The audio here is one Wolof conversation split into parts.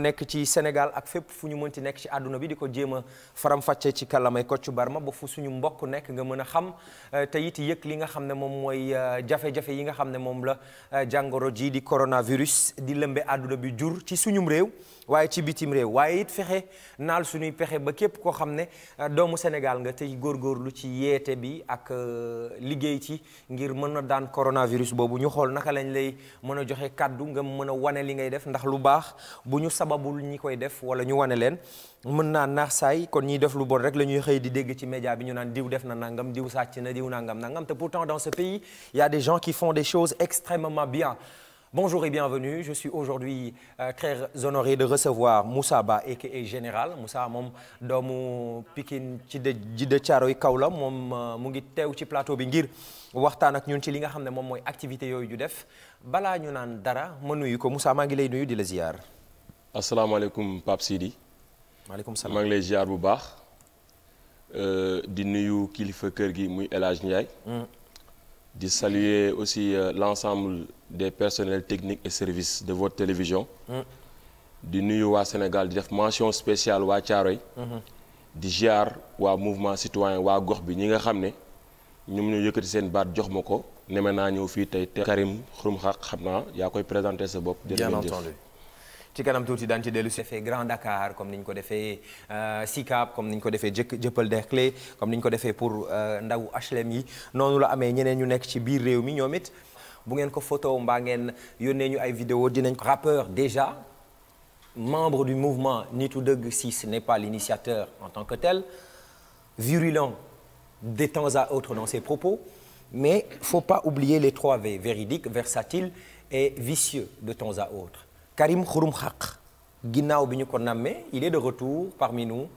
nekk ci Sénégal ak fépp fu ñu mënti nekk ci àdduna bi di ko jéema faram-fàccee ci kàllaamay Kocc Barma ba fu suñu mbokk nekk nga mën a xam euh, te it yëg li nga xam ne moom mooy euh, jafe yi nga xam ne moom la euh, jàngoro ji di coronavirus di lëmbe àdduna bi jur ci suñum réew waaye ci bitim réew waaye it fexe naal suñuy pexe ba képp koo xam ne doomu Sénégal nga tey góorgóorlu ci yeete bi ak liggéey ci ngir mën na daan coronavirus boobu ñu xool naka lañ lay mën a joxe kàddu nga mën a wane li ngay def ndax lu baax sababul ñi koy def wala ñu wane leen mën naa naax saay kon ñiy def lu bon rek la ñuy xëy di dégg ci média bi ñu naan diw def na nangam diw sàcc na diw nangam nangam te pourtant dans ce pays il y a des gens qui font des choses extrêmement bien Bonjour et bienvenue. Je suis aujourd'hui euh, honoré de recevoir Moussa Ba aka Général. mussa moom doomu pikin ci de ji de Thiaroye kaw la moom euh, mu ngi teew ci plateau bi ngir waxtaan ak ñun ci li nga xam ne moom mooy activité yooyu ju def balaa ñu naan dara ma nuyu ko Moussa maa ngi lay nuyu di la ziyaar. asalaamaaleykum Pape Sidi. maaleykum salaam maa ngi lay bu baax. Euh, di nuyu kilifa kër gi muy élage Hadj mm. di saluer aussi euh, l'ensemble des personnels techniques et service de votre télévision. Mm. di nuyu waa Sénégal di def mention spéciale waa Thiaroye. Mm-hmm. di ziar waa mouvement citoyen waa gox bi ñi nga xam ne ñoom ñoo yëkkati seen baat jox ma ko neme naa ñëw fii tey te Karim Xurum Xaq xam naa yaa koy présenter sa bopp. bien entendu ci kanam tuuti dan ci dellus si defee Grand Dakar comme ni ñu ko defee euh, SICAP comme ni ñu ko defee jëkk jëppal Derklé comme ni ñu ko defee pour euh, ndaw HLM yi noonu la amee ñeneen ñu nekk ci biir réew mi ñoom it bu ngeen ko foto mbaa ngeen yónnee ñu ay vidéo dinañ ko rappeur déjà membre du mouvement Nitu Dëgg si ce n'est pas l'initiateur en tant que tel virulent de temps à autre dans ses propos mais faut pas oublier les trois V véridique versatile et vicieux de temps à Karim Xurum Xaq ginnaaw bi ñu ko nammee il est de retour parmi nous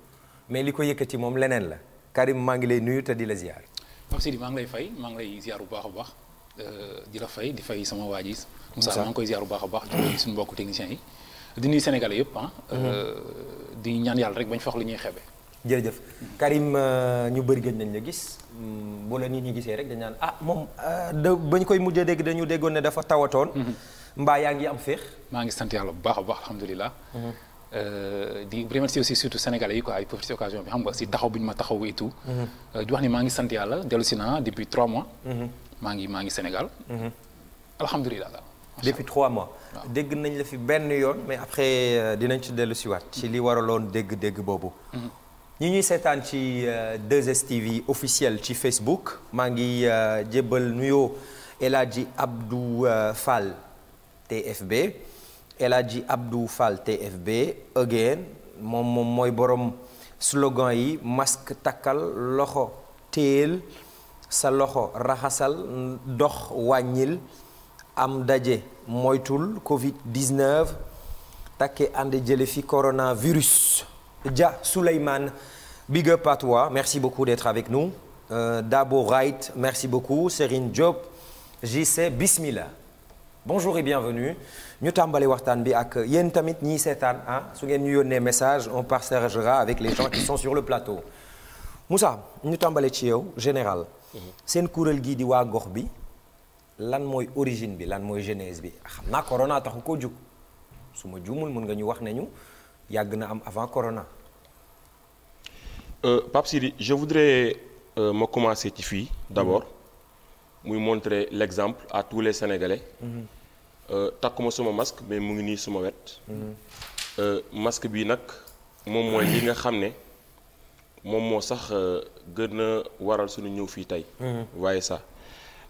mais li ko yëkkati moom leneen la Karim maa ngi lay nuyu te di la ziar. Pape Sidi maa ngi lay fay maa ngi lay ziar bu baax a baax euh, di la fay di fay sama waa ji. Moussa maa ngi koy ziar bu baax a baax. di suñu mbokku techniciens yi di nuyu Sénégalais yëpp ah. mm-hmm. euh, di ñaan yàlla rek bañ fox li ñuy xebe. jërëjëf Karim euh, ñu bëri gëj nañ la gis mm, boo la nit ñi gisee rek dañ naan ah moom da bañ koy mujjee dégg dañu déggoon ne dafa tawatoon. Mm-hmm. mbaa yaa ngi am féex. maa ngi sant yàlla bu baax a baax alhamdulilah. Mhm. Euh, di remercier aussi surtout sénégalais yi quoi ay profité occasion bi xam nga si taxaw bi ñu ma taxaw et tout. Mhm. Euh, di wax ni maa ngi sant yàlla dellu si naa depuis trois mois. Mhm. maa ngi maa ngi Sénégal. alhamdulilah. depuis trois mois. dégg nañ la fi benn yoon mais après euh, dinañ ci dellu siwaat ci li waraloon dégg-dégg boobu. ñi ñuy seetaan ci 2STV officiel ci Facebook maa ngi jébbal nuyoo El Hadji Abdou Fall. TFB El Hadji Abdou TFB again moom moom mooy borom slogan yi masque takkal loxo téel sa loxo raxasal dox wàññil am daje moytul Covid 19 ànd jële fi coronavirus. Dia Souleymane big up merci beaucoup d'être avec nous euh, Dabo Wright merci beaucoup Serigne Diop JC bismillah. bonjour et bienvenue ñu tàmbali waxtaan bi ak yéen tamit ñii seetaan ah su ngeen ñu yónnee message on partagera avec les gens qui sont sur le plateau Moussa ñu tàmbale ci yow général mhm. seen kuréel gii di waa gox bi lan mooy origine bi lan mooy genèse bi ah, xam naa corona taxu koo jug su ma juumul mën nga ñu wax nañu yàgg na am avant corona. Euh, Pape je voudrais euh, ma commencer ci fii d'abord mhm. muy mmh. montrer l'exemple à tous les Sénégalais. Mhm. Euh, takkuma suma masque mais mu ngi nii suma wet. Mm-hmm. Euh, masque bi nag moom mooy li nga xam ne moom moo sax euh, gën a waral suñu ñëw fii tey. Mm-hmm. waaye sax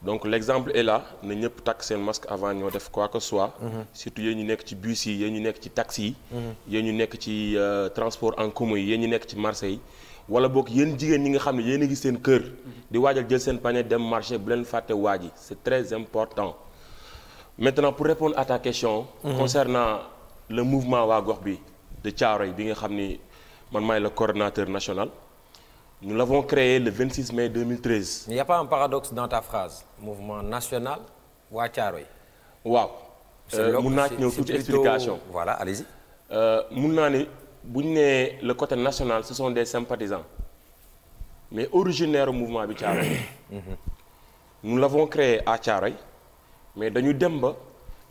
donc l'exemple est là na ñëpp takk seen masque avant ñoo def quoi que soit. Mm-hmm. surtout yéen ñu nekk ci bus yi yéen ñu nekk ci taxi yi. yéen ñu nekk ci transport en commun yi yéen ñu nekk ci marché yi. wala boog yéen jigéen ñi nga xam ne yéen a ngi seen kër. di waajal jël seen panier dem marché bu leen fàtte waa ji c'est très important. maintenant pour répondre à ta question. Mhm. concernant le mouvement waa gox bi de Thiaroye bi nga xam ni man maay la coordonnateur national. nous l'avons créé le 26 mai 2013. il n'y a pas un paradoxe national waa Thiaroye. waaw euh, mun naa ñëw toute explication. voilà allez-y. Euh, mun naa ni buñ ñu nee le côté national ce sont des sympathisants mais originaire mouvement bi Thiaroye. Mhm. nous l'avons créé à Thiaroye. mais dañu dem ba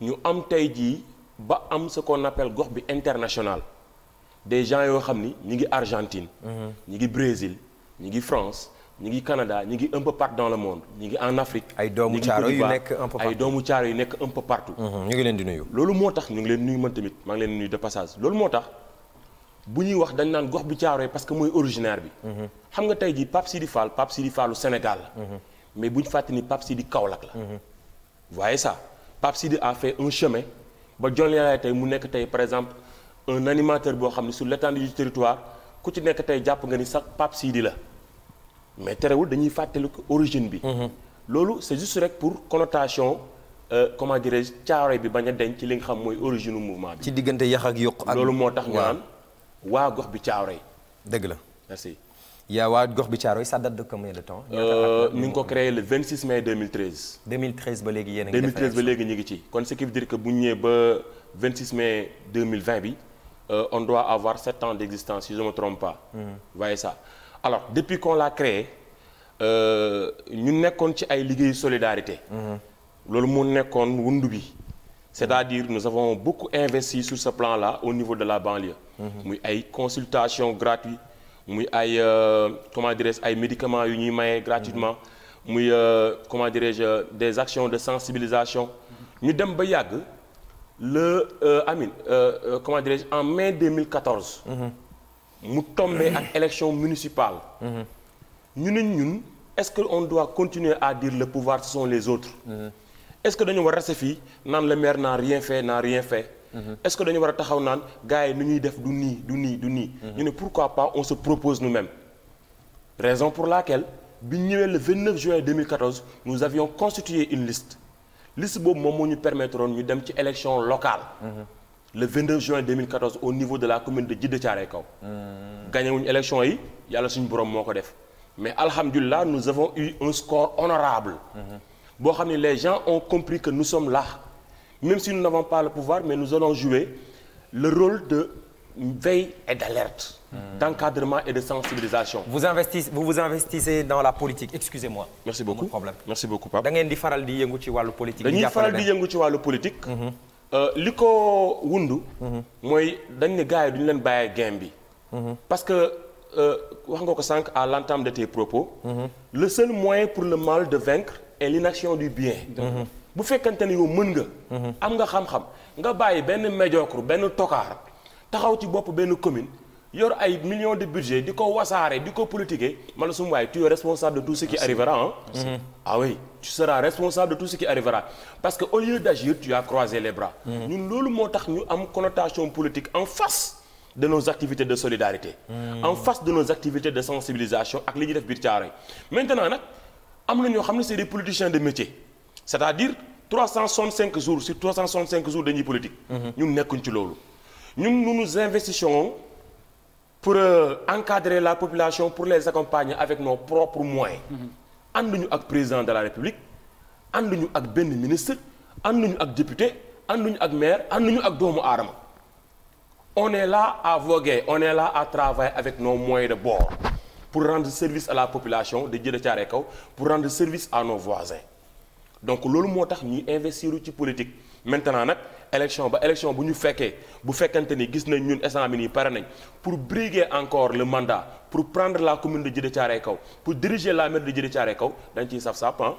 ñu am tey jii ba am ce qu'on appelle gox bi international des gens yoo xam ni ñi ngi Argentine mhm. ñi ngi Brésil ñi ngi France ñi ngi Canada ñi ngi un peu partout dans le monde ñi ngi en Afrique. ay doomu caaro yu nekk un peu partout ay doomu caaro yu nekk un ñu ngi leen di nuyu. loolu moo tax ñu ngi leen nuyu man tamit maa ngi leen nuyu de passage loolu moo tax bu ñuy wax dañ naan gox bi caaro parce que mooy originaire bi. Mhm. xam nga tey jii Pape Sidi Fall Pape Sidi Fallu mhm. mais bu ñu fàtte ni Pape Sidi Kaolack la. vous voyez ça Pape Sidi a fait un chemin ba John Lenane tey mu nekk tey par exemple un animateur boo xam ne sur l'étendue du territoire ku ci nekk tey jàpp nga ni sax Pape Sidi la mais terewul dañuy fàttali ko origine bi. Mhm. loolu c'est juste rek pour connotation. Euh, comment dirais-je caare bi bañ a denc ci li nga xam mooy origine mouvement bi. ci diggante yax ak yokk ak loolu moo tax ñu naan waa gox bi caare. dëgg la yaa waa gox bi Thiaroye ça date de combien de temps. Euh, ngi ko créé le 26 mai 2013. 2013 ba léegi a ngi 2013 ba léegi ñu ngi ci kon ce qui veut dire que bu ñu ñëwee ba mai bi euh, on doit avoir 7 ans d' existence si je me trompe pas. Mmh. voyez ça alors depuis qu'on l'a créé euh, ñu nekkoon ci ay liggéeyu solidarité. Hmm. loolu moo nekkoon wundu bi. c'est-à-dire nous avons beaucoup investi sur ce plan la au niveau de la banlieue. Hmm. muy ay consultation gratuite muy ay euh, comment dirais ay médicaments yu ñuy maye gratuitement muy euh, comment dirais-je des actions de sensibilisation ñu dem ba yàgg le euh, Amine comment dirais-je en mai 2014 mu tombé ak élection municipale ñu ne ñun est-ce que on doit continuer à dire le pouvoir ce sont les autres mhm. est-ce que dañu war a rester fii naan le maire n'a rien fait n'a rien fait Mm-hmm. est ce que dañu war a taxaw naan gars yi nu ñuy def du nii du nii du nii. Mm-hmm. ñu ne pourquoi pas on se propose nous-mêmes raison pour laquelle bi ñu ñëwee le 29 juin 2014 nous avions constitué une liste liste boobu moom moo ñu permettre woon ñu dem ci élection locale. Mm-hmm. le 22 juin 2014 au niveau de la commune de Djiddah Thiaroye Kao. gagné wuñ élection yi yàlla suñu borom moo ko def mais alhamdulilah nous avons eu un score honorable boo xam ne les gens ont compris que nous sommes là. même si nous n'avons pas pouvoir mais nous allons jouer le rôle de veille et d'alerte hmm. d'encadrement et de sensibilisation vous investissez vous vous investissez dans la politique excusez-moi merci beaucoup problème merci beaucoup Pape di faral di yëngu ci wàllu politique dañuy faral di yëngu ci wàllu politique mhm. euh, li ko wundu mhm. mooy dañ ne gars yi duñu leen bàyyee game bi mhm. parce que euh, wax nga ko sànq à l'entame de tes propos mm -hmm. le seul moyen pour le mal de vaincre est l'inaction du bien bu fekkante ni yow mën nga. Mhm. am nga xam-xam nga bàyyi benn médiocre benn tokaar taxaw ci bopp benn commune yor ay millions de budget di ko wasaare di ko politiquer man su ma waaye tu es responsable de tout ce qui arrivera ah. ah oui tu parce que au lieu d'agir tu as croisé les bras. Mhm. ñun loolu moo tax ñu am connotation politique en face. de nos activités de solidarité. Mmh. en face de nos activités de sensibilisation ak li ñuy def biir Thiaroye. maintenant nag am na ñoo xam ne c'est des de métier. c'est-à-dire 365 jours sur 365 jours dañuy politique. Mhm. ñun nekkuñ ci loolu. ñun nous nous investition pour euh, encadrer la population pour les accompagner avec nos propres moyens. Mhm. ànduñu ak président de la république ñu ak benn ministre ànduñu ak député ànduñu ak maire ànduñu ak doomu aadama. on est là à voguer on est là à travailler avec nos moyens de bord pour rendre service à la population de jël Thiaroye Kaw pour rendre service à nos voisins. donc loolu moo tax ñuy investir ci politique maintenant nag élection ba élection bu ñu fekkee bu fekkante ni gis nañ ñun instant bi nii pare nañ pour briguer encore le mandat pour prendre la commune de Djeddah Thiaroye Kao pour diriger la mairie de Djeddah Thiaroye Kao dañ ciy saf sap ah.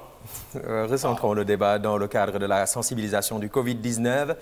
recentrons le débat dans le cadre de la sensibilisation du Covid 19.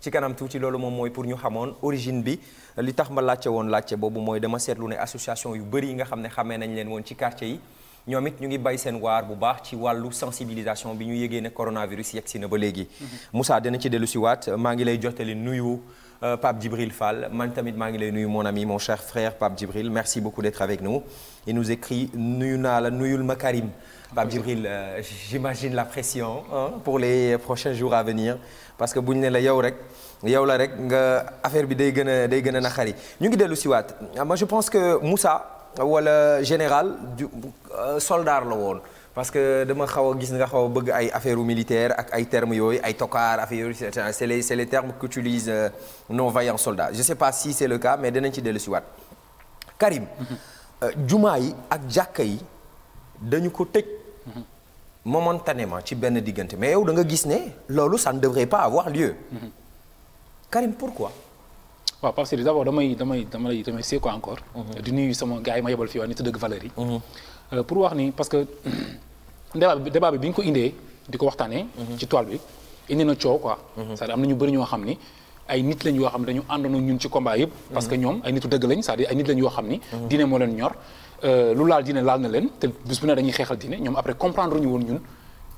ci kanam tuuti loolu moom mooy pour ñu xamoon origine bi li tax ma laajte woon laajte boobu mooy dama seetlu ne association yu bëri yi nga xam ne xamee nañ leen woon ci quartier yi. ñoom it ñu ngi bay seen waar bu baax ci wàllu sensibilisation bi ñu yégee ne coronavirus yegg si na ba léegi mhm. Moussa dana ci dellu si waat maa ngi lay nuyu euh, Pape Djibril Fall man tamit maa ngi lay nuyu mon ami mon cher frère Pape Djibril merci beaucoup d'être avec nous il nous écrit nuyu naa la nuyul ma Karim Pape Djibril euh, j'imagine la pression pour les prochains jours à venir parce que bu ñu la yow rek yow la rek nga affaire bi day gën a day gën a naqari ñu ngi dellu si ah, je pense que Moussa wala général du euh, soldat la woon parce que dama xaw a gis nga xaw a bëgg ay affaire militaire ak ay termes yooyu ay tokaar affaire yooyu c'est les c'est les termes qu'utilisent euh, nos vaillants je sais pas si c'est le cas mais danañ ci dellu si Karim euh, jumaa yi ak jàkka yi dañu ko tëj momentanément ci benn diggante mais yow da nga gis ne loolu sax ne devrait pas avoir lieu Karim pourquoi waaw Pape Sidi d'abord damay damay dama remercier quoi encore. Mhm. di nuyu sama gars yi ma yebal fii waa nit dëgg valeur mhm. yi. pour wax ni parce que bi bi bi ko indee di ko waxtaanee. Mhm. ci toile bi indi na coow quoi. cest à am na ñu bëri ñoo xam ni ay nit lañ yoo xam ne dañu àndoon ñun ci combat yëpp. parce ñoom ay nitu dëgg lañ cest à ay nit lañ yoo xam ni. diine moo leen ñor euh, lu laal diine laal na leen te bis bu ne dañuy xeexal diine ñoom après comprendre ñu woon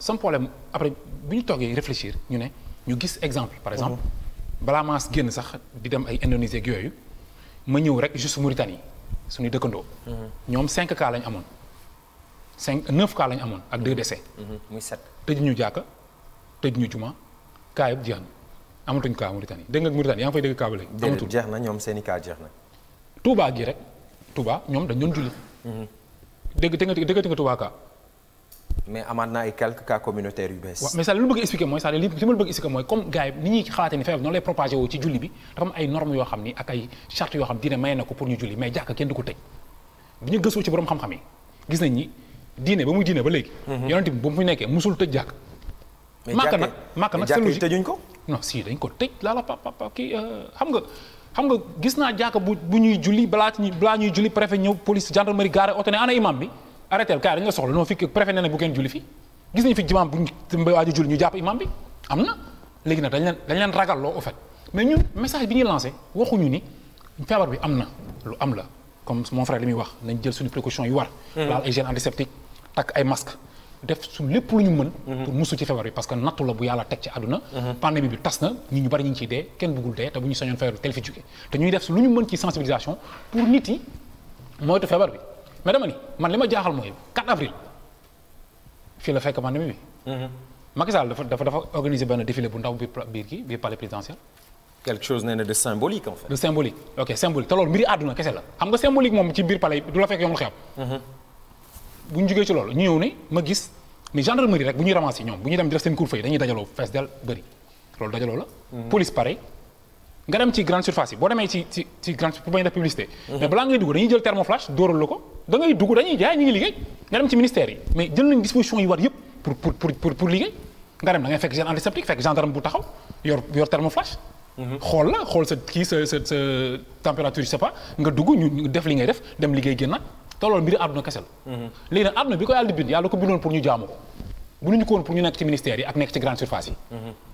sama problème après bi ñu toogee réfléchir ñu ne ñu gis exemple par exemple mhm. balaa maa génn sax di dem ay Indonésie ak yooyu ma ñëw rek juste Mauritanie suñu dëkkandoo mhm. ñoom cinq cas lañu amoon cinq neuf cas lañ amoon ak deux mhm. décès muy tëj ñu jàkka tëj ñu juma cas yëpp jeex na amatuñ cas Mauritanie dégg nga Mauritanie yaa ngi fay dégg cas ba jeex na ñoom seeni cas jeex na Touba gii rek tubaa ñoom dañ doon julli dégg dégg nga Touba cas mais amaat na ay quelques cas communautaires yu bees. waaw mais ça li ma bëgg expliquer mooy ça li ma bëgg expliquer mooy comme gars yi ni ñuy xalaatee ni feebar noonu lay propagé woo ci julli bi dafa am ay normes yoo xam ni ak ay chartes yoo xam na ko pour ñu julli mais ñu gëstoo ci mhm. nga. gis naa jàkk bu bu ñuy julli balaa ñuy julli préfet ñëw police gendarmerie garé oto ne ana imam bi arrêté kaay dañ la soxla non fi préfet nee na bu kenn julli fi gis nañu fi jimaam bu ñu waaj a julli ñu jàpp imam bi am na léegi nag dañ leen ragal loo au mais ñun message bi ñuy lancé waxuñu ni feebar bi am na lu am la comme mon frère li muy wax nañ jël suñu précaution yu war. Hmm. laal ay gel antiseptique takk ay masque def su lépp lu ñu mën. Hmm. pour musu ci feebar bi parce que nattu la bu yàlla teg ci àdduna. Hmm. pandémie bi tas na ñi ñu bari ñu ngi ciy dee kenn bëggul te ñu sañoon feebar bi tel fi jóge ñuy def su lu ñu mën ci sensibilisation pour nit yi moytu feebar bi. mais dama ni man li ma jaaxal mooy 4 avril fii la fekk pandémie bi. Mhm. Macky Sall dafa dafa dafa organiser benn défilé bu ndaw biir biir kii biir palais présidentiel. quelque chose nee na de symbolique en fait. ok symbolique te loolu mbiri àdduna kese la xam nga symbolique moom ci biir palais du la fekk yomul xew. Mhm. bu ñu jugee ci loolu ñu ñëw ne ma gis ni gendarmerie rek bu ñuy ramasser ñoom bu ñuy dem di def seen couvre-feu yi dañuy dajaloo fees del bëri loolu dajaloo la. Mhm. police pareil. nga dem ci grande surface yi boo demee ci ci ci grande pour bañ def publicité. Mhm. mais balaa ngay dugg dañuy jël thermoflash dóoral la ko da ngay dañuy jaay ñu ngi liggéey nga dem ci ministère yi mais jël nañ disposition yi war yëpp pour pour pour pour liggéey nga dem da fekk gel antiseptique fekk gendarme bu taxaw yor yor mhm. xool la xool sa kii sa sa sa température je sais nga dugg ñu def li ngay def dem liggéey génnaat te loolu mbiri àdduna kese la. Mhm. léegi nag àdduna bi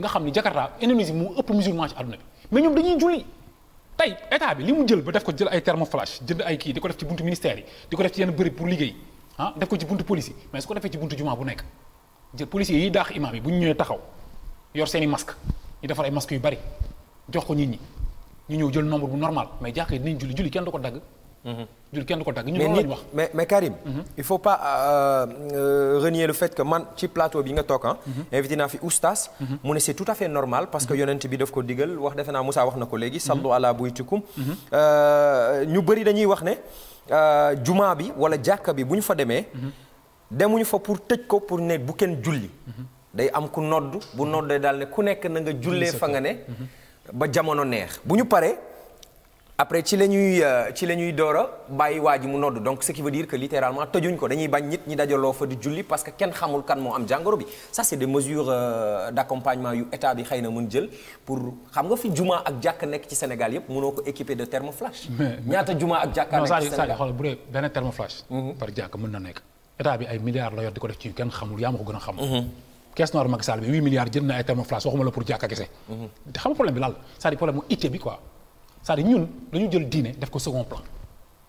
nga xam ni Jakarta Indonésie mu ëpp musulman ci àdduna bi mais ñoom dañuy julli tey état bi li mu jël ba def ko jël ay thermoflash jënd ay kii di ko def ci buntu ministère yi di ko def ci yenn bërëb pour liggéey ah def ko ci buntu police yi mais su ko defee ci buntu jumaa bu nekk jël policiers yiy daax imaam yi bu ñu ñëwee taxaw yor seen i masque ñu defar ay masques yu bari jox ko nit ñi ñu ñëw jël nombre bu normal mais jàkkee dinañ julli julli kenn du ko dagg Mm-hmm. jur kenn du ko tàgg ñu loolu wax mais mais Karim. Mm-hmm. il faut pas euh, euh, renier le fait que man ci plateau bi nga toog ah. Mm-hmm. invité naa fi oustaz. mu ne c'est tout à fait normal parce que yonent bi def ko digal wax defe naa Moussa wax na ko léegi. sallu ala buytikum. Euh, ñu bëri dañuy wax ne juma bi wala jàkka bi bu ñu fa demee. demuñu fa pour tëj ko pour ne bu kenn julli. day am ku nodd bu noddee daal ne ku nekk na nga jullee fa nga ne. ba jamono neex bu ñu paree. après ci la ñuy euh, ci la ñuy door a bàyyi waa ji mu nodd donc ce qui veut dire que littéralement tëjuñ ko dañuy bañ nit ñi dajaloo fa di julli parce que kenn xamul kan moo am jàngoro bi euh, na mën jël xam nga fi juma ak jàkk nekk ci Sénégal yëpp mënoo ko équiper de thermoflash. ñaata juma ak jàkka nekk ci Sénégal xool bu dee benn thermoflash. Mhm. par jàkk mën na nekk ci kenn xamul yaa ko gën a xam. Mhm. caisse noire Macky Sall bi 8 milliards jënd na ay thermoflash waxuma la pour jàkka kese. Mhm. xam nga problème bi lan la c'est-à-dire ñun dañu jël diine def ko second plan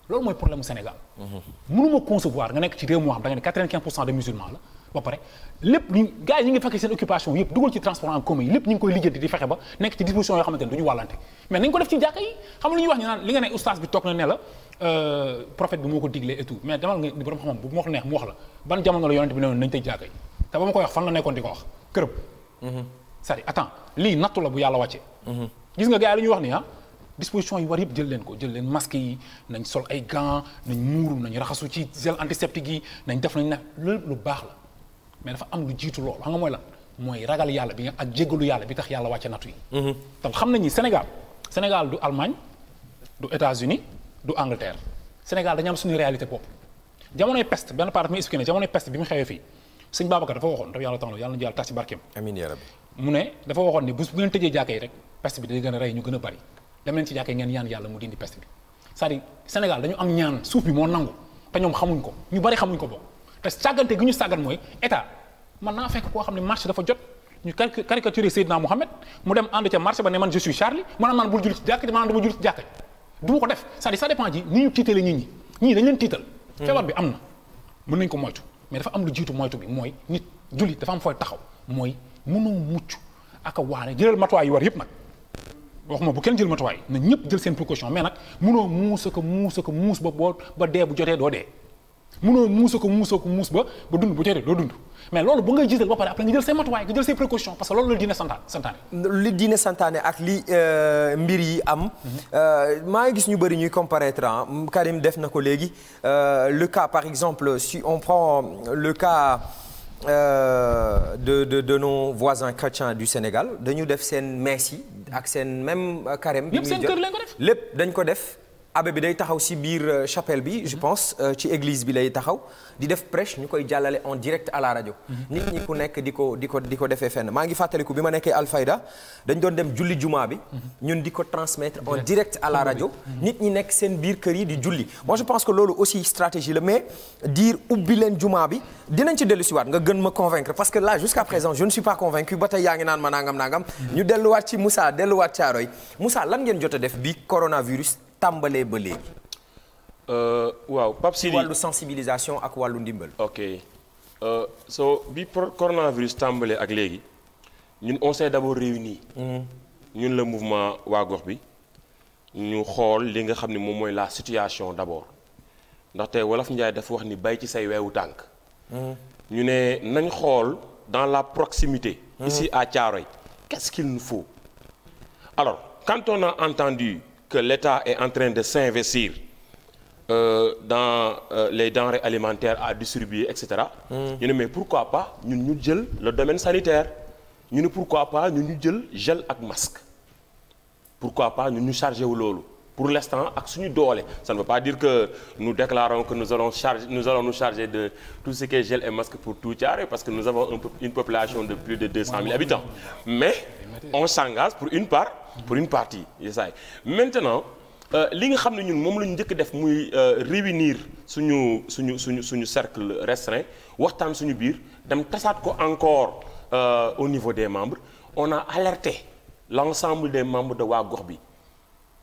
loolu mooy problème Sénégal. Mhm. mënuma concevoir nga nekk ci réew moo xam da ne quatre-vingt-quinze pour cent de musulmans la. ba pare lépp ñu gars yi ñu ngi fekkee seen occupation yëpp dugal ci transport en commun lépp ñu ngi koy lijjanti di fexe ba nekk ci disposition yoo xamante ne du ñu wàllante mais nañ ko def ci jàkka yi xam lu ñuy wax ñu euh, nañ tëj jàkka yi te ba ma koy wax fan la nekkoon di ko disposition yi war yëpp jël leen ko jël leen masque yi nañ sol ay gants nañ muuru nañ raxasu ci gel antiseptique yi nañ def nañ nag lu baax la mais dafa am lu jiitu loolu xam nga bi nga ak yàlla bi tax yàlla wàcce nattu yi. tam mm-hmm. xam nañ ni Sénégal Sénégal du Allemagne du États-Unis du Angleterre Sénégal dañu am suñu réalité bopp jamonoy peste benn part mi expliqué ne jamonoy peste bi mu xewee fii sëñ Babacar dafa waxoon dafa yàlla tax yàlla na jàll tas barkeem. mu ne dafa waxoon ni bu bu tëjee jàkka yi rek peste a rey dem leen ci jàkkee ngeen ñaan yàlla mu dindi peste bi c'est-à-dire Sénégal dañu am ñaan suuf bi moo nangu te ñoom xamuñ ko ñu bari xamuñ ko bokk te sàggante gi ñu sàggan mooy état man naa fekk koo xam ne marché dafa jot ñu caricaturé Seydina Mohamed mu dem ànd ca marché ba ne man je suis Charlie man man bul julli ci jàkk man dama julli ci jàkk du ji ni ñu hmm. bi am na mën nañ ko moytu mais dafa am lu jiitu moytu bi mooy nit julli dafa am fooy taxaw mooy mënoo mucc ak a waane jëlal matuwaay yu war yëpp nag waxuma bu kenn jël matuwaay na ñëpp jël seen précaution mais nag munoo muus ko muus ba boo ba dee bu jotee doo dee munoo muus ko muus muus ba ba dund bu jotee doo mais loolu bu ngay gisal ba pare après nga jël seen matuwaay nga jël seen précaution parce que loolu la diine santaane li diine santaane ak li euh, mbir yi am. Euh, maa ngi gis ñu bëri ñuy comparaître ah Karim def na ko léegi euh, le cas par exemple si on prend le cas. Euh, de de de nos voisins chrétiens du Sénégal dañu def seen messe yi ak seen même euh, carême. bi muy jot lépp dañ ko def. abbé bi day taxaw si biir euh, chapelle bi je mhm. pense euh, ci église bi lay taxaw di def prêche ñu koy jàllale en direct à la rajo mhm. nit ñi ku nekk di ko di ko di ko defee fenn maa ngi fàttaliku bi ma nekkee Alfayda dañ doon dem julli juma bi mhm. ñun di ko transmettre en direct à la rajo nit ñi nekk seen biir kër yi di julli moi je pense que loolu aussi stratégie la mais dire ubbi leen juma bi dinañ ci dellu si waat nga gën ma convaincre parce que là jusqu'à présent je ne suis pas convaincu ba yaa ngi naan ma nangam nangam ñu delluwaat ci Moussa delluwaat Thiaroye ngeen jot a def bi coronavirus tàmbalee ba léegi. Euh, waaw Pape Sidi wàllu sensibilisation ak wàllu ndimbal. ok euh, so bi coronavirus tàmbalee ak léegi ñun on s'est d'abord réunis. Mm-hmm. ñun la mouvement waagox bi ñu xool li nga xam ne moom mooy la situation d'abord ndaxte wolof Njaay dafa wax ni bay ci say weewu tànk. Mm-hmm. ñu ne nañ xool dans la proximité. Mm-hmm. ici à Thiaroye qu'est-ce qu'il nous faut alors quand entendu. que l'État est en train de s'investir euh, dans euh, les denrées alimentaires à distribuer et cetera. Hmm. ñu ne mais pourquoi pas ñun ñu jël le domaine sanitaire ñu ne pourquoi pas ñun ñu jël gel ak mask pourquoi pas ñu ñu chargé wu loolu. pour l'instant ak suñu doole ça ne veut pas dire que nous déclarons que nous allons charger nous allons nous charger de tout ce qui est gel et masque pour tout Thiaroye parce que nous avons une population de plus de 200 000 habitants mais on s'engage pour une part pour une partie yesaay maintenant euh, li nga xam ne ñun moom la ñu njëkk def muy euh, réunir suñu suñu suñu suñu cercle restreint waxtaan suñu biir dem tasaat ko encore euh, au niveau des membres on a alerté l'ensemble des membres de waa gox bi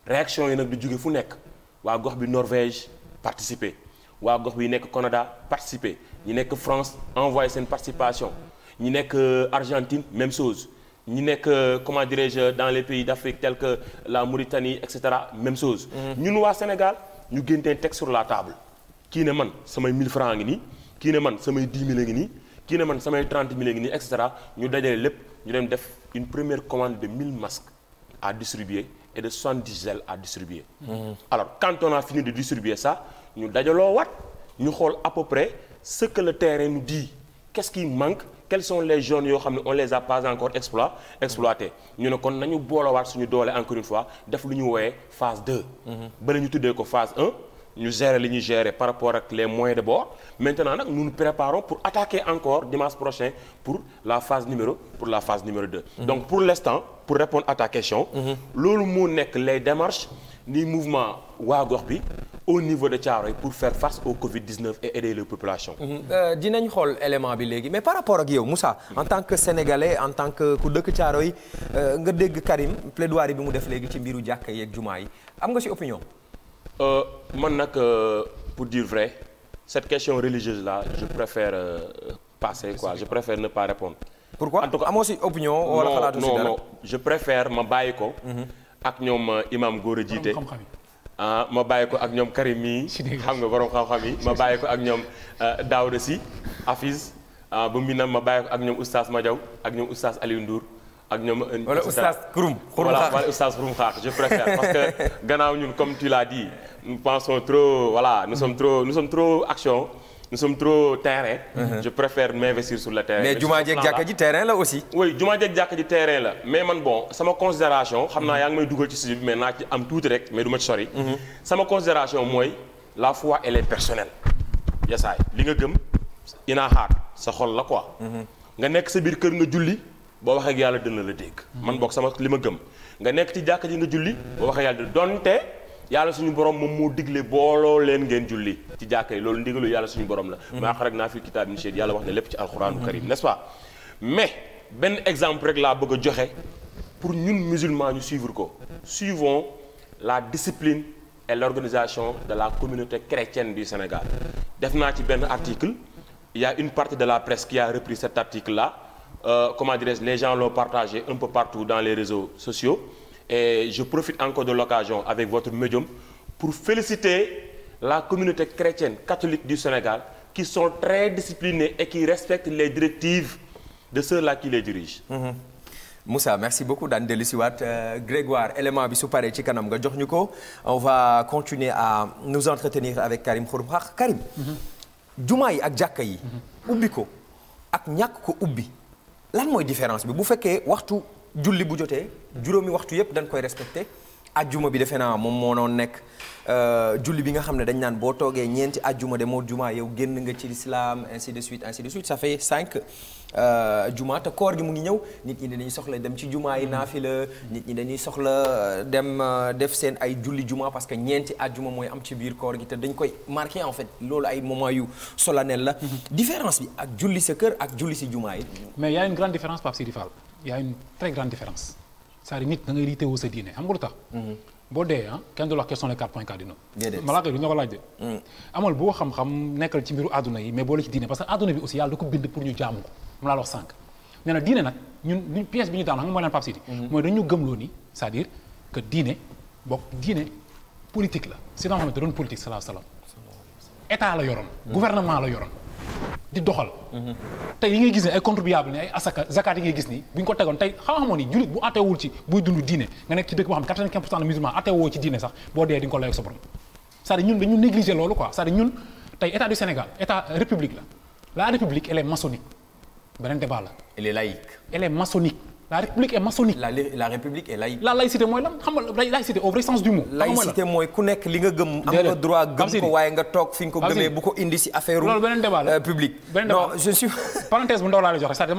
réaction yi nag di jóge fu nekk waa gox bi Norvège participer waa gox bi nekk Canada participer ñi nekk France envoyé seen participation ñi nekk euh, Argentine même chose ñi nekk euh, comment dirais-je dans les pays d'Afrique tels que la Mauritanie et cetera même chose. Mm-hmm. ñun waa Sénégal ñu géntee teg sur la table kii ne man samay 1000 francs ngi nii kii ne man samay 10 000 ngi nii kii ne man samay 30 000 ngi nii et cetera ñu dajale lépp ñu dem def une première commande de 1000 masques à distribuer. et de 70 gels à distribuer. Mmh. alors quand on a fini de distribuer ça ñu dajaloo wat ñu xool à peu près ce que le terrain nous dit qu'est-ce les zones yoo xam ne on les a pas encore exploit exploité ñu ne kon nañu boolawaat suñu doole encore une fois def lu ñu wooyee phase 2. Mhm. ba ñu tuddee ko phase ñu gérer li ñuy gérer par rapport ak les moyens de bord maintenant nag nous nous préparons pour attaquer encore dimanche prochain pour la phase numéro pour la phase numéro 2 mmh. donc pour l'instant pour répondre à ta question mhm. loolu moo nekk les démarches ni mouvement waa gox bi au niveau de Thiaroye pour faire face au Covid-19 et aider les populations. Mhm. Euh, dinañ xool élément bi léegi mais par rapport ak yow Moussa. en tant que sénégalais en tant que ku dëkk Thiaroye euh, nga dégg Karim plaidoirie bi mu def léegi ci mbiru jàkka yeeg jumaa yi am nga ci opinion. Euh, man nag euh, pour dire vrai cette question religieuse la je préfère euh, passer quoi je préfère ne pas répondre. pourquoi en tout cas amoo si opinion. wala xalaatu si dara je préfère ma bàyyi ko. Mhm. ak ñoom imaam góor Djité ah ma bàyyi ko ak ñoom Karim yi xam nga borom xam-xam yi ma bàyyi ko ak ñoom Daouda Sy Hafiz ah, ba mu naan ma bàyyi ko ak ñoom oustaz Madiaw ak ñoom oustaz Aliou ak ñoom. Euh, wala oustaz Kouroum Kouroum Xaax wala oustaz Kouroum parce que gannaaw ñun comme tu l'as di nous pensons trop voilà nous sommes trop nous sommes trop action. nous sommes trop terrain. Uh-huh. je préfère m'investir sur le terrain. mais jumaa jeeg jàkka ji terrain la aussi. oui jumaa jeeg jàkka ji la mais man bon sama considération xam naa uh-huh. yaa ngi may dugal ci sujet mais naa ci am tuuti rek mais du ma ci sori. Uh-huh. sama considération mooy la foi elle est personnelle. yasaay li nga gëm inaaxaat sa xol la quoi. nga nekk sa biir kër nga julli. boo waxee ak yàlla dina la dégg. man bokk sama li ma gëm nga nekk ci jàkka ji nga julli boo waxee yàlla donte yàlla suñu borom moom moo digle booloo leen ngeen julli ci jàkka yi loolu ndigalu yàlla suñu borom la. Mm-hmm. maa xarag naa fi kitaab min shay yàlla wax ne lépp ci alxuraanu karim nest pas mais benn exemple rek laa bëgg a joxe pour ñun musulmans ñu suivre ko suivons la discipline et l'organisation de la communauté chrétienne du Sénégal def naa ci benn article il y a de la presse qui a repris euh, comment dirais les gens l'ont partagé un peu partout dans les réseaux sociaux et je profite encore de l'occasion avec votre médium pour féliciter la communauté chrétienne catholique du Sénégal qui sont très disciplinés et qui respectent les directives de ceux-là qui les dirigent. Mmh. merci beaucoup daan dellu si waat euh, Grégoire élément bi su paree ci kanam nga jox ñu ko on va continuer à nous entretenir avec Karim Xurum Xax Karim. Mhm. jumaa yi ak jàkka yi. Mhm. ubbi ko ak ñàkk lan mooy différence bi bu fekkee waxtu julli bu jotee juróomi waxtu yépp dañ koy respecté ajjuma bi defe naa moom moo noon nekk euh, julli bi nga xam ne dañ naan boo toogee ñeenti ajjuma de moo juma yow génn nga ci lislaam ainsi de suite ainsi de suite ça fait cinq euh, te koor gi mu ngi ñëw nit ñi dañuy soxla dem ci juma yi naafila nit ñi dañuy soxla euh, dem def seen ay julli juma parce que ñeenti ajjuma mooy am ci biir koor gi te dañ koy marqué en fait loolu ay moment yu solennel la mm-hmm. différence bi ak julli sa kër ak julli si juma yi mais y a une grande différence Pape Sidi Fall y a différence saa à dire nit da ngay di sa diine xam nga lu tax. Mhm. boo dee ah kenn du la wax quels sont les quatre points cardinaux. déedéet malaaka yi laaj de. Mhm. amal boo xam-xam nekkal ci mbiru àdduna yi mais boole ci diine parce que àdduna bi aussi yàlla da ko bind pour ñu jaamu ko mu laa wax sànq. nee na diine nag ñun luñ pièce bi ñu daan xam nga moo leen Pape Sidi. Mhm. mooy dañu gëmloo ni c'est-à-dire que diine bokk diine politique la. si doon politique salaam salaam état la yoroon. gouvernement la yoroon. di doxal. tey yi ngay gis ne ay contribuable ne ay asaka zakat yi ngay gis ni bu ñu ko tegoon tey xam-xamoo ni jullit bu atewul ci buy dund diine nga nekk ci dëkk boo xam ne quatre-vingt-quinze pour cent de musulman atewoo ci diine sax boo dee di nga ko layoog sa ñun dañu état du Sénégal état république la la république elle est maçonnique beneen débat la. elle est laïque. elle la république est maçonnique. la république est laïque. mooy lan xam nga au vrai du mot. laïcité mooy ku nekk li nga gëm. am droit gëm ko waaye nga toog fi ko gëmee bu ko indi affaire. loolu beneen débat euh, publique. non je suis. parenthèse bu ndaw laa lay jox rek la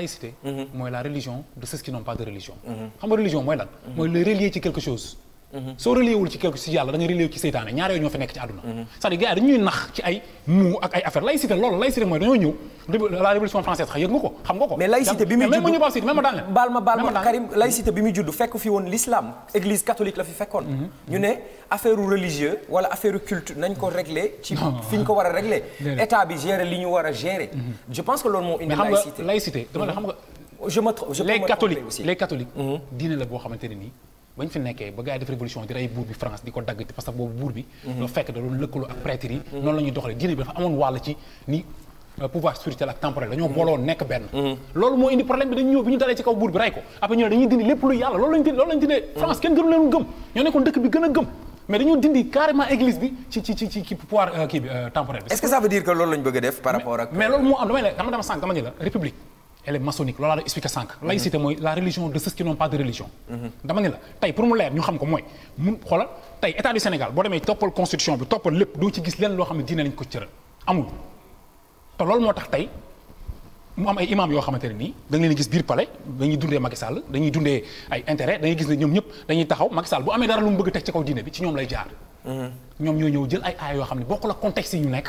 woon mhm. mooy la religion de ceux qui n'ont pas de religion. Mhm. xam religion mooy lan. Mhm. mooy le relier ci quelque chose. Mm-hmm. soo relié wul ci quelque si yàlla da nga relié ci seytaane ñaar yooyu ñoo fi nekk ci àdduna mm-hmm. c'est-à-dire yi dañuy nax ci ay muu ak ay affaire laïcité loolu laïcité mooy dañoo ñëw la révolution française ko xam nga ko mais laïcité bi muy judd fekk fi woon l'islam église catholique la fi fekkoon mm-hmm. ñu ne affaire religieux wala affaire culte nañ ko régler fi ñu ko war a régler état bi gérer li ñu war a gérer je pense que loolu moo indi la boo xamante ne nii ba ñu fi nekkee ba gars yi def révolution di rey buur bi France di ko dagg parce que boobu buur bi mhm. loo fekk da mhm. euh, mhm. loolu moo bëgg a def par rapport ak mais loolu moo am damay la xam dama sànq dama ne la république elle est maçonnique loolu laa expliqué sànq. Mhm. laïcité mooy la religion de ceux qui n'ont pas de religion. Mhm. dama ne la tey pour mu leer ñu xam ko mooy mun xoolal tey état du Sénégal boo demee toppal constitution bi toppal lépp doo ci gis lenn loo xam ne diine lañ ko cëral amul. te loolu moo tax tey mu am ay imam yoo xamante ne nii da nga leen gis biir palais dañuy dundee Macky Sall dañuy dundee ay intérêt gis ne ñoom ñëpp dañuy taxaw Macky Sall bu amee dara lu mu bëgg ci kaw diine bi ci ñoom lay jaar. Mhm. ñoom ñoo ñëw jël ay yoo xam ne bokkul ak contexte ñu nekk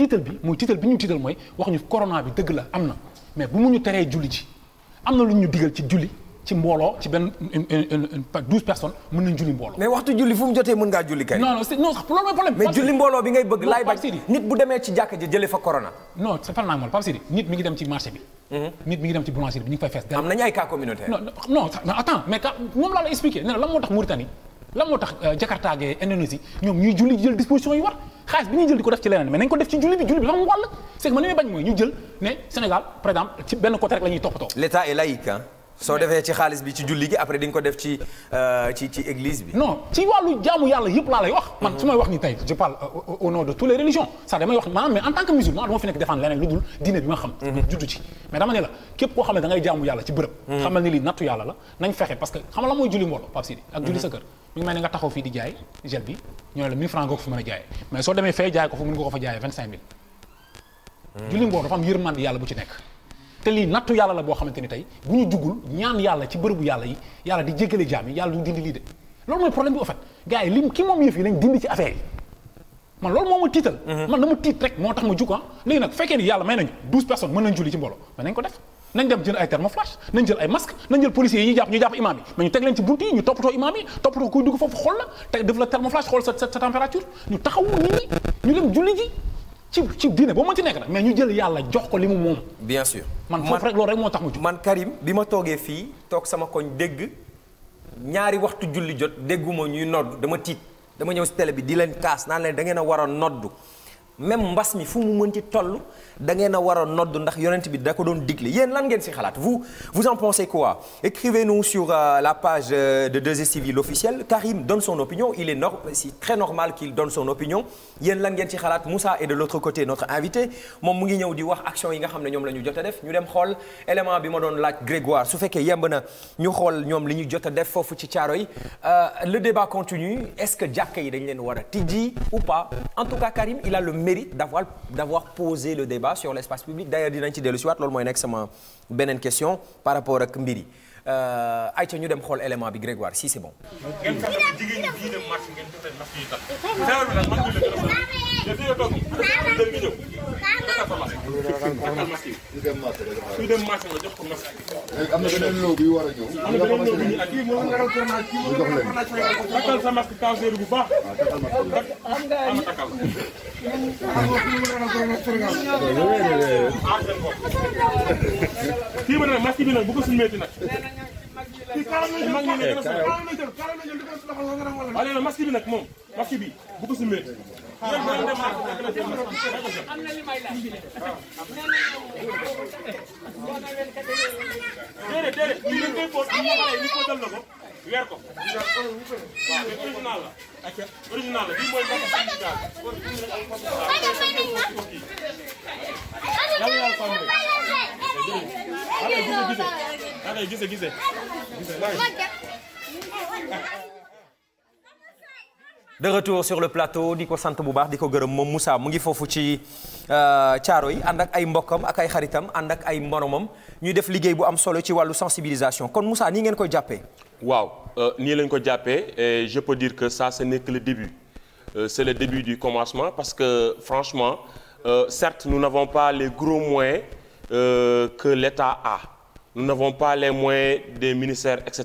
tiital bi muy tiital bi ñu tiital mooy wax ñu corona bi dëgg la am na mais bu mu ñu teree julli ji am na lu ñu digal ci julli ci mbooloo ci benn douze personnes mën nañ julli mbooloo. mais waxtu julli fu mu jotee mën ngaa julli kay. non non fa corona. non c'est pas nit mi ngi dem ci marché bi. Mhm. nit mi ngi dem ci boulangerie bi ñu ngi fay fees. am nañu ay cas communautaire. non non mais mais cas moom laa la expliqué nee na moo tax Mauritanie lan moo tax euh, xaalis bi ñuy jël di ko def ci leneen mais ko def ci julli bi julli bi dafa li may bañ mooy ñu jël ne Sénégal par exemple ci benn côté rek la ñuy toppatoo. l'État est soo defee ci xaalis bi ci julli gi après di nga ko def ci euh, ci ci église bi. non ci wàllu jaamu yàlla yëpp laa lay wax. man su may wax ni tey je parle euh, euh, au nom de toutes les religions. ça damay wax maanaam mais en tant que musulman mhm. mais dama ne la képp koo xam ne jaamu yàlla ci bërëb. Mhm. xamal ni lii nattu yàlla la nañ fexe parce que xam la mooy julli mbooloo Pape Sidi ak julli mhm. sa kër. mi ngi mel ni nga taxaw fii di jaay gel bi ñu ne la 1000 francs nga fi mën a jaayee mais soo demee te lii nattu yàlla la boo xamante ni tey bu ñu jugul ñaan yàlla ci bërëbu yàlla yi yàlla di jéggale jaam yi yàlla du dindi lii de loolu mooy problème bi en fait yi lim ki moom yëf yi lañ dindi ci affaire yi man loolu moo ma tiital mhm. man dama tiit rek moo tax ma jug ah nag fekkee ni yàlla may nañu douze personnes mën nañ julli ci mbooloo mais nañ ko def nañ dem jël ay thermoflash nañ jël ay masque nañ jël policiers yi ñu jàpp ñu jàpp imaam yi mais ñu teg la la thermoflash xool sa sa température ñu taxawu ci ci diine boo mënti nekk nag mais ñu jël yàlla jox ko li mu moom. bien sûr man foofu rek loolu rek moo tax mu jóg. man Karim bi ma toogee fii toog sama koñ dégg ñaari waxtu julli jot dégguma ñuy nodd dama tiit dama ñëw si tele bi di leen kaas naa leen da ngeen a war a même mbas mi fu mu mën ci toll da ngeen a war a nodd ndax yonent bi da ko doon digle yéen lan geen si xalaat vous en pensez quoi écrivez-nous sur euh, la page euh, de 2STV l'officiel Karim donne son opinion il est nor c'est très normal qu'il donne son opinion yéen lan ngeen si xalaat Moussa et de l'autre côté notre invité moom mu ngi ñëw di wax action yi nga xam ne ñoom la ñu jot a def ñu dem xool élément bi ma doon laaj Grégoire su fekkee yemb na ñu xool ñoom li ñu jot a def foofu ci caaro yi euh, le débat continue est-ce que jàkka yi dañ leen war a tijji ou pas en a débat sur l'espace public d'ailleurs dinañ ci dellu si waat loolu mooy nekk sama beneen question par rapport ak mbir yi ayca ñu dem xool élément bi Grégoire si c'est bon. te fi nga toog dër gi ñëw dafa fa la dem marché la jox ko masque. léegi am na beneen loo bi war a ñëw. am na kii moo naral corona kii sa masque kaw bu baax. am nga am takkal. kii ma ne masque bi nag bu ko suñu métti nag. mag a sol. bi nag moom masque bi bu ko suñu am na li may laaj. déedéet déedéet ñu ngi koy poot ñu ko dal na ko weer ko. waaw mais original la. acca original la bii mooy mbokku syndical. yàlla yàlla fàmm rek. jërëjëf. gisee gisee gisee gisee. de retour sur le plateau di ko sant bu baax di ko gërëm moom Moussa mu ngi foofu ci euh, caaro yi ànd ak ay mbokkam ak ay xaritam ànd ak ay moromam ñuy def liggéey bu am solo ci wàllu sensibilisation kon Moussa ni ngeen koy jàppee. waaw euh, nii lañ ko jàppee et je peux dire que ça ce ne que le début euh, c'est le début du commencement parce que franchement euh, certes nous n'avons pas les gros moyens euh, que l'État a nous n'avons pas les moyens des ministères etc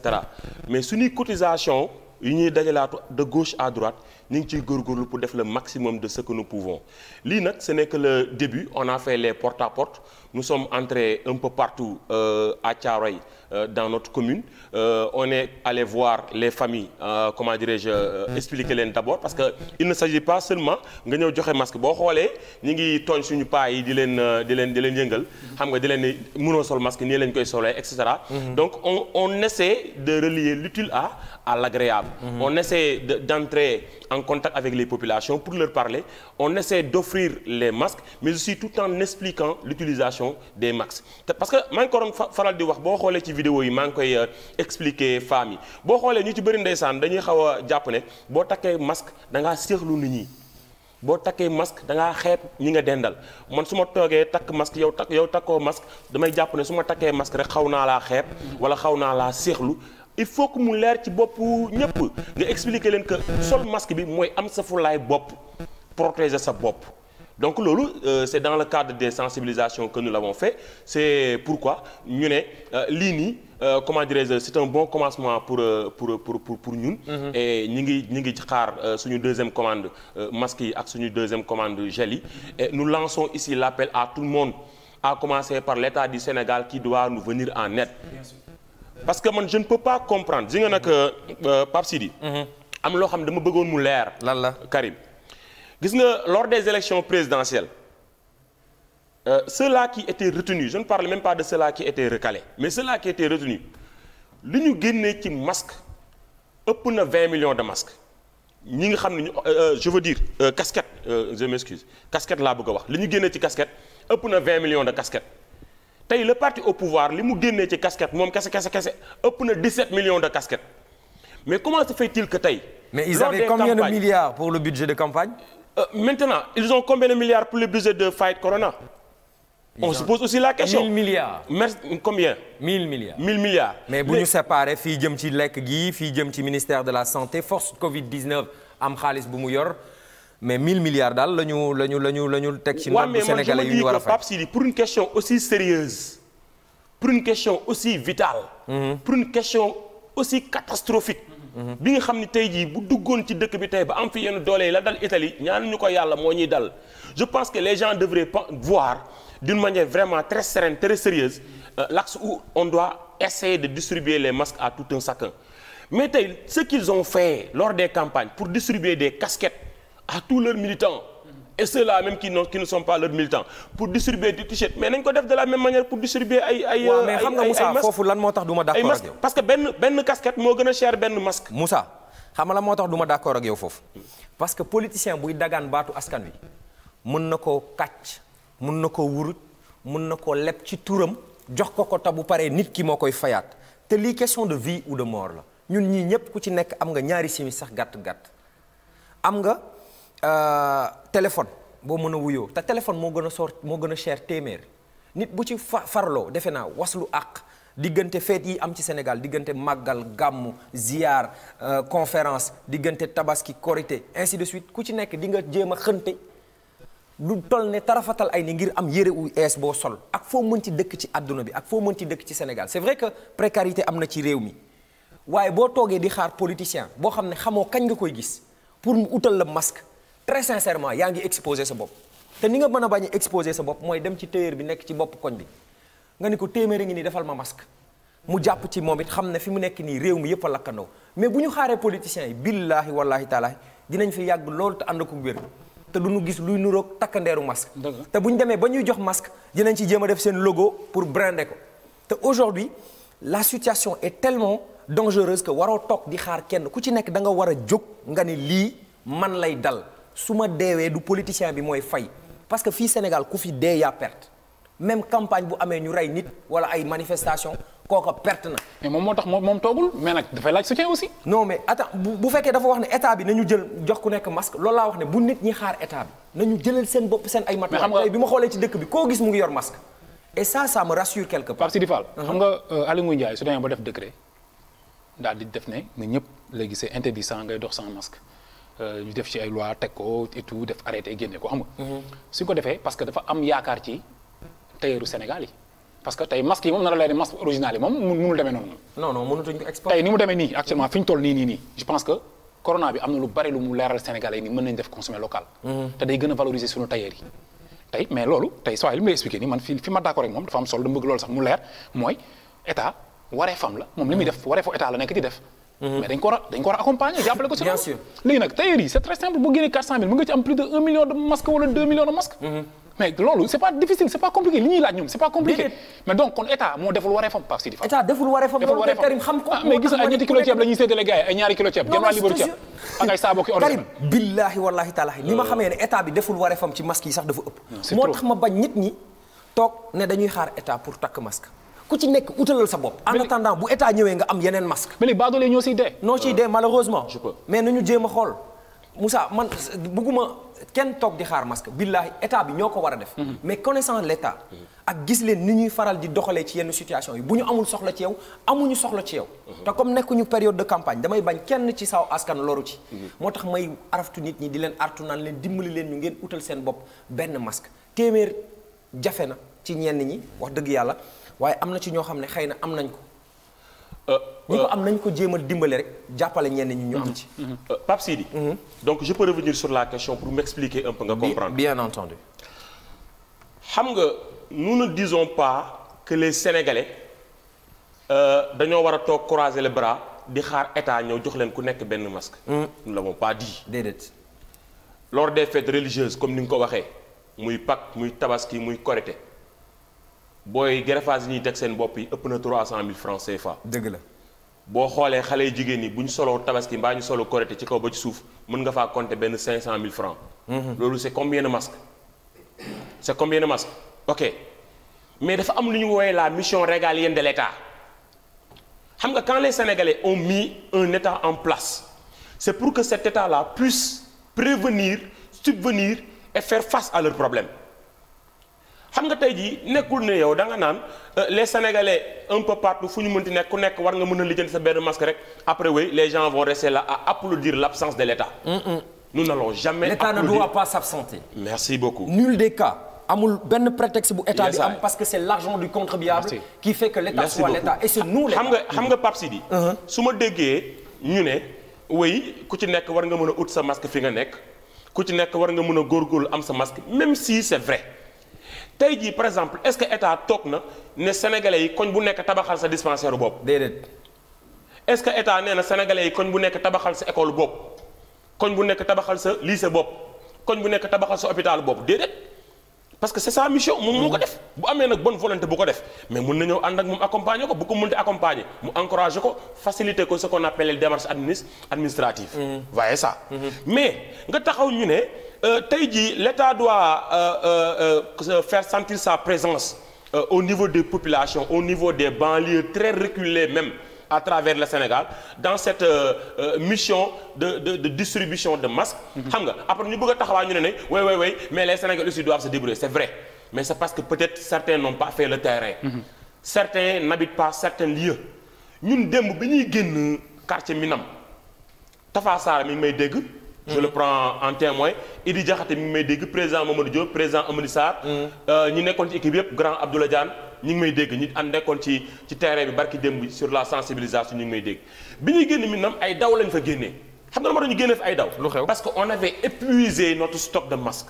mais suñuy cotisation. yu ñuy dajalaatu de gauche à droite ñu ngi ciy góorgóorlu pour def le maximum de ce que nous pouvons lii nag ce n'est que début on a fait les porte à porte nous un peu partout euh, à Thiaroye Euh, dans notre commune euh, on est allé voir les familles euh, comment dirais-je expliquer leen d'abord parce que il ne s'agit pas seulement nga ñëw joxe masque boo xoolee ñi ngi tooñ suñu paa yi di leen di leen di leen yëngal xam nga di leen ne mënoo sol masque nii lañ koy solee et cetera mhm. donc on on essaie de relier l'utile à à l'agréable mhm. on essaie d'entrer en contact avec les populations pour leur parler on essaie d'offrir les masques mais aussi tout en expliquant l'utilisation des masques parce que maa vidéo yi maa ngi koy euh, expliquer femmes yi boo xoolee ñu ci bëri ndeysaan dañuy xaw a jàpp ne boo takkee masque da ngaa séexlu nit ñi boo takkee masque da ngaa xeeb ñi nga dendal man su ma toogee takk masque yow takk yow takkoo masque damay jàpp ne su ma takkee masque rek xaw naa laa xeeb wala xaw naa laa séexlu il faut que mu leer ci bopp ñëpp nga expliquer leen que sol masque bi mooy am sa fulaay bopp protéger sa bopp donc loolu euh, c'est dans le cadre des sensibilisations que nous l'avons fait c'est pourquoi ñu ne euh, lii nii euh, comment dirais-je c'est un bon commencement pour euh, pour pour pour pour ñun. Mhm. et ñu ngi ñu ngi xaar suñu deuxième commande masque yi ak suñu deuxième commande gel yi et nous lançons ici l'appel à tout le monde à commencer par l'État du Sénégal qui doit nous venir en aide. parce que man je ne peux pas comprendre. di nga nag Pape Sidi. Mhm. am loo xam dama bëggoon mu leer. lan la Karim. gis na lors des élections présidentielles euh, ceux-là qui étaient retenus je ne parle même pas de ceux-là qui étaient recalés mais ceux-là qui étaient retenus li ñu génnee ci masque ëpp na 20 millions de masques ñi nga xam ne ñu euh, euh, je veux dire euh, casquette euh, je m'excuse laa bëgg a wax li ñu génnee ci casquette ëpp na 20 millions de casquettes tey le parti au pouvoir li mu génnee ci casquette moom kese kese kese ëpp na 17 millions de casquettes mais comment se fait-il que tey. mais ils avaient pour le budget de campagne. Euh, maintenant ils ont combien de milliards pour le budget de fight corona. on se aussi la question 1000 milliards. merci combien. 1000 milliards 1000 mais bu ñu séparé fii jëm ci lekk gi fii jëm ci ministère de la santé force Covid 19 am xaalis bu mu yor mais 1000 milliards daal la ñu la ñu la ñu la ñu teg ci. ndox Sénégalais yu ñu war a fay pour une question aussi sérieuse pour une question aussi vitale. Mm-hmm. pour une question aussi catastrophique. bi nga xam ne tey jii bu duggoon ci dëkk bi tey ba am fi yenn doole yi la dal Italie ñaan ñu ko yàlla moo ñuy dal je pense que les gens devraient voir d'une manière vraiment très sereine très sérieuse euh, l'axe où on doit essayer de distribuer les masques à tout un chacun mais tey ce qu'ils ont fait lors des campagne pour distribuer des casquettes à tous leurs militants et ceux la même manière pour distribuer ay ay. waaw mais xam nga Moussa foofu lan moo tax du ma d'accord ak yow parce que benn benn casquette moo gën a cher benn masque. Moussa xam nga lan moo du ma d'accord ak yow foofu parce que politicien buy dagaan baatu askan wi mën na koo kàcc mun na koo wuruj mun na koo leb ci turam jox ko ko ta bu paree nit ki moo koy fayaat te lii question de vie ou de moor la ñun ñii ñëpp ku ci nekk am nga ñaari simis sax gàtt gàtt am nga. Euh, téléphone boo mën a wuyoo te téléphone moo gën a soor moo gën a cher téeméer nit bu ci fa farloo defe naa waslu àq diggante feet yi am ci Sénégal diggante màggal gàmmu ziyaar euh, conférence diggante tabaski korité ainsi de suite ku ci nekk di nga jéem a xënte lu toll ne tarafatal ay ni ngir am yére u ees boo sol ak foo mën ci dëkk ci àdduna bi ak foo mën ci dëkk ci Sénégal c'est vrai que précarité am na ci réew mi waaye boo toogee di xaar politicien boo xam ne xamoo kañ nga koy gis pour mu utal la masque très sincèrement yaa ngi exposé sa bopp te ni nga mën a bañ exposé sa bopp mooy dem ci téyeer bi nekk ci bopp koñ bi nga ni ko téeméeri nga ni defal ma masque mu jàpp ci moom it xam ne fi mu nekk nii réew mi yëpp a lakkandoo mais bu ñu xaaree politiciens yi billaahi wallaahi taalaahi dinañ fi yàgg loolu te ànd ko wér te du ñu gis luy nurook takkandeeru masque te buñ demee ba ñuy jox masque dinañ ci jéem a def seen logo pour brander ko te aujourd'hui la situation est tellement dangereuse que waroo toog di xaar kenn ku ci nekk da war a jóg nga ne lii man lay dal su ma deewee du politicien bi mooy fay parce que fii Sénégal ku fi dee yaa perte même campagne bu amee ñu rey nit wala ay manifestation kooka perte na. mais moom moo tax moom moom toogul mais nag dafay laaj soutien aussi. non mais bu fekkee dafa wax ne état bi na ñu jël jox ku nekk masque loolu laa wax ne bu nit ñi xaar état bi nañu jëlal seen bopp seen ay. matuwaay tey bi ma xoolee ci dëkk bi koo gis mu ngi yor masque. et ça ça me rassure quelque part. Pape Sidi Fall. Uh-huh. xam nga euh, Aly Ngouille def décret daal di def ne ñëpp léegi c'est interdit ngay dox sans masque. Euh, ñu def ci ay loi teg ko et def arrêté génne ko xam nga. Mhm. suñ ko defee parce que dafa am yaakaar ci tailleur Sénégal yi. parce que tey masque yi moom nara lay ne masque original yi moom mënul demee noonu. non non ni mu demee nii actuellement fi ñu toll nii nii nii je pense que corona bi am na lu bari lu mu leeral Sénégalais yi nii mën nañ def consommer local. Mhm. te day gën a valoriser suñu tailleur yi. tey mais loolu tey soo li mu lay expliqué nii man fi fi ma d'accord ak moom dafa am solo dama bëgg loolu sax mu leer mooy état wareefam la. Mhm. def wareefu état la di def. Mhm. mais dañ ko war a dañ ko war a accompagner bien sûr léegi nag tailleur yi très simple boo génnee 400000 mën nga ci am plus de million de masques wala 2 millions de masques. Mhm. mais loolu c' pas difficile c' pas compliqué li ñuy laaj ñoom c' pas compliqué. mais donc kon état moo deful waree fam état deful waree fam loolu de Karim xam ko. Ah, mais gis nga ay saaboo ki ordinaire. Karim billahi wallahi taala li ma xamee ne état bi deful waree ku ci nekk utalal sa bopp. en attendant bu état ñëwee nga am yeneen masque. mais léegi baadoole ñoo noo siy dee malheureusement. je peux mais nañu jéem a xool Moussa man bugguma kenn toog di xaar masque billahi état bi ñoo ko war a def. Mhm. mais connaissant l' état. ak gis leen ni ñuy faral di doxalee ci yenn situation yi bu ñu amul soxla ci yaw amuñu soxla ci yow. Mhm. te comme nekkuñu période de campagne damay bañ kenn ci saw askan loru ci. Mhm. moo tax may araftu nit ñi di leen artu naan leen dimbali leen ñu ngeen utal seen bopp benn masque téeméer jafe na ci ñenn ñi wax dëgg yàlla. waaye am na ci ñoo xam ne xëy na am nañ ko. Euh, ñi ko euh, am nañ ko jéem a dimbale rek jàppale ñenn ñi ñu am ci. Euh, Pape mhm. donc je peux revenir la question pour m'expliquer un peu nga comprendre. bien entendu. xam nga nous ne disons pas que les Sénégalais dañoo war a toog croiser le bras di xaar état ñëw jox leen ku nekk benn masque. Mhm. nous l'avons pas dit. déedéet. lors des fêtes comme ni nga ko waxee muy Pâques muy Tabaski muy Korité booy greffage yi nii teg seen bopp yi ëpp na 300000 francs CFA. dëgg la boo xoolee xale yu jigéen ñi bu ñu soloo tabaski mbaa ñu solo korité ci kaw ba ci suuf mën nga faa compter benn 500000 francs. Mhm. loolu c'est combien de masques c'est combien de masques ok mais dafa am lu ñu wooyee la mission régalienne de l'État xam nga quand les Sénégalais ont mis un État en place c'est pour que cet état la puisse prévenir subvenir et faire face à leurs problème xam nga tey jii nekkul ne yow da nga naan euh, les sénégalais un peu partout fu ñu mënti nekk ku nekk war nga mën a lijjanti sa benn masque rek après oui les gens vont rester là à applaudir l'absence de l'État. Mm, mm. nous n'allons jamais. l'État ne merci beaucoup. nul des cas. amul benn prétexte bu état bi am parce que c'est l'argent du contribuable qui fait que l'état soit l'état et nga xam nga Pape Sidi uh-huh. su ma déggee ñu ne ku ci nekk war nga mën a ut sa masque fi nga nekk ku ci nekk war nga mën a góor góorgóorlu am sa masque même si c'est tey jii par exemple est-ce que état toog na ne sénégalais yi koñ bu nekk tabaxal sa dispensaire bopp. déedéet. est-ce que état nee na sénégalais yi koñ bu nekk tabaxal sa école boobu koñ bu nekk tabaxal sa lycée bopp koñ bu nekk tabaxal sa hôpital boobu déedéet. parce que c'est sa mission moom moo ko def bu amee nag bon volonté bu ko def mais mun nañoo ànd ak moom accompagner ko bu ko mënti accompagner mu encourager ko faciliter ko ce qu'on appelle les démarches administratives. Mm-hmm. voyez ça. Mm-hmm. mais nga taxaw ñu ne. Euh, tey jii l'État doit euh, euh, faire sentir sa présence au niveau des population au niveau des banlieues très reculées même à travers le Sénégal dans cette mission de de de distribution de masques. Mhm. xam nga après ñu bëgg a taxawaa ñu ne ne way way way mais les Sénégalais aussi doivent se débrouiller c'est vrai mais c'est parce que peut-être certains n'ont pas fait le terrain. Mm -hmm. certains n'habitent pas certains lieux. ñun démb bi ñuy génn quartier Minam Tafa Sarr mi ngi may dégg. je le prends en témoin Idi Diakhaté mi ngi may dégg président Mamadou Diop président Amady Sarr. Euh, ñi nekkoon ci équipe yëpp grand Abdoulaye Diane ñu ngi may dégg ñi ànd nekkoon ci ci bi barki démb sur la sensibilisation ñu ngi may dégg bi ñuy génn mi nam ay daw lañ fa génnee xam nga lu ma doon génnee fa ay daw. lu xew parce que on avait épuisé notre stock de masques.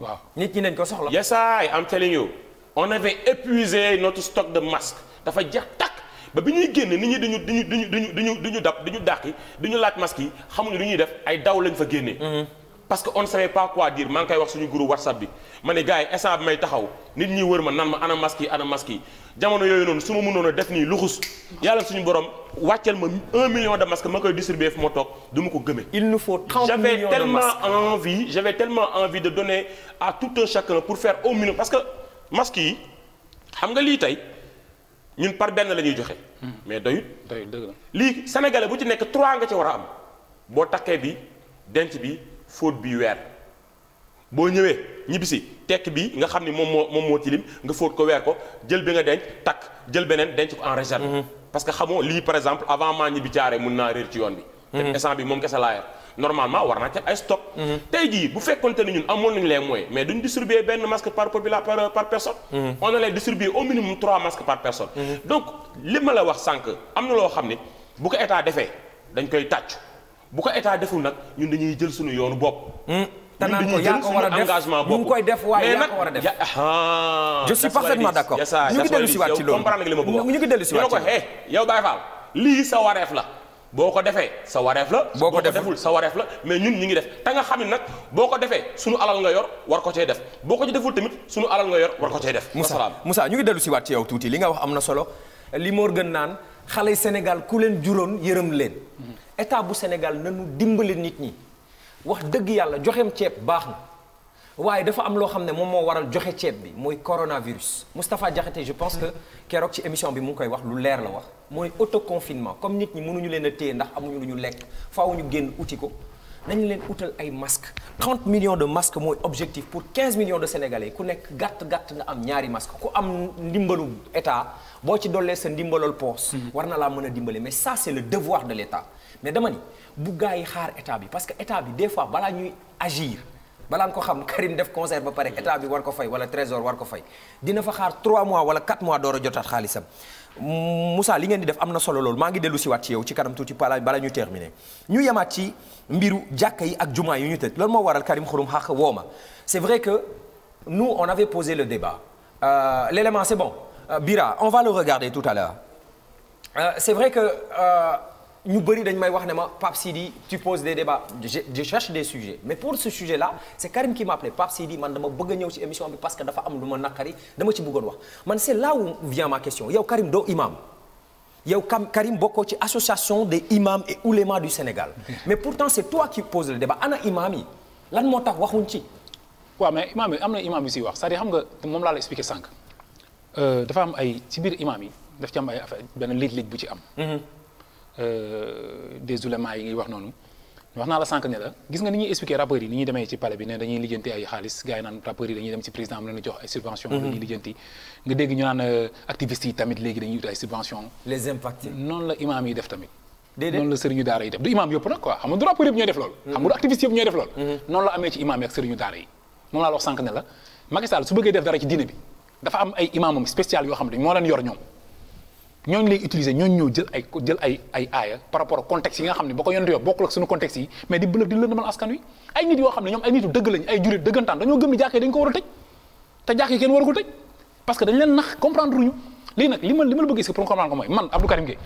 waaw nit ñi dañ ko soxla. yes I am telling you on avait épuisé notre stock de masques dafa jeex tàkk ba bi ñuy génn nit ñi dañu dañu dañu dañu dañu ñu dañu dàqi dañu laaj mask yi xamuñu lu ñuy def ay daw lañ fa génnee. Mhm. parce que on ne savait pas maa ngi koy wax suñu groupe whatsapp bi ma ne taxaw nit ñi wër ma nan ma ana masque yi yooyu noonu su ma mënoon a def nii luxus yàlla suñu borom wàcceel ma un million de masques ma koy distribuer fu ma toog du ma ko gëmee. il nous faut à tout un chacun pour faire au minimum parce que masques yi xam nga lii tey. ñun par benn lañuy joxe. mais doyut. doyut dëgg la lii sénégalais bu ci nekk trois nga ci war a am boo takkee bi denc bi fóot bi weer boo ñëwee ñibbisi tekk bi nga xam ni moom moo moom moo tilim nga fóot ko weer ko jël bi nga denc takk jël beneen denc ko en réserve. Mhm. parce que xamoo lii par exemple avant maa ñibbi jaaree mun naa réer ci yoon bi. Mhm. te instant bi moom kese laa yor normalement war naa ci ay stock. Mhm. tey jii bu fekkonte ne ñun amoon nañu les mooy mais duñ distribuer benn masque par popula par par personne. Mhm. on allait distribuer au minimum trois masques par personne. Mhm. donc li la wax sànq am na loo xam ne bu ko état defee dañ koy tàcc bu ko état deful nag ñun dañuy jël suñu yoonu bopp. Hmm. tanaan ko yaa ko war a def koy def waaye yaa ko war a ah, def je suis parfaitement d'accord ñu ngi dellu si waat ci lii sa wareef la boo ko defee sa wareef la. boo ko deful sa wareef la mais ñun ñu ngi def te nga xam ne nag boo ko defee suñu alal nga yor war ko cee def boo ko ci deful tamit suñu alal nga yor war ko cee def. Moussa Moussa ñu ngi dellu si waat ci yow tuuti li nga wax am na solo li moor gën naan xale Sénégal ku leen juróon yërëm leen mm-hmm. état bu Sénégal nanu dimbali nit ñi wax dëgg yàlla joxeem ceeb baax na waaye dafa am loo xam ne moom moo waral joxe ceeb bi mooy coronavirus Moustapha Diakhaté je pense que keroog ci émission bi mu ngi koy wax lu leer la wax mooy autoconfinement comme nit ñi mënuñu leen a téye ndax amuñu lu lekk faaw ñu génn uti ko nañu leen utal ay masques 30 millions de masques mooy objectif pour 15 millions de sénégalais ku nekk gàtt gàtt nga am ñaari masques ku am ndimbalu état boo ci dollee sa ndimbalol poos mm-hmm. war na laa mën a dimbale mais ça c'est le devoir de l'état mais dama bu gars yi xaar état bi parce que état bi des fois balaa ñuy agir. balaa nga ko xam Karim def concert ba pare état bi war ko fay wala trésor war ko fay dina fa xaar 3 mois wala mois door a jotaat xaalisam Moussa li ngeen di def am na solo loolu maa ngi dellu siwaat ci yow ci kanam tuuti bala bala ñu terminer ñu yemaat ci mbiru jàkka yi ak jumaa yu ñu te loolu moo waral Karim Xurum Xaq woo ma c'est vrai que nous on avait posé le débat euh, l'élément c'est bon euh, Bira on va le regarder tout à l'heure euh, c'est vrai que euh, ñu bëri dañ may wax ne ma Pape Sidi tu poses des débats je, je cherche des mais pour ce sujet là c'est Karim qui m'appelait Pape Sidi man dama bëgg a ñëw ci émission bi parce que dafa am lu ma naqari dama ci bëggoon wax man c'est là où vient ma question yow kam Karim bokkoo ci association des imams et oulémas du Sénégal mais pourtant c'est toi qui poses le débat ana lan moo tax waxuñ ci waaw mais imam yi am na imam yi siy wax cest à xam nga moom laa la expliqué sànq euh, dafa am ay ci biir imam yi daf ci am ay affaire benn lij-lij bu ci am mhm. Euh, des oulémas yi ngi wax noonu wax naa la sànq ne la gis nga ni ñuy expliquer rappeurs yi ni ñuy demee ci palais bi ne dañuy lijjanti ay xaalis gars yi naan rappeurs yi dañuy dem ci président am leen jox ay subvention mhm. dañuy lijjanti nga euh, les impactés noonu la imaam def tamit déedéet noonu la sëriñu daara yi def du imaam yëpp nag quoi xam nga du rappeur yëpp ñooy def loolu mhm. xam nga du activiste yëpp ñooy def loolu mhm. noonu la amee ci imaam yi ak sëriñu daara yi moom laa la wax sànq ne la su bëggee def dara ci diine bi dafa am ay imaamam spécial yoo xam ne moo leen yor ñoom ñooñu lay utiliser ñooñu ñëw jël ay jël ay ay par rapport ak yi nga xam ne boo ko yonent yoo bokkul ak suñu contexte yi mais di bëlëg di lëndëmal askan wi ay nit yoo xam ne ñoom ay nitu dëgg lañ ay jurit dëggantaan dañoo gëm ni jàkkee dañ ko war a tëj te jàkkee kenn waru tëj parce que dañ leen nax comprendre ñu lii nag li ma li ma la bëgg est-ce que pour comprendre ko man Abdou Karim Gueye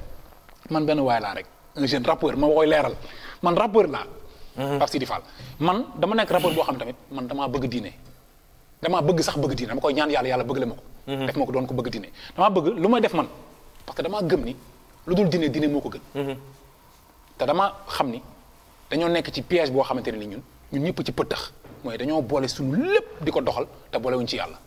man benn waay laa rek un jeune rappeur ma koy leeral man rappeur mhm. boo xam tamit man damaa bëgg diine damaa bëgg sax bëgg diine yàlla yàlla bëgg la ma ko mhm. ko doon ko bëgg diine damaa man parce que damaa gëm ni lu dul dine dine moo ko gën. Mhm. te dama xam ni dañoo nekk ci piège boo xamante ne ñun ñun ñëpp ci pëttax mooy dañoo boole suñu lépp di ko doxal te boolewuñ ci yàlla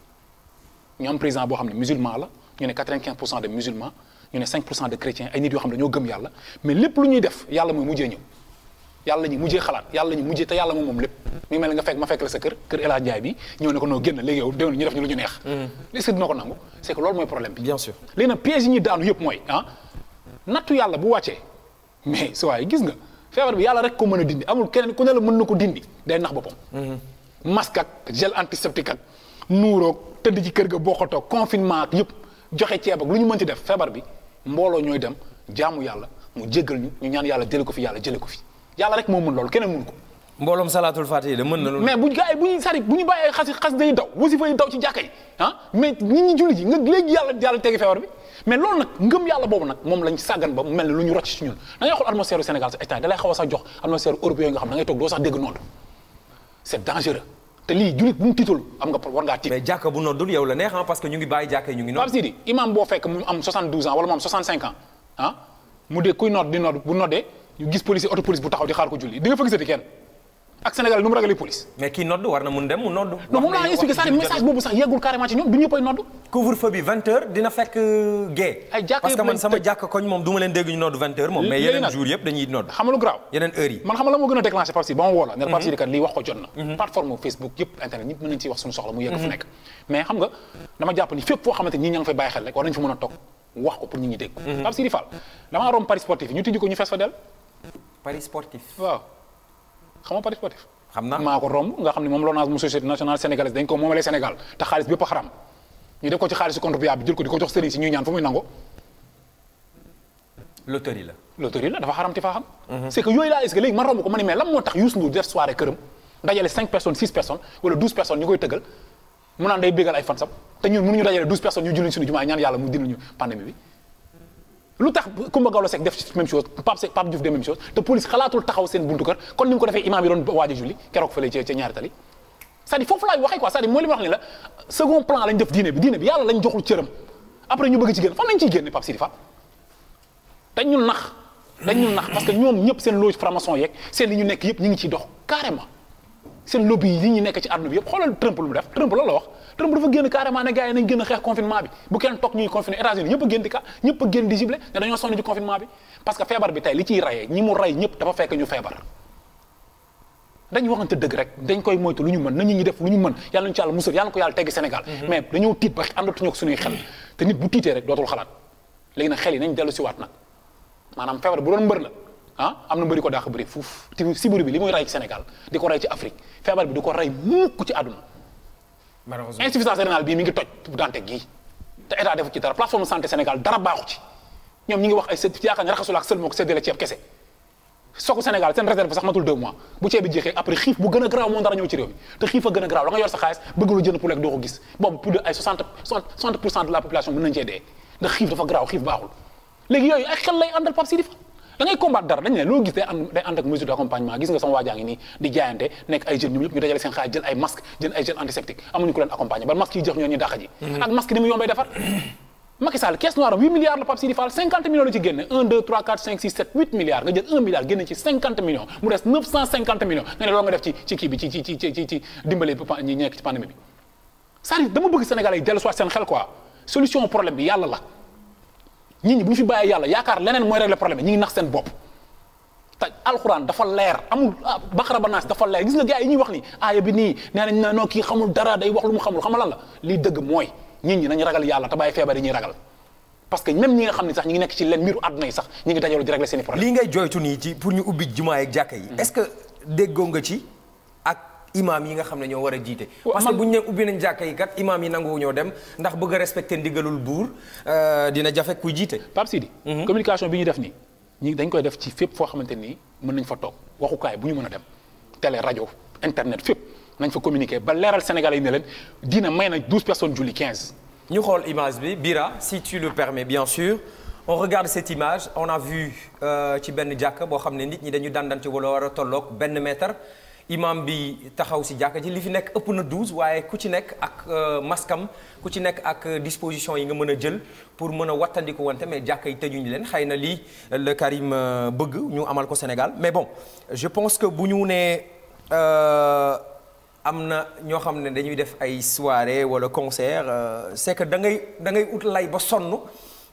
ñu am président boo xam ne musulman la ñu ne 95 pour cent de musulmans ñu ne 5 pour cent de chrétiens ay nit yoo xam ne dañoo gëm yàlla mais lépp lu ñuy def yàlla mooy mujjee ñëw yàlla ñu mujjee xalaat yàlla ñu mujjee te yàlla moom lépp mi mel nga El Hadj Ndiaye bi ñëw ne ko noo génn léegi yow déwén ñu def ñu lu c' est loolu mooy problème bi. bien sûr léegi nag piège yi ñuy daanu yëpp mooy ah nattu yàlla bu wàccee mais su waaye gis nga feebar bi yàlla rek ko mën a dindi amul keneen ku ne la mën na ko dindi day nax boppam. Mhm. masque ak gel antiseptique ak nuuroog tëdd ci kër ga bokkatoo confinement ak yëpp joxe ceeb ak lu ñu mën ci def feebar bi mbooloo ñooy dem jaamu yàlla mu jéggal ñu ñu ñaan yàlla jële ko fi yàlla jële ko fi yàlla rek moo mën loolu keneen mën ko. mbooloom bu gaa yi bu ñu sari bu ñu bàyyee xas xas day daw yi daw ci jàkka yi ah mais ñi julli ji nga léegi yàlla yàlla tegi feebar bi mais loolu nag ngëm yàlla boobu nag moom lañ sàggan ba mel ne lu ñu rocc ci ñun da xool atmosphère Sénégal sa état da lay a sax jox atmosphère Europe yooyu nga xam da toog doo sax dégg noonu c'est dangereux te lii jullit bu mu tiitul am nga war tiit mais jàkka bu noddul yow la neex parce ñu ngi bàyyi jàkka yi ak Sénégal nu ragalee police. mais kii noddu war na mun dem mu noddu. moom laa expliqué sax message boobu sax yeggul carrément ci ñoom bi euh, ñu noddu 20h moom. yëpp a déclenché parti ba mhm. mhm. internet ñëpp mën nañu ciy wax suñu soxla mu yegg fu mhm. nekk. mais xam nga dama jàpp ni fépp foo xamante ñi ña nga bàyyi xel rek war nañu fa mën a toog wax ko pour nit ñi dégg ko. Pape Sidi Fall damaa romb Paris sportif ñu tijji ko ñu fees fa del Paris sportif xam nga parti sportif. maa ko romb nga xam ne moom LONASE mu société nationale sénégalaise dañ ko moomale Sénégal te xaalis bépp xaram ñu def ko ci xaalisu contribuable bi jël ko di ko jox sëriñ si ñuy ñaan fu muy nango loterie la. dafa xaram te faa xam. Mhm. c'est que yooyu laa est-ce que léegi man romb ko ma ne mais lan moo tax Youssou Ndour def soirée këram dajale 5 personnes 6 personnes wala 12 personnes ñu koy tëggal mu naan day bégal ay lu tax Coumba Gawlo Seck def même chose Pape Seck Pape Diouf chose te police xalaatul taxaw seen buntu kon ni ko defee imam yi doon waaj a julli keroog fële ca ñaari tali cest à foofu laay waxee quoi cest à mooy li ma wax ni la second plan lañ def diine bi diine bi yàlla lañ joxul cëram après ñu bëgg ci génn fan lañ ciy génne Pape Sidi Fall dañ ñu nax dañ ñu parce que ñoom ñëpp seen loge franc-maçon yeeg seen li ñu nekk yëpp ñu ngi ciy dox carrément seen la wax Trump dafa génn carrément ne gars yi nañ gën a xeex confinement bi bu kenn toog ñuy confiné États-Unis ñëpp a génn di ka ñëpp dañoo sonn ci confinement bi parce que feebar bi tey li ciy rayee ñi mu ray ñëpp dafa fekk ñu feebar dañ dëgg rek dañ koy moytu lu ñu mën nañu ñi def ñu mën yàlla ñu ci yàlla musal yàlla ko yàlla teggi Sénégal mhm. mais dañoo tiit ba àndatuñu ak suñuy xel te nit bu tiitee rek dootul xalaat léegi nag xel yi nañ dellu si waat nag maanaam feebar bu doon mbër la ah, am na mbëri ko daax bëri fuuf te sibiri bi li muy rey ci Sénégal di ko rey ci Afrique feebar bi di ko rey mukk ci àdduna malheureusement insuffisance rénale bii mi ngi toj pour dante gii te état defu ci dara plateforme santé Sénégal dara baaxu ci ñoom ñi ngi wax ay së yaakaar ne raxasulaak sël moo ko séddale ceeb kese soku Sénégal seen réserve sax matul deux mois bu ceeb bi jeexee après xiif bu gën a graaw moo dara ñëw ci réew mi te xiif a gën a graaw la nga yor bëgg lu jënd pour lekk doo ko gis boobu plus de ay 60 60 pour cent de la population mën nañ da ngay combattre dara dañ ne loo gis day ànd day ànd ak mesure d' accompagnement gis nga sama waajaa ngi nii di jaayante nekk ay jeunes ñoom ñëpp ñu dajale seen xaalis jël ay masque jël ay gel antiseptique ko leen accompagner ba masque yi jëx ñoon mhm. la Pape Sidi Fall 50 millions nga jël milliard génne ci 50 mu des 950 nga ne loolu nga def ci ci ci ci ci ci ci bi cest dama bëgg Sénégalais yi soit seen xel quoi solution problème bi yàlla la nit ñi bu ñu fi bàyyi yàlla yaakaar leneen mooy régler problème ñi ngi nax seen bopp alxuraan dafa leer amul ah, baqara ba naas dafa leer gis nga gars yi ñuy wax ni aaya bi nii nee nañ noo kii xamul dara day wax lu mu xamul xama lan la lii dëgg mooy nit ñi nañu ragal yàlla te bàyyi feebar yi ñuy ragal parce que même ñi nga xam ne sax ñi ngi nekk ci leen mbiru àdduna yi sax ñi ngi dajaloo di régler i problème lii ngay joytu nii ci pour ñu ubbi jumaa yeeg jàkka yi mm-hmm. est-ce nga ci imaam yi nga xam ne ñoo war a jiite parce que bu ñu ne ubbi nañ jàkka yi kat imaam yi nanguwu ñoo dem ndax bëgg a respecté ndigalul buur euh, dina jafe kuy jiite Pape Sidi mhm. communication bi ñu def nii ñi dañ koy def ci fépp foo xamante nii mën nañ fa toog waxukaay bu ñu mën a dem télé rajo internet fépp nañ fa communiquer ba leeral Sénégalais yi ne leen dina may na douze personnes julli quinze ñu xool image bi Bira si tu le permets bien sûr on regarde cette image on a vu euh, ci benn jàkk boo xam ne nit ñi dañu dandan ci wala war a tolloog benn mètre imam bi taxaw si jàkka ji li fi nekk ëpp na douze waaye ku ci nekk ak euh, maskam ku ci nekk ak euh, disposition yi nga mën a jël pour mën a wattandiku wante mais jàkka yi tëjuñu leen xëy na lii euh, le Karim bëgg ñu amal ko Sénégal mais bon je pense que bu ñu nee am na ñoo xam ne dañuy def ay soirée wala concert c'est que da ngay da ngay ut lay ba sonn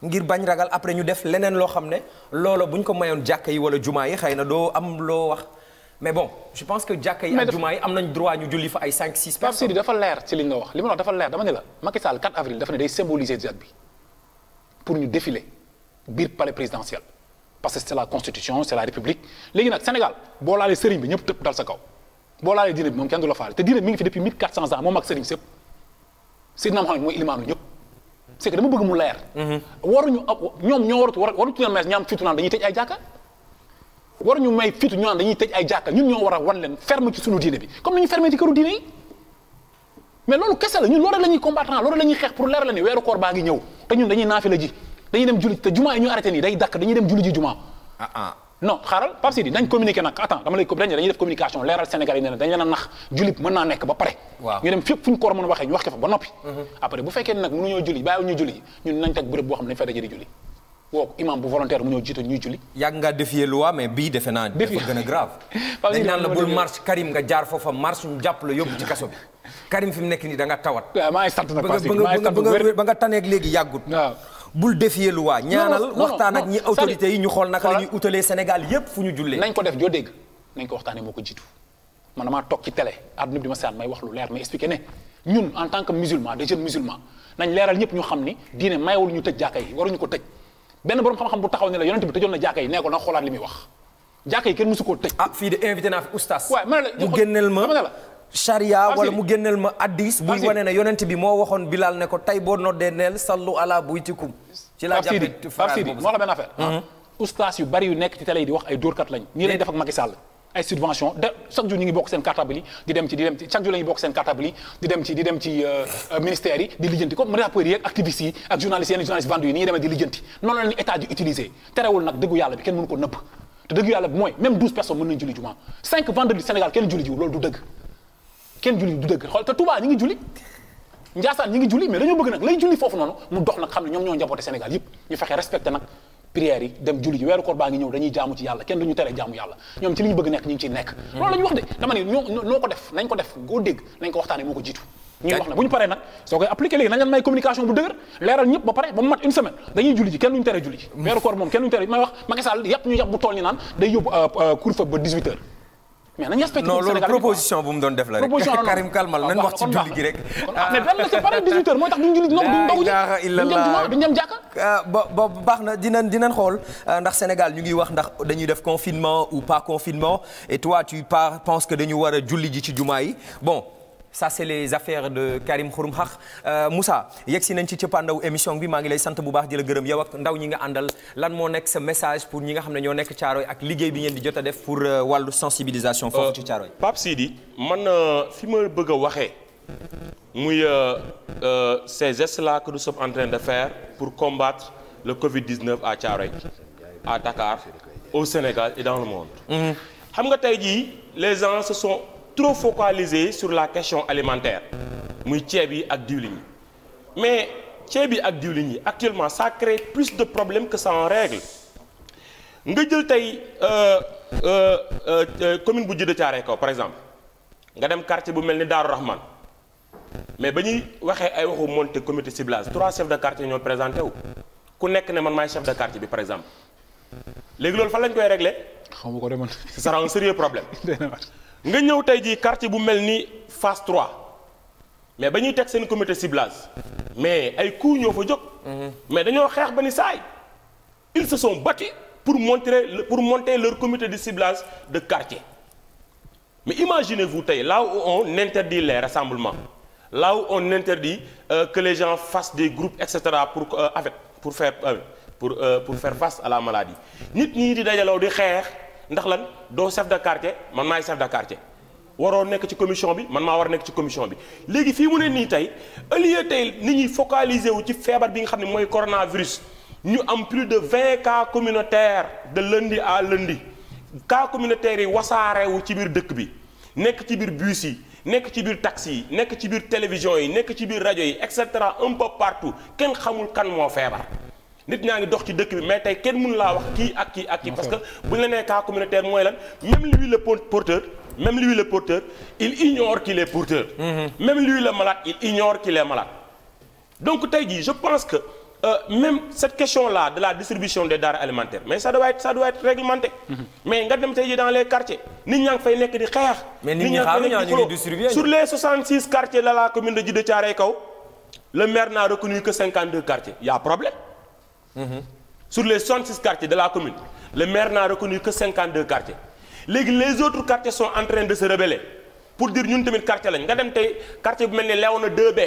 ngir bañ ragal après ñu def leneen loo xam ne loola bu ñu ko mayoon jàkk yi wala jumaa yi xëy na doo am loo wax mais bon je yi ak jumaa yi droit ñu julli fa ay 5 6 dafa leer ci wax li dafa leer dama ne la Macky Sall avril dafa ne day symboliser date bi pour ñu défiler biir palais présidentiel parce que c'est la constitution c'est la république léegi nag Sénégal boo laalee sëriñ bi ñëpp tëpp dal sa kaw boo laalee diine bi moom kenn du la faale te diine mi ngi fi depuis 1400 ans moom ak sëriñ sëpp Seydina Mohamed mooy ilimaanu ñëpp c'est que dama bëgg mu leer. Mm-hmm. waruñu ñoom ñoo warut war ñu may fitu ñu naan dañuy tëj ay jàkka ñun ñoo war a wan leen ferme suñu diine bi comme ni ferme ci këru diine yi mais loolu kese la ñu def communication leeral Sénégal yi ne dañ leen a nax jullit mën naa nekk ba pare ñu dem fépp fu ñu mën a waxee ñu wax ko ba noppi mhm. après bu fekkee ne nag mënuñoo julli bàyyi ñu julli ñun nañ teg bërëb boo xam ne dañ fay daje julli woo imam bu volontaire mu ñëw jiite ñuy julli. yàgg ngaa défier loi mais bii defe naa. défier dafa gën a grave. dañ naan la bul marche Karim nga jaar foofa marche ñu jàpp la yóbbu ci kaso bi. Karim fi mu nekk nii da nga tawat. a maa ngi sant nag parce que maa ngi sant bu wér yi ñu xool naka la utalee Sénégal yépp fu ñu jullee. nañ ko def joo dégg nañ ko waxtaanee moo ko jiitu man damaa toog ci télé àdduna bi ma seetaan may wax lu leer may expliquer ne ñun en tant que musulman des jeunes musulmans nañ leeral ñëpp ñu xam ni diine mayewul ko tëj benn borom xam-xam bu taxaw ne la yonent bi tëjoon na jàkka yi nee ko xoolaat li muy wax jàkka yi kenn mësu tëj. ah fii de invité naa fi oustaz. wala mu génneel ma addis buy wane ne yonent bi moo waxoon Bilal ne ko tey boo noddee neel sallu ala buytikum ci laa jàppee phrase boobu mhm. yu bari yu nekk ci télé yi di wax ay dóorkat lañ. nii lañ def ak Macky Sall ay subvention de chaque jour ñu ngi bokk seen cartable yi di dem ci di dem ci chaque jour la ñuy bokk seen cartable yi di dem ci di dem ci euh, euh, ministères yi di lijjanti comme rappeurs yi ak activistes yi ak journalistes yenn journalistes vendus ni ñuy demee di lijjanti noonu la ni état di utiliser terewul nag dëggu yàlla bi kenn mënu ko nëbb te dëggu yàlla bi mooy même 12 personnes mën nañu julli jumaa 5 vendredi Sénégal kenn julli jiw loolu du dëgg kenn julli du dëgg xool te Touba ñi ngi julli Ndiassane ñi ngi bëgg nag lay julli foofu noonu mu dox nag xam ne ñoom prières yi dem julli ji weeru koor baa ngi ñëw dañuy jaamu ci yàlla kenn du ñu tere jaamu yàlla ñoom ci li ñu bëgg nekk ñu ngi ciy nekk loolu la wax de dama ne noo ko def nañ ko def goo dégg nañ ko waxtaane moo ko jiitu ñuy wax na bu ñu paree nag soo koy appliqué léegi nañ may communication bu dëgër leeral ñëpp ba pare ba mu mat une dañuy julli ji kenn duñu tere julli ji weeru koor moom kenn duñu tere may wax Macky Sall ñu yàpp bu tool mais nañu respecté non loolu proposition bu mu doon def la rek Karim kalmal nañ wax ci julli gi rek. mais benn c'est pareil 18 heures mooy tax duñ julli ji duñ dem jumaa duñ dem euh, baax na dinañ dinañ xool euh, ndax Sénégal ñu ngi wax ndax dañuy def confinement ou pas confinement et toi tu pars penses que dañu war a julli ji ci jumaa yi bon. ça c'est les affaires de Karim Xurum Xax euh, Moussa yegg nañ ci cëppaandaw émission bi maa ngi lay sant bu baax di gërëm yow ak ndaw ñi nga àndal lan moo nekk sa message pour ñi nga xam ne ñoo nekk Caaroy ak liggéey bi ngeen di jot a def pour euh, wàllu sensibilisation foofu ci Caaroy euh, Pape Sidi man fi ma bëgg a waxee muy ces gestes là que nous sommes en de faire pour combattre le Covid-19 à Caaroy à Dakar au Sénégal et dans le monde mhm. xam nga tey jii les trop focalisé sur la question alimentaire muy ceeb yi ak diwlin yi mais ceeb yi ak diwlin yi actuellement ça crée plus de problème que ça en règle nga jël tey euh, euh, euh, commune bu Djeddah Thiaroye Kaw par exemple nga dem quartier bu mel ni Daaru Rahman mais ba ñuy waxee ay waxu monté comité ciblage trois chefs de quartier ñoo présenté wu ku nekk ne man maay chef de quartier bi par exemple léegi loolu fan lañ koy réglé. xaw ma ko demoon. ce sera un sérieux problème. nga ñëw tey jii quartier bu mel ni phase 3 mais ba ñuy teg seen comité ciblage mais ay coups ñoo fa jóg. mais dañoo xeex ba ni saay ils se sont bati pour monter pour monter leur comité de ciblage de quartier mais imaginez-vous tey là où on interdit les rassemblements la où on interdit euh, que les gens fassent des groupes et cetera pour euh, avec pour faire euh, pour euh, pour faire face à la maladie nit ñi di dajaloo di xeex ndax lan. doo chef de quartier man maay chef de quartier waroo nekk ci commission bi man maa war a nekk ci commission bi léegi fii mu ne nii tey au lieu tey nit ñi focaliser wu ci feebar bi nga xam ne mooy coronavirus ñu am plus de vingt cas communautaires de lendi à lendi cas communautaires yi wasaarewu ci biir dëkk bi nekk ci biir bus yi nekk ci biir taxi yi nekk ci biir télévision yi nekk ci biir rajo yi et cetera un peu partout kenn xamul kan moo feebar. nit ñaa ngi dox ci dëkk bi mais tey kenn mënu laa wax kii ak kii ak kii parce que bu ñu la nee cas communautaire mooy lan même lui le porteur même lui le porteur il ignore qu'il est porteur mm-hmm. même lui le malade il ignore qu'il est malade donc tey jii je pense que Euh, même cette question-là de la distribution des denrées alimentaires mais ça doit être ça doit mm-hmm. mais nga dem tey jii dans les quartiers nit ñaa ngi fay nekk di xeex. nit ñaa ngi fay nekk di distribuer sur les 66 quartiers de la n'a reconnu que a problème. sur les 66 quartiers de la commune le maire n'a reconnu que 52 quartiers léegi les autres quartiers sont en train de se rebeller pour dire ñun tamit quartier lañ nga dem tey quartier bu mel ne Léona 2B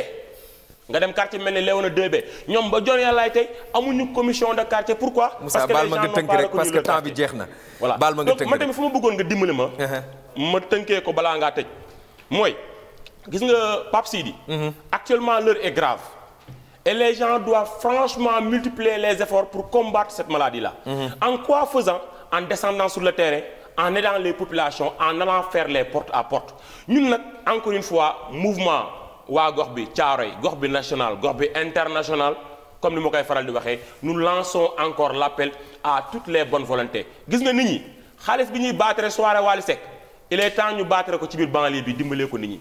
nga dem quartier bu mel ne Léona 2B ñoom ba joon yàllaay tey amuñu commission de quartier pourquoi. Moussa baal ma nga tënk rek parce que temps bi jeex na. voilà baal ma nga tënk rek ma tamit fu ma bëggoon nga dimbali ma. Uh-huh. ma tënkee ko balaa ngaa tëj mooy gis nga Pape Sidi. Mm-hmm. actuellement l'heure est grave. et les gens doivent franchement multiplier les efforts pour combattre cette maladie la mhm. En quoi faisant? En descendant sur le terrain, en aidant les populations, en allant faire les porte à porte. Ñun nag encore une fois mouvement waa gox bi Thiaroye gox bi national gox bi international comme ni ma koy faral di waxee nous lançons encore l'appel à toutes les bonnes volontés gis nga nit ñi xaalis bi ñuy baatare soirée Wally Seck il est temps ñu baatare ko ci biir banlieue bi dimbalee ko nit ñi.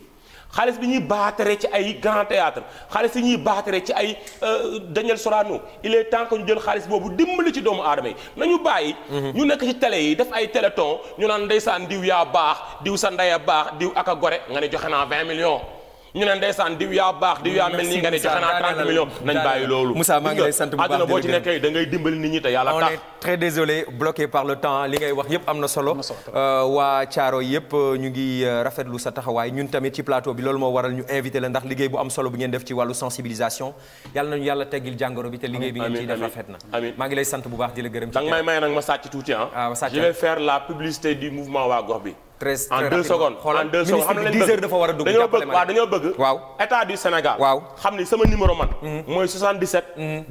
xaalis bi ñuy baatare ci ay grand théâtre xaalis bi ñuy tere ci ay euh, Daniel Sorano il est temps ñu jël xaalis boobu dimbali ci doomu aadama yi nañu bàyyi. Mhm. ñu nekk ci tele yi def ay téléthon ñu naan ndeysaan diw yaa baax diw sa ndey a baax diw ak a gore nga ne joxe naa 20 millions. ñu ne ndeysaan diw yaa baax diw yaa mel nii nga ne joxe naa 30 millions nañ bàyyi loolu Moussa maa ngi lay sant bu baax àdduna da ngay dimbali nit ñi te yàlla tax temps li ngay wax yëpp am solo euh, waa Thiaro yëpp euh, ñu ngi euh, rafetlu sa taxawaay ñun tamit ci plateau bi loolu moo waral ñu invité la ndax liggéey bu am solo bu ngeen def ci wàllu sensibilisation yàlla nañu yàlla teggil jàngoro def rafet na maa ngi lay sant bu baax di la gërëm ci danga may may nag ma sàcc tuuti ah, ah je vais faire la publicité du mouvement waa gox bi très en deux secondes en deux secondes dañoo bëgg waaw dañoo bëgg. waaw du Sénégal. xam ni sama numéro man. Mhm. mooy 77. Mhm.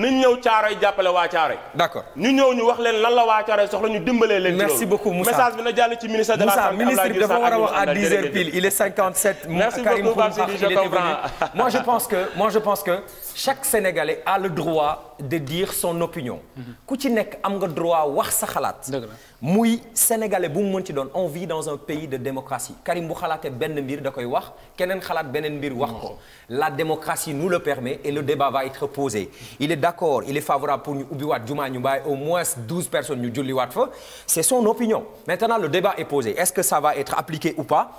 ñëw Caaroy jàppale waa Caaroy. d'accord ñëw ñu wax leen lan la waa Caaroy soxla ñu dimbalee leen. message bi na jàll ci ministre de la ministre dafa war a wax à dix heures pile il est 57. merci beaucoup Babou Sidi je comprends Karim Xrum Xax il est venu moi je pense que moi je pense que. chaque sénégalais a le droit de dire son opinion. ku ci nekk am nga droit wax sa xalaat. muy sénégalais bu mu mën ci doon on vit dans un pays de démocratie Karim bu xalaatee benn mbir da koy wax keneen xalaat beneen mbir wax ko. la démocratie nous le permet et le débat va être posé. il est d'accord il est favorable pour ñu ubbiwaat jumaa ñu bàyyi au moins douze personnes ñu julliwaat fa. c'est son opinion maintenant le débat est posé est-ce que ça va être appliqué ou pas.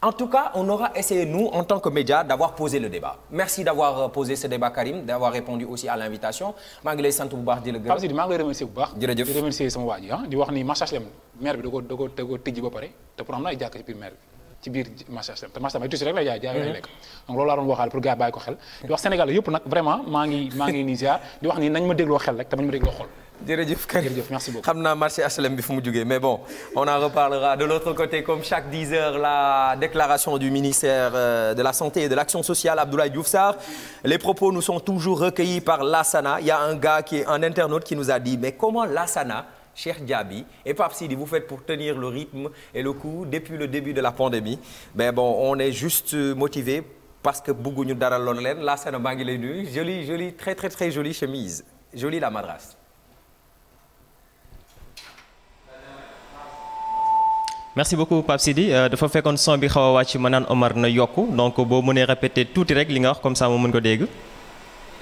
En tout cas, on aura essayé, nous, en tant que média, d'avoir posé le débat. Merci d'avoir euh, posé ce débat, Karim, d'avoir répondu aussi à l'invitation. maa ngi lay sant bu di la gërëm. Pape Sidi maa ngi di remercier sama waa ji ah, di wax ni Macha Chelem maire bi da ko da ko da ko tëjji ba pare te pour am na ay jàkk ci biir maire bi. te marché HLM ay tuuti rek lay jaay jaay lay lekk mhm. donc loolu laa doon waxaale pour gars yi bàyyi ko xel di wax Sénégal yëpp nag vraiment maa ngi maa ngi nii ziar di wax ni nañ ma jërëjëf Karim jërëjëf merci beaucoup xam naa marché HLM bi fu mu jugee mais bon on en reparlera de l'autre côté comme chaque 10 la déclaration du ministère euh, de la santé et de l'action sociale Abdoulaye Diouf Sarr les propos nous sont toujours recueillis par l'ASANA il y a un gars qui est un internaute qui nous a dit mais comment l'ASANA Cheikh Diaby et Pape Sidi vous faites pour tenir le rythme et le coup depuis le début de la pandémie mais bon on est juste euh, motivé parce que bëgguñu dara loon leen l'ASANA maa ngi lay nuyu jolie jolie très très très jolie chemise jolie la madrasse merci beaucoup Pape Sidi euh, dafa fekkoon son bi xaw a wàcc ma naan Omar na yokk donc boo mënee répéter tuuti rek li nga wax comme ça ma mën ko dégg.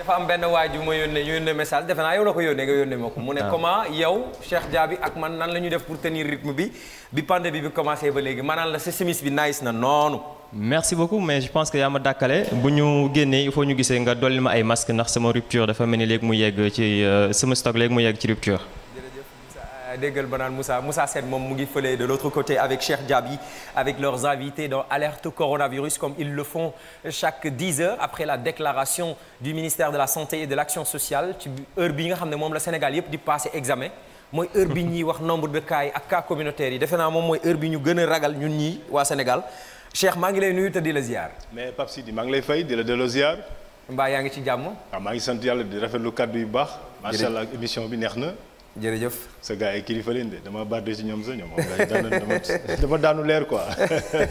dafa am benn waay ju ma yónnee yónnee message defe naa yow la ko yónnee nga yónnee ma ko. mu ne ah. comment yow Cheikh Diaby ak man nan la ñuy def pour tenir rythme bi bi pande bi commencé ba léegi maanaam la sa simis bi nice na noonu. merci beaucoup mais je pense que yaa ma dàkkale bu ñu génnee il faut ñu gisee nga dolli ma ay masque ndax sama rupture dafa mel ni léegi mu yegg ci euh, sama stock mu yegg ci rupture. déggal ba naan Moussa Moussa Sène moom mu ngi fële de l'autre côté avec Cheikh Diaby avec leurs invités dans Alerte Coronavirus comme ils le font chaque 10 heures après la déclaration du ministère de la santé et de l'action sociale ci heure nga xam ne moom la Sénégal yëpp di passé examen mooy heure bi ñuy wax nombre de cas yi defe naa moom mooy heure bi ñu gën a ragal ñun ñii waa Sénégal Cheikh maa ngi lay di la ziar. mais Pape Sidi maa ngi lay fay di la delloo ziar. mbaa yaa ngi ci jàmm. waaw ah, maa ngi sant yàlla di rafetlu kàddu yu baax. macha allah émission bi neex na. jërëjëf. sa gars yi kilifa leen de dama bàdde ci ñoom sa ñoom dama daanu leer quoi.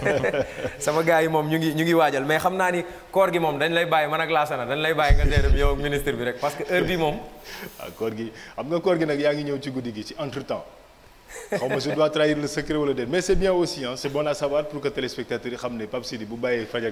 sama gars yi moom ñu ngi ñu ngi waajal mais xam naa ni koor gi moom dañ lay bàyyi man ak Laasana dañ lay bàyyi nga dem yow ministre bi rek parce que heure bi moom. waaw ah, koor gi xam nga koor gi nag yaa ngi ñëw ci guddi gi ci entre temps. xaw ma je dois trahir le secret wala déet mais c' bien aussi ah c' bon à pour que téléspectateurs yi xam ne Pape bu bàyyee fajar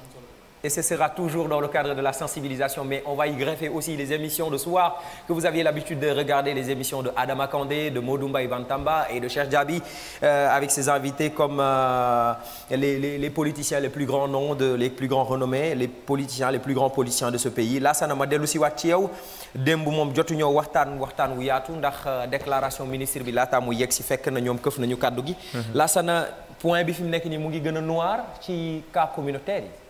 et ce sera toujours dans le cadre de la sensibilisation mais on va y greffer aussi les émissions de soir que vous aviez l'habitude de regarder les émissions de Adama Kandé de Modou Mbaye Bantamba et de Cheikh Diaby euh, avec ses invités comme euh, les, les les politiciens les plus grands noms de les plus grands renommés les politiciens les plus grands politiciens de ce pays Lassana ma dellu si waat ci yow démb moom jotu ñoo waxtaan waxtaan wu yaatu ndax euh, déclaration ministre bi laataa mu yegg si fekk na ñoom nañu kàddu gi mhm. Lassana point fi mu nekk nii mu ngi gën a noir ci cas communautaire yi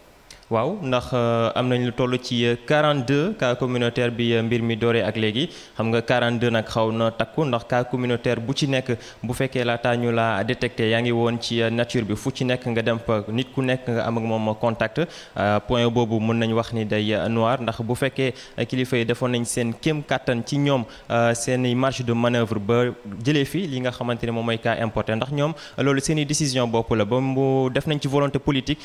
waaw ndax euh, am nañ lu toll ci 42 euh, cas communautaire bi euh, mbir mi dooree ak léegi xam nga 42 nag xaw na takku ndax cas communautaire bu ci nekk bu fekkee laataa ñu la détecté yaa ngi woon ci nature bi fu ci nekk nga dem fa nit ku nekk nga am ak moom contact point boobu mun nañu wax ni day noir ndax bu fekkee kilifa yi defoon nañ seen kéem kàttan ci ñoom seen marge de maneuvre ba jëlee fi li nga xamante ne moom mooy cas importé ndax ñoom loolu seeni i décision bopp la ba mu def nañ ci volonté politique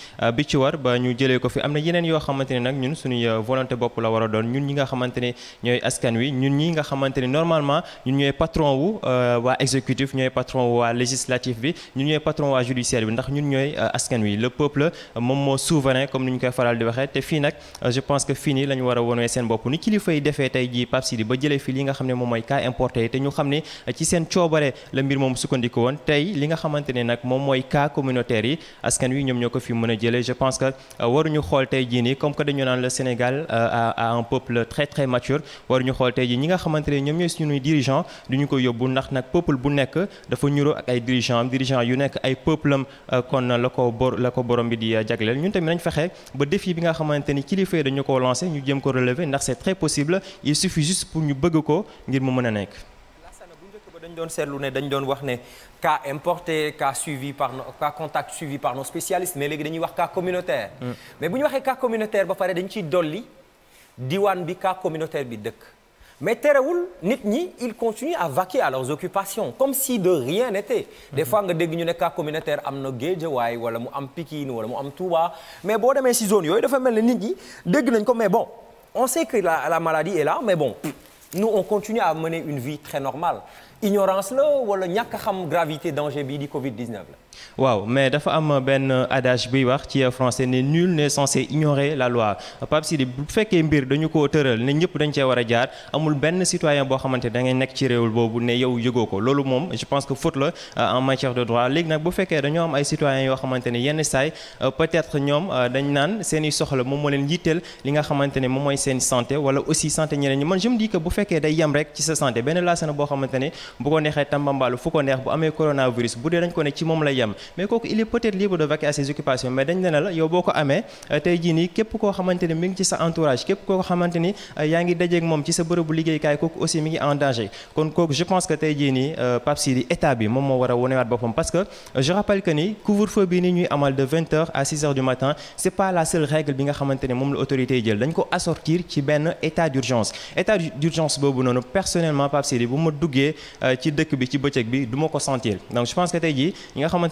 fi am na yeneen yoo xamante ne nag ñun suñuy euh, volonté bopp la war a doon ñun ñi nga xamante ñooy askan wi ñun ñi nga xamante normalement ñun ñooy patron wu euh, waa exécutif ñooy patron wu waa législatif bi ñun ñooy patron waa judiciaire bi ndax ñun ñooy euh, askan wi le peuple moom moo souverain comme ni ñu koy faral di waxee te fii nag je pense que fii nii la ñu war a wonee seen bopp ni kilifa defee tey jii Pape ba jëlee fi li nga xam ne moom mooy cas importé yi te ñu xam ne ci seen coobare li nga xamante ne nag moom mooy cas communautaire yi askan wi ñoom ñoo a jëlee xool tey jii nii comme que dañu naan le Sénégal euh, a un peuple très très mature war ñu xool tey jii ñi nga xamante ne ñoom ñooy suñuy dirigeant du ko yóbbu ndax nag peuple bu nekk dafa ñuroo ak ay dirigeant am yu nekk ay peuple am euh, kon la ko bor la ko borom bi di euh, jagleel ñun tamit nañ fexe ba défi bi nga xamante ni kilifa yi dañu ko lancé ñu jëm ko relever ndax c'est très possible il suffit juste pour ñu bëgg ko ngir mu mën a nekk doon seetlu ne dañ doon wax ne cas importé cas suivi par nos cas contact suivi par nos spécialistes mais léegi dañuy wax cas communautaire. Mm. mais bu ñu waxee cas communautaire ba pare dañ ciy dolli diwaan bi cas communautaire bi dëkk. mais terewul nit ñi ils continuent à vaquer à leurs occupations comme si de rien n'était des mm-hmm. fois nga dégg ñu ne cas communautaire am na Guédiawaye wala mu am Pikine wala mu am Touba mais boo demee ci zone yooyu dafa mel ne nit ñi dégg nañ ko mais bon on sait que la la maladie e là mais bon nous on continue à une vie très normale ignorance la wala ñàkk xam gravité danger bi di Covid 19 la. waaw mais dafa am euh, benn euh, adage buy wax ci euh, français ne nul n'est censé ignorer la loi Pape bu fekkee mbir dañu ko tëral ne ñëpp dañ cee war a jaar amul benn citoyen boo xamante da nekk ci réewul boobu ne yow yëgoo ko loolu moom je pense que faute la en matière de droit léegi nag bu fekkee dañoo am ay citoyens yoo xamante ne yenn saay peut-être ñoom dañ naan seeni soxla moom moo leen yitteel li nga xamante ne moom mooy seen santé wala aussi santé ñeneen ñi man je me yem mais kooku il est peut-être libre de vaquer à ses occupations mais dañ ne la yow boo ko amee euh, tey jii nii képp koo xamante ni ngi ci sa entourage képp koo xamante euh, yaa ngi dajeeg moom ci sa bërëbu liggéeykaay kooku aussi mi ngi en kon kooku je pense que tey jii nii euh, Pape état bi moom moo war a wonewaat boppam parce que je rappelle que ni couvre-feu bi ni ñuy amal de 20 à 6 du matin c'est pas la seule règle bi nga xamante moom la autorité ma ko sentir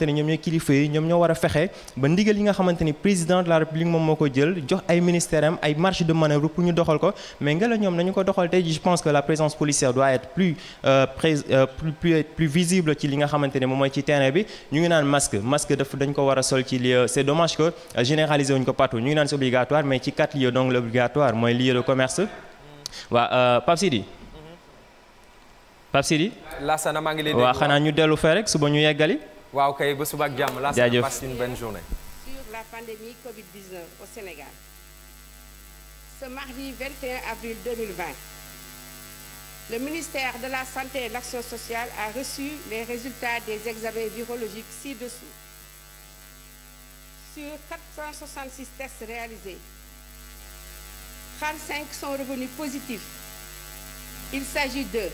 xamante ne ñoom ñooy kilifa yi ñoom ñoo war a fexe ba ndigal yi nga xamante président de la république moom moo ko jël jox ay ministères ay marge de manœuvre pour ñu doxal ko mais ngelaw ñoom nañu ko doxal tey je pense que la présence policière doit être plus euh, pré euh, plus visible ci li nga xamante ne mooy ci terrain bi ñu ngi naan masque masque daf dañ ko war a sol ci lieu c'est dommage que euh, généraliser wuñ ko partout ñu ngi naan c'est obligatoire mais ci quatre lieux donc waaw kay ba suba ak jàmm la jaajëf passe une bonne journée. sur la pandémie Covid 19 au Sénégal. Ce mardi 21 le ministère de la Santé et de l'Action sociale a ci-dessous. Sur 466 tests réalisés, 35 sont revenus positifs. Il s'agit de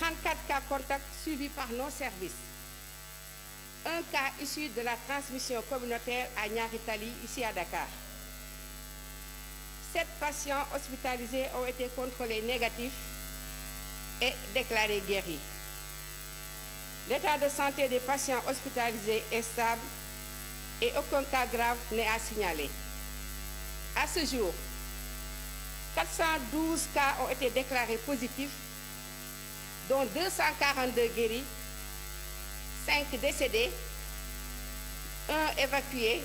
34 cas contacts suivis par nos un cas issu de la transmission communautaire à Niaritali, ici à Dakar. Sept patients hospitalisés ont été contrôlés négatifs et déclarés guéris. L'état de santé des patients hospitalisés est stable et aucun cas grave n'est à signaler. À ce jour, 412 cas ont été déclarés positifs, dont guéris cinq décédés, un évacué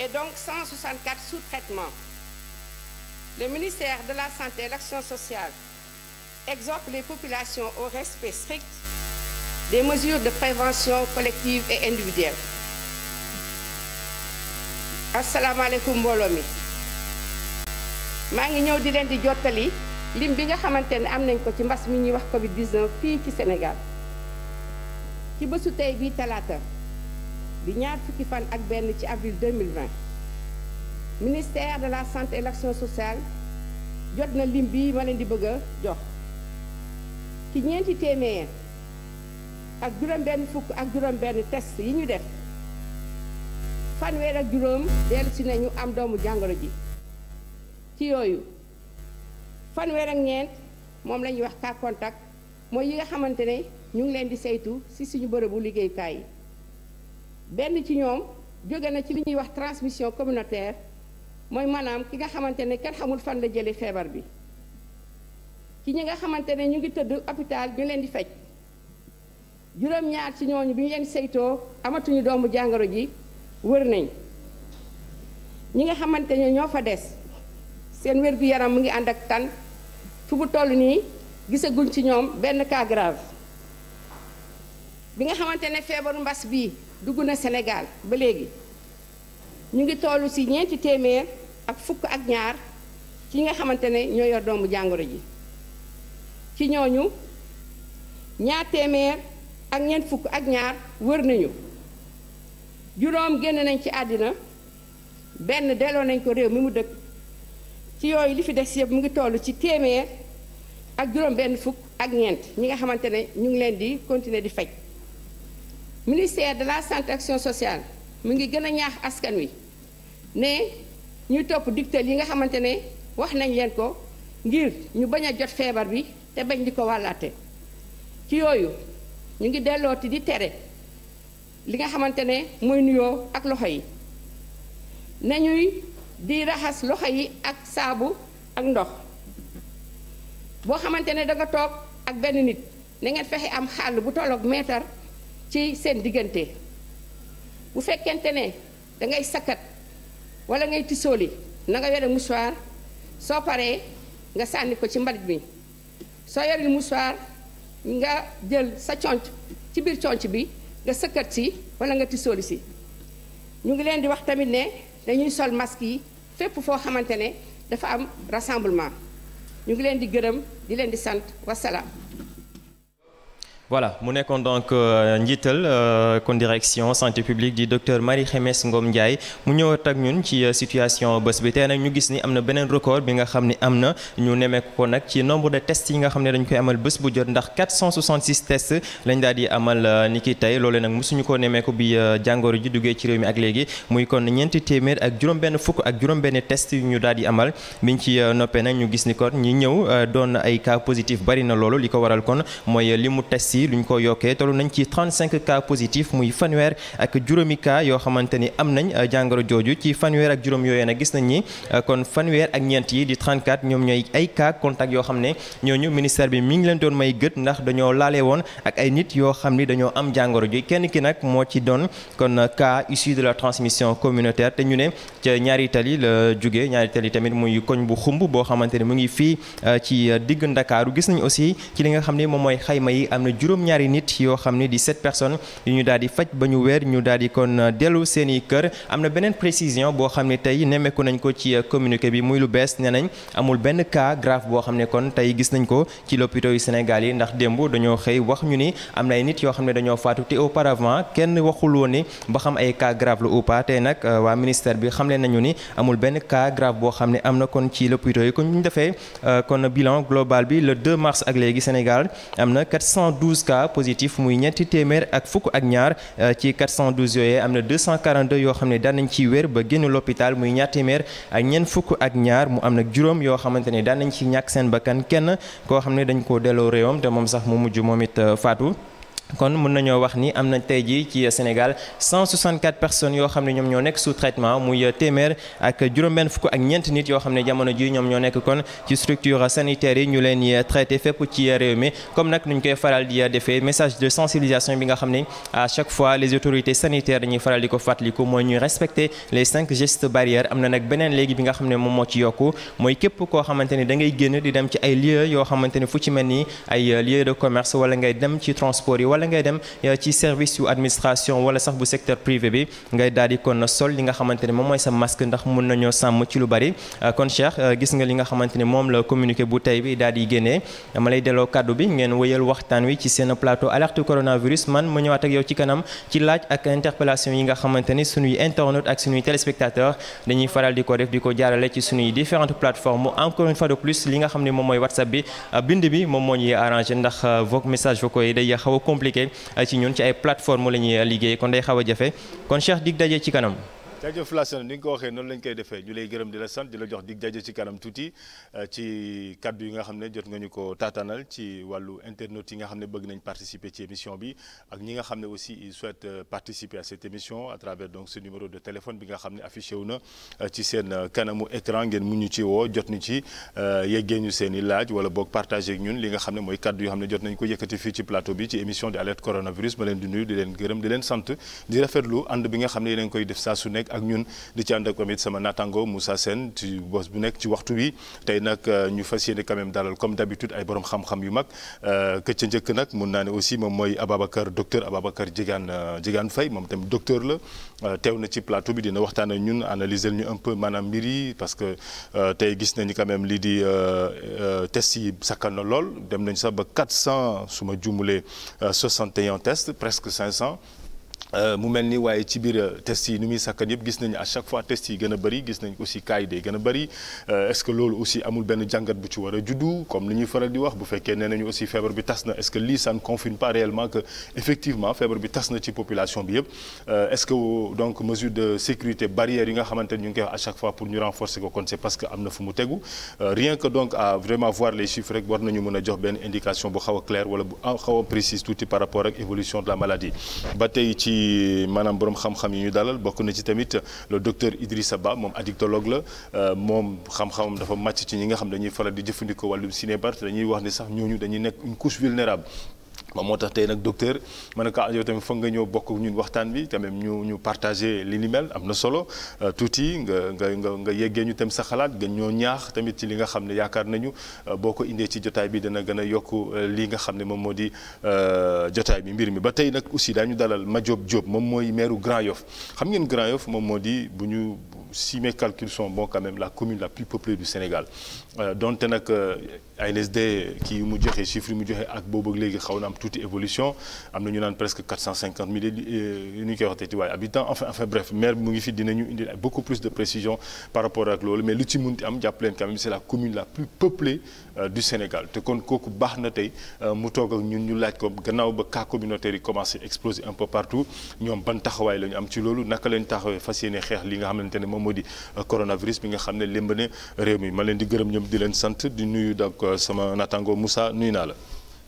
et donc 164 sous traitement. Le ministère de la Santé et l'Action sociale exhorte les populations au respect strict des mesures de prévention collective et individuelle. asalaamaaleykum mbooloo mi maa ngi ñëw di leen di jottali lim bi nga xamante ne am nañ ko ci mbas mi ñuy wax Covid 19 fii ci Sénégal. ci bésu tey bii talaata di ñaar fukki fan ak benn ci avril 2020 ministère de la santé et sociale jot na lim bi ma leen di bëgg a jox ci ñeenti téeméer ak juróom-benn fukk ak juróom-benn test yi ñu def fanweer ak juróom dellu nañu am doomu jàngolo ji ci yooyu fanweer ak ñeent moom la wax cas contact mooy yi nga xamante ne ñu ngi leen di saytu si suñu bërëbu liggéeyukaay yi benn ci ñoom jóge na ci li ñuy wax transmission communautaire mooy maanaam ki nga xamante ne kenn xamul fan la jële feebar bi ci ñi nga xamante ne ñu ngi tëdd hôpital ñu leen di faj juróom-ñaar ci ñooñu bi ñu leen saytoo amatuñu doomu jàngoro ji wër nañ ñi nga xamante ne ñoo fa des seen wér-gu-yaram mu ngi ànd ak tan fu mu toll nii gisaguñ ci ñoom benn cas grave bi nga xamante ne feebaru mbas bii dugg na senegaal ba léegi ñu ngi tollu ci ñeenti téeméer ak fukk ak ñaar ci nga xamante ne ñoo yor doomu jàngoro ji ci ñooñu ñaar téeméer ak ñeent fukk ak ñaar wër nañu juróom génn nañ ci àddina benn delloo nañ ko réew mi mu dëkk ci yooyu li fi des yëpp mu ngi tollu ci téeméer ak juróom benn fukk ak ñeent ñi nga xamante ne ñu ngi leen di continuer di faj ministère de la santé action sociale mu ngi gën a ñaax askan wi ne ñuy topp digtal yi nga xamante ne wax nañ leen ko ngir ñu bañ a jot feebar bi te bañ di ko wàllaate ci yooyu ñu ngi dellooti di tere li nga xamante ne mooy nuyoo ak loxo yi nañuy di raxas loxo yi ak saabu ak ndox boo xamante ne danga toog ak benn nit na ngeen fexe am xàll bu tolloog meetar ci seen diggante bu fekkente ne dangay sakkat wala ngay tisooli na nga yore mouchoir soo paree nga sànni ko ci mbarit bi soo yore mouchoir nga jël sa conc ci biir conc bi nga sëkkat si wala nga tisooli si ñu ngi leen di wax tamit ne dañuy sol masque yi fépp foo xamante ne dafa am rassemblement ñu ngi leen di gërëm di leen di sant wasalaam voilà mu nekkoon donc euh, njiital euh, kon direction santé publique di docteur Marie Khemesse ngoom Ndiaye mu ñëwaat ak ñun ci euh, situation bés bi tee nag ñu gis ni am na beneen record bi nga xam ni am na ñu nemeek ko nag ci nombre de test yi nga xam ne dañ koy amal bés bu jot ndax 466 tests lañ daal di amal ni ki tey loole nag mu suñu ko nemeeku bi jàngoro ji duggee ci réew mi ak léegi muy kon ñeenti téeméer ak juróom-benn fukk ak juróom-benn test yu ñu daal di amal biñ ci noppee nag ñu gis ni kon ñi ñëw doon ay cas positif bari na loolu li ko waral bi lu ñu ko yokkee tollu nañ ci 35 cas positifs muy fanweer ak juróomi cas yoo xamante ni am nañ euh, jàngoro jooju ci fanweer ak juróom yooyee nag gis nañ ni euh, kon fanweer ak ñeent yi di 34 ñoom ñooy ay cas contact yoo xam ne ñoo ñu ministère bi mi ngi leen doon may gët ndax dañoo laale woon ak ay nit yoo xam ni dañoo am jàngoro ji kenn ki nag moo ci doon kon euh, cas issu de la transmission communautaire te ñu ne ca ñaari tali la jóge ñaari tali tamit muy koñ bu xumb boo xamante ni mu ngi fii ci digg Ndakaaru gis nañ juróom-ñaari nit yoo xam ne di sept personnes yu ñu daal di faj ba ñu weer ñu daal di kon euh, dellu seeni kër am na beneen précision boo xam ne tey nemmeeku nañ ko ci euh, communiqué bi muy lu bees nee nañ amul benn cas boo xam ne kon tey gis nañ ko ci lopito yu Sénégal yi ndax démb dañoo xëy wax ñu ni am na ay nit yoo xam ne dañoo faatu te auparavant kenn waxul woon ni ba xam ay cas grave la nag euh, waa ministère bi xamle nañu ni amul benn cas grave boo xam ne am na kon ci lopito yi kon ñu defee kon bilan global bi le 2 mars ak léegi Sénégal am na 12 cas positif muy ñetti téeméer ak fukk ak ñaar euh, ci 412 yooyee am na 242 yoo xam ne daan ci wér ba génn l'hôpital muy ñaar téeméer ak ñeent fukk ak ñaar mu am nag juróom yoo xamante ne daan nañ ci ñàkk seen bakkan kenn koo xam ne dañ ko delloo réewam te moom sax mu mujj moom it euh, faatu kon mën nañoo wax ni am na tey jii ci Sénégal 164 personnes yoo xam ne ñoom ñoo nekk sous traitement muy téeméer ak juróom-benn fukk ak ñeent nit yoo xam ne jamono ji ñoom ñoo nekk kon ci structure sanitaire yi ñu leen di traité fépp ci réew mi comme nag nuñ koy faral di defee message de sensibilisation bi nga xam ne à chaque fois les autorités sanitaires ñuy faral di ko fàttaliku mooy ñu respecter les cinq gestes barrières am na nag beneen léegi bi nga xam ne moom moo ci yokku mooy képp koo xamante ni da ngay di dem ci ay lieux yoo xamante ni fu ci mel ni ay lieux wala ngay dem ci transport yi wala ngay dem eh, ci service yu administration wala sax bu secteur privé bi ngay daal kon sol li nga xamante moom mooy sa ndax mun nañoo sàmm ci lu bari eh, kon eh, gis nga li nga xamante moom la communiqué bu tey bi daal di génnee ma lay delloo kàddu bi ngeen wëyal waxtaan wi ci seen plateau alerte coronavirus man ma ñëwaat ak yow ci kanam ci laaj ak interpellation yi nga xamante ne suñuy internautes ak suñuy téléspectateurs dañuy faral di ko def di ko compliqué ci ñun ci ay plateforme la ñuy liggéey kon day xaw a jafe kon Cheikh dig daje ci kanam jaajëf Lassana ni nga ko waxee noonu lañ koy defee ñu lay gërëm di la sant di la jox dig jaajëf ci kanam tuuti euh, ci yi nga xam ne jot nga ñu ko taataanal ci wàllu internautes yi nga xam ne bëgg nañ participer ci émission bi ak ñi nga xam ne aussi ils euh, participer à cette émission à de téléphone bi nga xam ne affiché wu na euh, ci seen kanamu écran ngeen ñu ci woo jot ñu ci yeggee ñu seen i laaj wala boog partagé ak ñun li nga xam ne mooy kaddu fii ci plateau bi ci leen di leen gërëm di leen sant di rafetlu bi nga xam ne yéen koy def saa su nekk ak ñun di ci ànd ak tamit sama natango Moussa Sène ci bos bu nekk ci waxtu wi tey nag euh, ñu fas yéene quand même dalal comme d'habitude ay borom xam-xam yu mag euh, këcc njëkk nag mun naa ne aussi moom mooy Ababacar docteur Ababacar Diegane euh, Diegane Faye moom tamit docteur la teew na ci plateau bi dina waxtaan ak ñun analyser ñu un peu maanaam mbir yi parce que tey gis nañu quand même lii di test yi sakkan na lool dem nañ sax ba 400 su ma jumulee 61 tests presque 500. Euh, mu mel ni waaye ci biir euh, test yi nu muy sakkan yëpp gis nañu à chaque fois test yi gën a bëri gis nañ aussi cas yi day a bëri euh, est-ce que loolu aussi amul benn jàngat bu ci war a juddu comme ni ñuy faral di wax bu fekkee nee nañu aussi feebar bi tas na est-ce que lii ça ne confirme pas réellement que effectivement feebar bi tas na ci population bi yëpp est-ce que donc mesure de sécurité barrière yi nga xamante ñu ngi a wax à chaque fois pour ñu renforcer ko kon a jox benn indication bu a claire wala a précise tuuti par ci maanaam borom xam-xam yi ñu dalal bokk na ci tamit le docteur Idrissa Ba moom addictologue la euh, moom xam-xamam dafa màcc ci ñi nga xam dañuy faral di jëfandikoo wàllum sinébar te dañuy wax ni sax ñooñu dañuy nekk une couche vulnérable moom moo tax tey nag docteur ma ne ko ah, yow tamit foog nga ñëw bokk ñu waxtaan bi tamit ñu ñu partagé li ni mel am na solo euh, tuuti nga nga nga nga yeggee ñu tam sa xalaat nga ñoo ñaax tamit ci li nga xam ne yaakaar nañu euh, boo ko indee ci jotaay bi dana gën a yokk euh, li nga xam ne moom moo di jotaay bi mbir mi ba tey nag aussi daa ñu dalal Madiop Diop moom mooy maire Grand Yoff xam ngeen Grand Yoff moom moo di bu ñu si mes calculs sont bons quand même la commune la plus peuplée du Sénégal euh, donte nag euh, ANSD kii mu joxe chiffres yi mu joxe ak boobu ak léegi xaw na am tuuti évolution am na ñu naan presque 450 000 nu waaye habitants enfin enfin bref maire mu ngi fi dinañu indi beaucoup plus de précision par rapport ak loolu mais lu ci munti am jàpp leen quand même c'est la commune la plus peuplée Euh, du Sénégal te kon kooku baax na tey euh, mu toog ak ñun ñu laaj ko gannaaw ba kaa communautaire yi commencé exploser un peu partout ñoom ban taxawaay lañu am ci loolu naka lañ taxawee fas yéene xeex li nga xamante ne moom moo di euh, coronavirus bi nga xam ne lémb ne réew mi ma leen di gërëm ñoom di leen sant di nuyu donc sama natango Moussa nuy naa la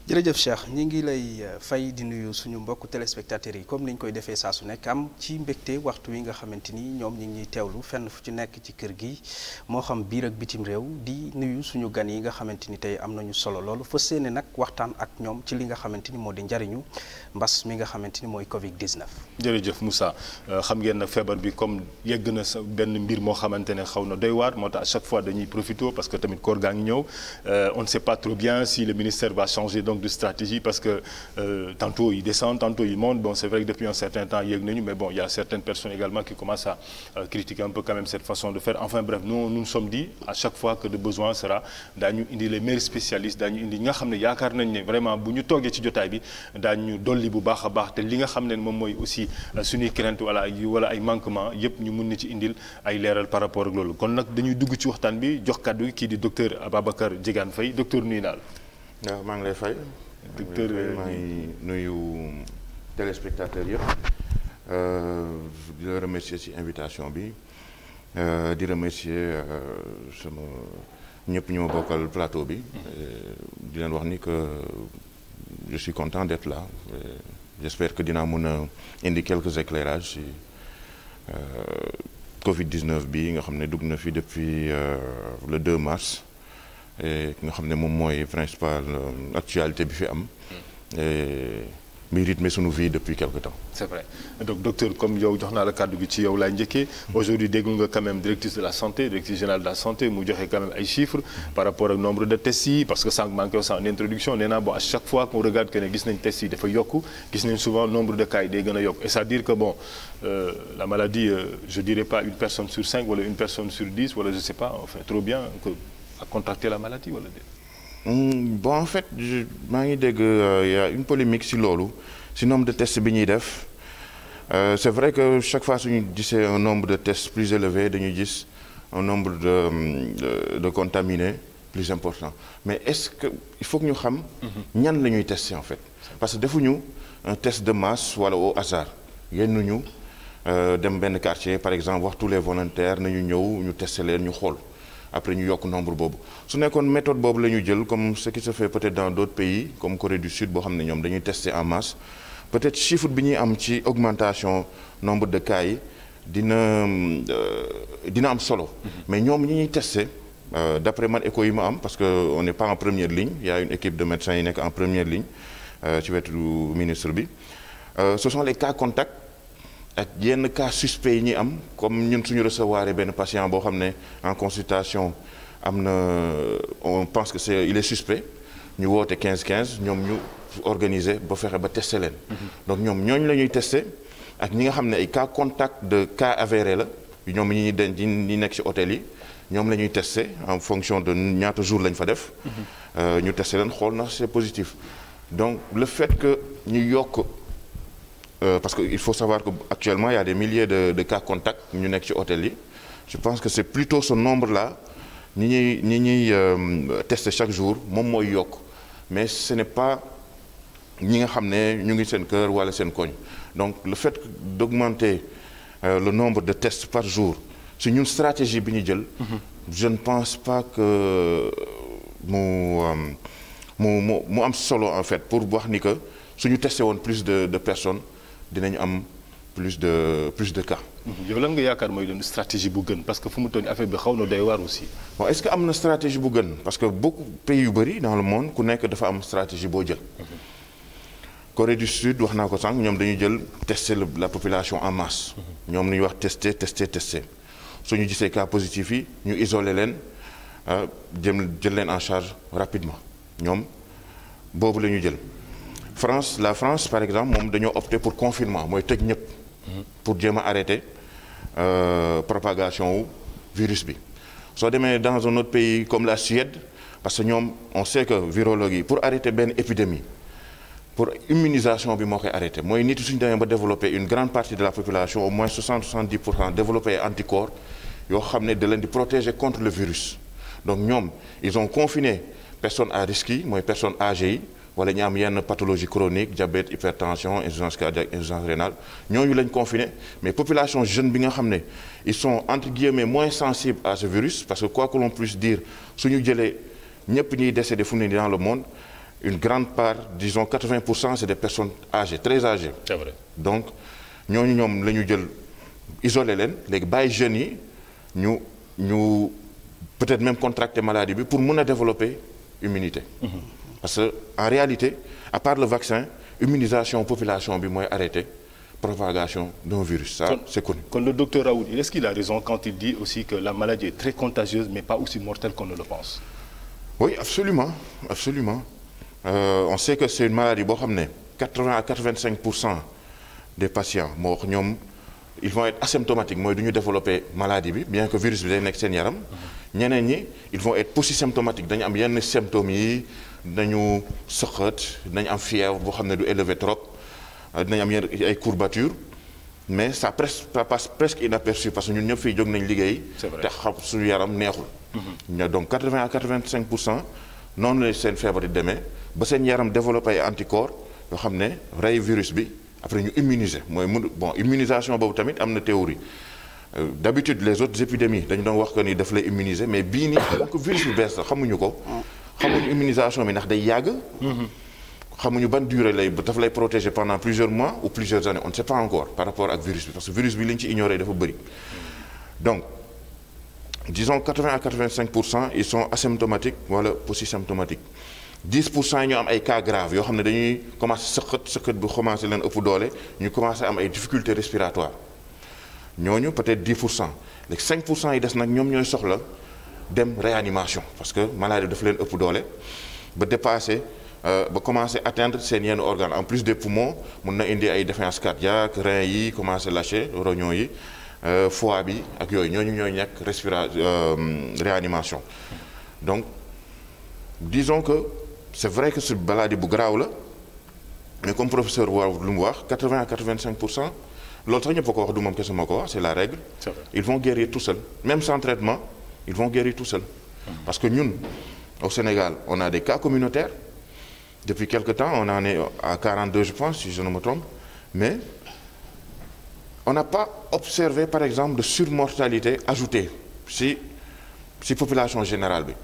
jërëjëf Cheikh ñi ngi lay euh, fay di nuyu suñu mbokk téléspectateurs yi comme ni ñu koy defee saa su nekk am ci mbégte waxtu wi nga xamante ni ñoom ñi ngi ñuy teewlu fenn fu ci nekk ci kër gi moo xam biir ak bitim réew di nuyu suñu gan yi nga xamante ni tey am nañu solo loolu fa séene nag waxtaan ak ñoom ci li nga xamante ni moo di njariñu mbas mi nga xamante ni mooy Covid 19. jërëjëf Moussa euh, xam ngeen nag feebar bi comme yegg na sa benn mbir moo xamante ne xaw na doy waar moo tax chaque fois dañuy profité parce que tamit koor ñëw euh, on ne sait si le ministère va changer donc manque de stratégie parce que euh, tantôt ils descendent, tantôt ils Bon, c'est vrai que depuis un certain temps, yéeg nañu, mais bon, il y a certaines personnes également qui commencent à critiquer un peu quand cette façon de faire. Enfin bref, nous nous sommes dit à chaque fois que le besoin sera daañu indi les meilleurs spécialistes daañu indi nga xam ne yaakaar nañ ne vraiment bu ñu toogee ci jotaay bi daañu dolli bu baax a baax te li nga xam ne moom mooy aussi euh, suñuy crainte wala wala ay manquements yëpp ñu mun na ci indil ay leeral par rapport ak loolu kon nag dañuy dugg ci waxtaan bi jox kàddu kii di docteur Ababacar Diegane Faye docteur waaw maa ngi lay fay. Victor maa ngi nuyu téléspectateurs yëpp. Euh, di la remercier ci invitation bi euh, di remercier euh, sama ñëpp ñu ma bokkal plateau bi. di leen wax ni que je suis content d'être là. j'espère que dinaa mën a indi quelques éclairages ci Covid 19 bi nga xam ne dugg na fi depuis le 2 mars. ki nga xam ne moom mooy principal euh, actualité bi fi am. muy mm. rythmer sunu vie depuis quelque temps. c'est vrai donc comme yow jox naa la kàddu gi ci yow laay njëkkee mm. aujourd'hui déglu nga quand même directrice de la santé directrice générale de la santé mu joxe quand ay chiffres par rapport ak nombre de tests parce que sànq maa ngi koy wax en introduction nee naa bon à chaque fois qu'on regarde que ne gis nañ tests dafa yokk gis nañ souvent nombre de cas yi gën a yokk et c'est-à-dire que bon euh, la maladie euh, wala une personne a la maladie wala mm, bon en fait maa ngi dégg euh, y a une polémique si loolu ci nombre de tests bi ñuy def euh, c'est vrai que chaque fois suñu gisee un nombre de test plus élevé dañu gis un nombre de de contaminés plus important mais est-ce que il faut que ñu xam. Mhm. ñan la ñuy tester en fait. parce que defuñu un test de masse wala au hasard yenn ñu euh, dem benn quartier par exemple waxtu tous les na ñu ñëw ñu tester leen ñu xool. après ñu yokk nombre boobu su nekkoon méthode boobu la ñu jël comme ce qui se fait peut-être dans d'autres pays comme Corée du Sud boo xam ne ñoom dañuy tester en masse peut-être chiffre bi ñuy am ci augmentation nombre de cas yi dina euh, dina am solo. Mm-hmm. mais ñoom ñu ñuy teste euh, d'après man écho yi ma am parce que on n'est pas en première ligne il y a une équipe de médecins yi nekk en première ligne euh, ci wetu ministre bi ce sont les cas contacts. ak yenn cas suspect yi ñuy am comme ñun suñu recevoir benn patient boo xam ne en consultation am na on pense que c'est il est suspect ñu woote quinze quinze ñoom ñu organiser ba fexe ba tester leen. Mm-hmm. donc ñoom ñooñu la ñuy tester ak ñi nga xam ne ay cas contact de cas avéré la ñoom ñu ñuy denc ñi nekk ci hôtel yi. ñoom la ñuy testé en fonction de ñaata jour lañ fa def. Mm-hmm. Euh, ñu testé leen xool na c'est positif donc le fait que ñu yokk. euh, parce que il faut savoir que actuellement il y a milliers de de cas contacts ñu nekk ci hôtel yi je pense que c'est plutôt ce nombre la ñi ñuy ñi ñuy euh, tester chaque jour moom mooy yokk mais ce n'est pas ñi nga xam ne ñu ngi seen kër wala seen koñ donc le fait d'augmenter euh, le nombre de tests par jour si ñun stratégie bi ñu jël. Mhm. je ne pense pas que mu euh, mu mu mu am solo en fait pour wax ni que suñu testé woon plus de de personnes. dinañu am plus de plus de cas. Mmh. yow lan nga yaakaar mooy doon stratégie bu gën parce que fu mu toll affaire bi xaw na doy waar aussi. bon est-ce que am na stratégie bu gën parce que beaucoup pays yu bëri dans le monde ku nekk dafa am stratégie boo jël. Mmh. Corée du Sud wax naa ko sànq ñoom dañuy jël tester la population en masse. Mmh. ñoom lu ñuy wax tester tester teste su ñu gisee cas positif yi ñu isoler leen ah, jëm jël leen en charge rapidement ñoom boobu la ñu jël. France la France par exemple moom dañoo opté pour confinement mooy tëj ñëpp. pour jéem a arrêter euh, propagation wu virus bi. soo demee dans un autre pays comme la Suède parce que ñoom on sait que virologue yi pour arrêter benn épidémie pour immunisation bi moo koy arrêté mooy nit suñu demee ba développer une grande partie de la population au moins 60 70 pour cent anticorps yoo xam ne da leen di protéger contre le virus donc ñoom ils ont confiné personnes à risque yi mooy personnes âgées wala ñu am yenn pathologie chronique diabète hypertension insuffisance cardiaque insuffisance rénale ñooñu lañ confiné mais population jeune bi nga xam ne ils sont entre guillemets moins sensibles à ce virus parce que quoi que l'on puisse dire suñu jëlee ñëpp ñuy décédé fu mu ne nii dans le monde une grande part disons 80 pour cent c'est des personnes âgées très âgées. c'est donc ñooñu ñoom la ñu jël isolé leen léegi bàyyi jeunes yi ñu ñu peut-être même contracter maladie bi pour mën a développer immunité. Mm-hmm. parce que en réalité à part le vaccin immunisation population bi mooy arrêté propagation d'un virus ça c'est connu. kon le docteur Raoult est-ce qu'il a que la maladie est très contagieuse mais pas aussi mortelle qu'on ne le pense. oui absolument absolument euh, que c'est boo xam ne 80 à 85 pour cent des patients moo ñoom. il vont être asymptomatiques mooy du ñu développe maladie bi bien que virus bi day nekk seen yaram ñeneen ñi ils vont être polysymptomatiques dañu am yenn symptômes yi nañu sëqat dañu am fièvre boo xam ne du élevé trop euh, dinañ am yenn ay courbatures mais ça presque ça passe presque inaperçu parce que ñun ñëpp fii jóg nañ liggéey te xam suñu yaram neexul mm-hmm. ño donc 80 à 85 pour cent noonu la seen feebar di demee ba seen yaram développé ay anticorps yoo xam ne rey virus bi après ñu immuniser mooy mun bon immunisation boobu tamit am na théorie euh, d'habitude les autres épidémies dañu doon wax que ni daf lay immuniser mais bii nii donc virus bu bees la xamuñu ko xamuñu immunisation bi ndax day yàgg mm-hmm. xamuñu ban durée lay daf lay protéger pendant plusieurs mois ou plusieurs années on ne sait pas encore par rapport ak virus bi parce que virus bi li ñu ci ignoré dafa bëri donc disons 80 à 85 pour cent ils sont asymptomatiques wala voilà, paucisymptomatiques 10 pour cent ñoo am ay cas grave yoo xam ne dañuy commencé sëqët sëqët bu commencé leen ëpp doole ñu commencé am ay difficultés respiratoires ñooñu peut-être 10 pour cent léegi 5 pour cent yi des nag ñoom ñooy soxla dem réanimation parce que maladie dafa leen ëpp doole ba dépassé euh, ba commencé atteindre seen yenn organes en plus de poumons mun na indi ay défaillance cardiaque rein yi commencé lâché rognon yi euh, foie bi ak yooyu ñooñu ñooy ñàkk respira euh, réanimation donc disons que. c'est vrai que su baladi bu garaaw la mais comme professeur lu mu wax 80 à 85 pour cent loolu sax ñëpp a du moom kese ko wax c'est la règle ils vont guérir tout seuls même sans traitement ils vont guérir tout parce que ñun au Sénégal on a des cas communautaires depuis quelque temps on en est à 42 je pense si je ne me mais on n'a pas observé par exemple de surmortalité ajoutée si si population générale bi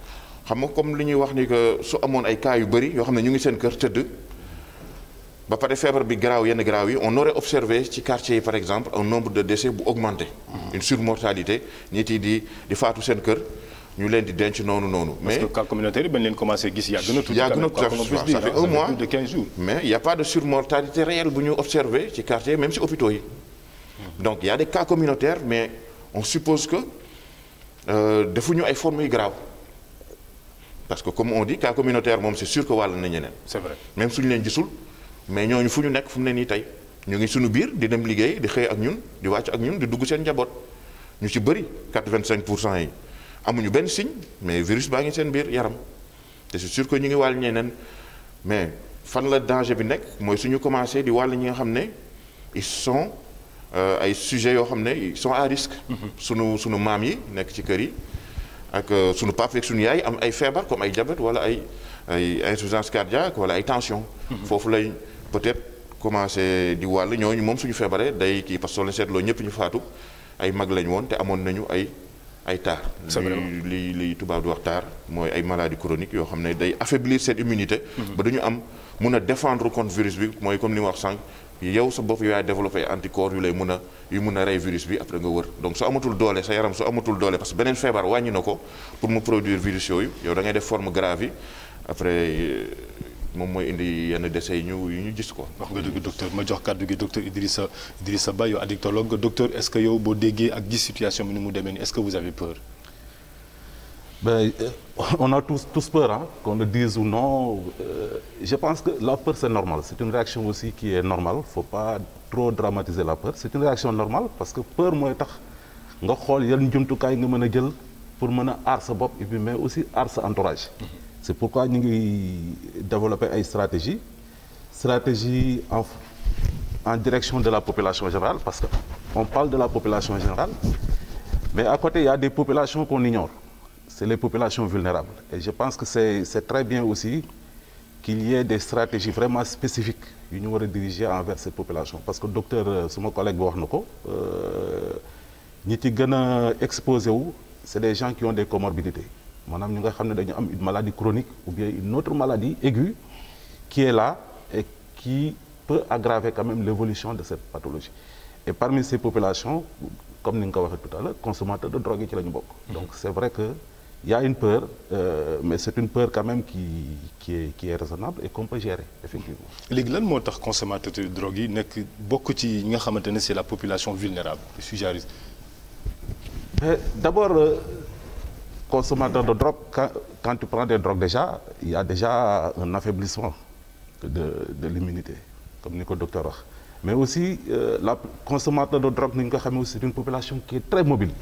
xam nga comme li ñuy wax ni que su amoon ay cas yu bëri yoo xam ne ñu ngi seen kër tëdd ba pare feebar bi garaaw yenn graaw yi on aurait observé ci quartier yi par exemple un nombre de décès bu augmenté. Mm-hmm. une surmortalité nit yi di di faatu seen kër ñu leen di denc noonu noonu. mais parce que bañ leen commencé gis yàgg na. tuuti yàgg a pas de surmortalité réelle bu ñu observé ci quartier même si hôpitaux yi. Mm-hmm. donc y' a des cas communautaires mais on suppose que euh, defuñu ay formes yi graaw parce que comme on dit cas communautaire moom c'est sûr que wàll na ñeneen. c'est vrai même suñu leen gisul mais ñooñu fu ñu nekk fu mu ne nii tey ñu ngi suñu biir di dem liggéey di xëy ak ñun di wàcc ak ñun di dugg seen njaboot ñu ci bëri 85 pour cent yi amuñu benn signe mais virus baa ngi seen biir yaram te c'est sûr que ñu ngi wàll ñeneen mais fan la danger bi nekk mooy suñu commencé di wàll ñi nga xam ne ils sont euh, ay sujets yoo xam ne ils sont à risque. Mm-hmm. suñu sunu maam yi nekk ci kër yi. ak euh, suñu pap ak suñu yaay am ay feebar comme ay diabète wala ay ay insuffisance cardiaque wala ay tension mhm. foofu lañ peut-être commencé di wàll ñu moom suñu feebaree day kii parce que soo seetloo ñëpp ñu faatu ay mag lañ woon te amoon nañu ay ay taar li lii tubaab di wax taar mooy ay maladie chronique yoo xam ne day affaiblir seen immunité mhm. ba duñu am mun a défendre contre virus bi mooy comme ni ma wax sànq yow sa bopp yaay développé anticorps yu lay mun a yu mun a rey virus bi après nga wër donc su amatul doole sa yaram su amatul doole parce que beneen feebar wàññi na ko pour mu produire virus yooyu yow da ngay def forme grave yi après euh, moom mooy indi yenn décès yi ñu gis ko. wax nga dëgg docteur ma jox kàddu gi docteur Idrissa sa Ba yow addictologue docteur est-ce que yow boo déggee ak gis situation bi nu mu demee nii est-ce que vous avez peur. Ben, euh, on a tous, tous peur, hein, le dis ou non. Euh, je pense que la peur, c'est normal. C'est une réaction aussi qui est normale. Il ne faut pas trop dramatiser la peur. C'est une réaction normale parce que peur, moi, nga xool yan jumtukaay nga mën a jël pour mën a aar sa bopp et mais aussi aar sa entourage. c'est pourquoi ñu ngi développer ay stratégie stratégie en en direction de la population générale parce que on parle de la population générale mais à côté il y a des c'est les populations vulnérables. Et je pense que c'est très bien aussi qu'il y ait des stratégies vraiment spécifiques yu ñu war a diriger envers ces population parce que docteur euh, suma collègue bi wax na ko euh, ñi ci gën a exposé wu c'est des gens qui ont des comorbidités maanaam ñu nga xam ne dañu am une maladie chronique ou bien une autre maladie aiguë qui est là et qui peut aggraver quand même l'évolution de cette pathologie et parmi ces populations comme ni nga ko waxee tout à l'heure de drogue ci la ñu bokk mm-hmm. donc que yaa une peur euh, mais c'est une peur quand même qui qui est qui est raisonnable et qu'on peut gérer effectivement. léegi lan moo tax consommateur de drogue yi nekk bokk ci ñi nga xamante ne c'est la population vulnérable les sujets à risque. Euh, d'abord euh, consommateur de drogue quand, quand tu prends des drogues déjà il y a déjà un affaiblissement de de l'immunité comme ni ko docteur wax mais aussi euh, la consommateur de drogue ni ñu ko xamee aussi c'est une population qui est très mobile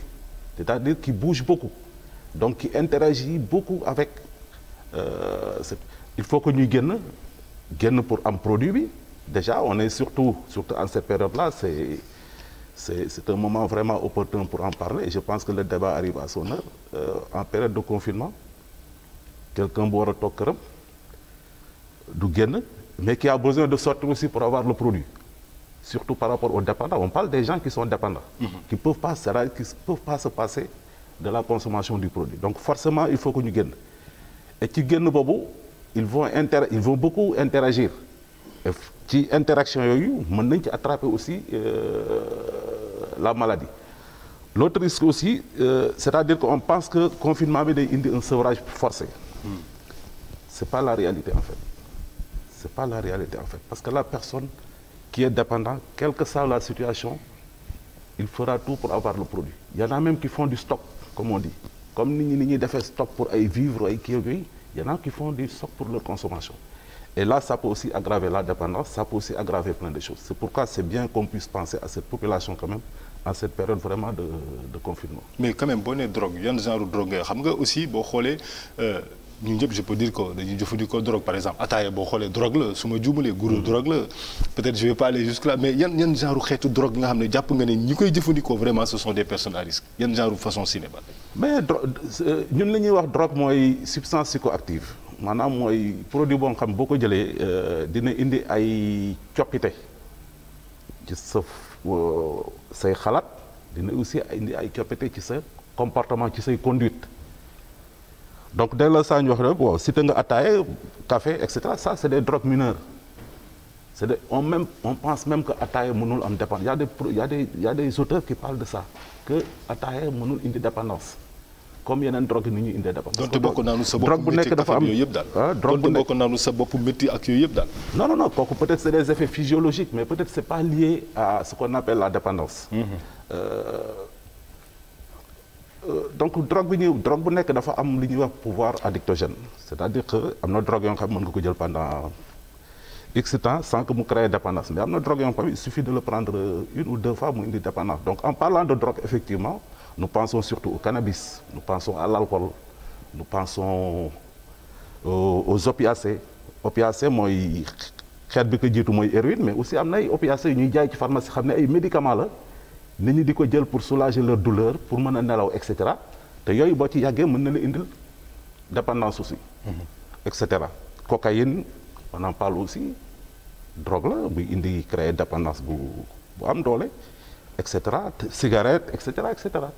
c'est-à-dire qui bouge beaucoup. donc qui interagit beaucoup avec euh, il faut que ñuy génn génn pour am produit bi déjà on est surtout surtout en cette période là c'est c'est c'est un moment vraiment opportun pour en parler je pense que le débat arrive à son heure euh, en période de confinement quelqu'un bu war a du génn mais qui a besoin de sortir aussi pour avoir le produit surtout par rapport aux dépendants on parle des gens qui sont dépendants mm-hmm. qui peuvent pas se passer de la consommation du produit donc forcément il faut que ñu génn et ci génn boobu ils vont inter ils vont beaucoup interagir et ci interaction yooyu mën nañ ci attraper aussi euh, la maladie l'autre risque aussi euh, c'est-à-dire que on pense que confinement bi day indi un sevrage forcé hmm. c'est pas la réalité en fait c'est pas la réalité en fait parce que la personne qui est dépendante quelle que la situation il fera tout pour avoir le produit il y en même qui font d stock comme on dit comme nit ñi ni ñuy defee stock pour ay vivres ay kii yooyu y en a qui font stock pour leur consommation et là ça peut aussi aggraver la dépendance ça peut aussi aggraver plein de choses c'est pourquoi c'est bien qu'on puisse penser à cette population quand même en cette période vraiment de confinement. mais quand même boo nee drogue yan genre drogue nga xam nga aussi boo xoolee. Euh, ñun ñëpp je peux dire que dañuy jëfandikoo drogue par exemple ataaya boo xoolee drogue la su ma juumalee guro mm. drogue la peut-être je vais pas mais yan yan genre xeetu drogue nga xam ne jàpp nga ne ñi koy jëfandikoo vraiment ce sont des personnes à risque yan genre façon cinéma mais dro euh, ñun li ñuy wax drogue mooy substance psychoactive maanaam mooy produit boo xam boo ko jëlee euh, dina indi ay coppite ci sa euh, say xalaat dina aussi indi ay coppite sa comportement ci say conduite donc dès la saa ñu wax rek bon cité nga ataaye café et cetera ça c' est des drogues mineures on même on pense même que ataaye mënul am dépendance y a des y a a des auteurs qui parlent de ça que ataaye mënul indi dépendance comme yeneen drogue yi ni ñuy indee dépendance. donte bokk naanu sa bopp métti ak yooyu yëpp daal ah drogue bu nekk bokk naanu sa bopp métti ak yooyu yëpp daal. non non non kooku peut être c' est des effets physiologiques mais peut être c' pas lié à ce qu'on appelle la Euh, donc drogue bi ñuy drogue bu nekk dafa am lu ñuy wax pouvoir addictogène c'est-à-dire que am na drogue yoo xam mën nga ko jël pendant x temps sans que mu créé dépendance mais am na drogue yoo xam il suffit de le prendre une ou deux fois mu indi dépendance donc en parlant de drogue effectivement nous pensons surtout au cannabis nous pensons à l'alcool nous pensons euh, aux, aux mooy xeet bi ko jiitu mooy héroïne mais aussi am na ay opiacés ñuy jaay ci pharmacie xam ne ay médicaments la nit ñi di ko jël pour soulager leur douleur pour mën a nelaw et te yooyu boo ci yàggee mën na la indil dépendance aussi. Mhm. et cetera cocaïne on en parle aussi drogue la bu indi créer dépendance bu bu am doole et cetera cigarette et cetera et cetera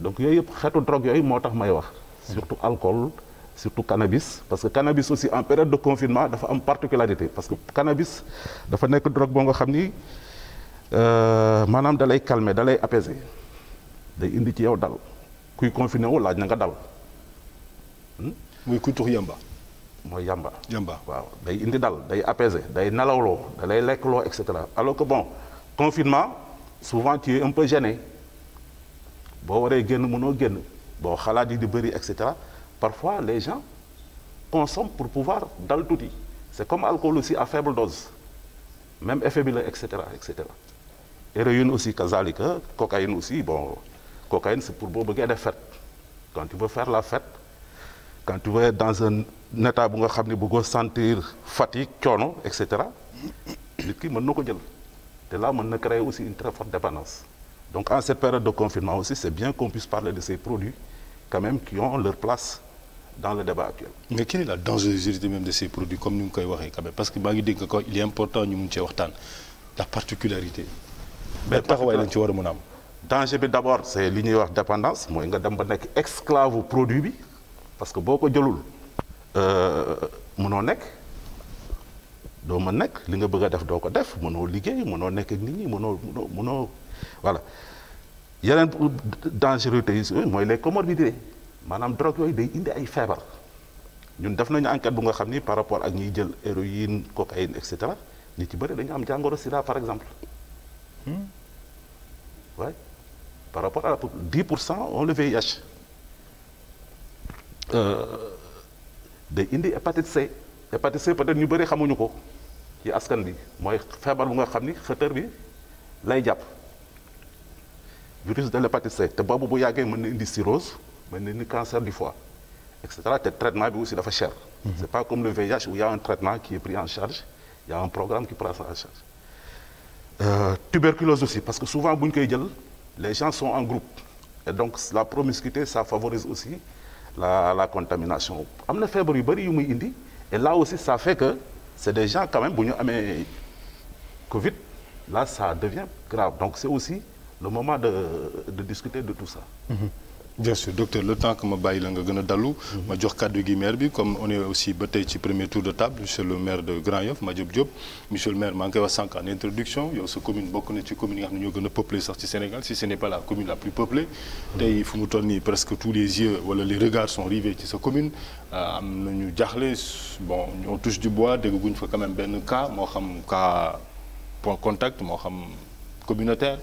donc yooyu yëpp xeetu drogue yooyu moo tax may wax. surtout alcool surtout cannabis parce que cannabis aussi en période de confinement dafa am particularité parce que cannabis dafa nekk drogue boo nga xam ni. Euh, maanaam dalay calmer dalay apaiser day indi ci yow dal kuy confiné wu laaj na nga dal. Hmm? muy kuy tux yamba. mooy yamba. yamba waaw day indi dal day apaiser day nelawloo dalay lekkloo et cetera alors que bon confinement souvent tu es un peu gêné boo waree génn mënoo génn boo xalaat yi di bëri et cetera parfois les gens consomment pour pouvoir dal tuuti c'est comme alcool si à faible dose même effet bi la et cetera et cetera. héroïne aussi kazalika cocaïne aussi bon cocaïne c'est pour boo bëggee def fête quand tu veux faire la fête quand tu veux être dans un état bu nga xam ne buggoo sentir fatigue coono et cetera nit ki mën na ko jël te là mën na créer aussi une très forte dépendance donc en cette période de confinement aussi c'est bien qu'on puisse parler de ces produits quand même qui ont leur place dans le débat actuel. mais quelle est la dangerosité même de ces produits comme ni ngi dégg ko il est important ñu mun la particularité mais taxawaay lañ ci war a mën a am. danger bi d' abord c' li ñuy wax dépendance mooy nga dem ba nekk esclave produit bi parce que boo ko jëlul euh, mënoo nekk doo mën nekk li nga bëgg a def doo ko def mënoo liggéey mënoo nekk ak nit ñi mënoo mënoo mënoo voilà yeneen dangerosité yi mooy les comorbidités maanaam drogue yooyu day indi ay feebar ñun def nañu enquête bu nga xam ni par rapport ak ñiy jël héroïne cocaïne et cetera ñu ci bëri dañu am jàngoro sida par exemple. Hmm? Ouais. Par rapport à la 10% ont le VIH. Euh, day indi hépatite C hépatite C peut-être ñu bëri xamuñu ko ci askan bi mooy feebar bu nga xam ni xëtër bi lay jàpp virus de l'hépatite C te boobu bu yàggee mën na indi cirrhose mën na indi cancer du foie et cetera te traitement bi aussi dafa cher. Mhm. c'est pas comme le VIH où a un traitement qui pris en charge il a un programme qui prend ça en charge. Euh, tuberculose aussi parce que souvent bu ñu koy jël les gens sont en groupe et donc la promiscuité ça favorise aussi la la contamination am na feebar yu bëri yu muy indi et là aussi ça fait que c'est des gens quand même bu ñu amee Covid là sa devient grave donc c'est aussi le moment de de discuter de tout ça. Mm-hmm. bien sûr docteur le temps que ma bàyyi la nga gën a dalu. ma jox kàddu gi maire bi comme on aussi ba tey ci premier tour de table monsieur le maire de Grand Yoff Madiop Diop. monsieur le maire maa ngi koy wax sànq introduction yow sa commune bokk na ci commune yi nga xam ne ñoo gën a peuplé sax ci Sénégal si ce n'est pas la commune la plus peuplée. tey fu mu toll nii presque tous les yeux wala les regards sont rivés ci sa commune euh, am na ñu jaaxle bon on touche du bois dégguñ benn cas moo xam cas point moo xam communautaire.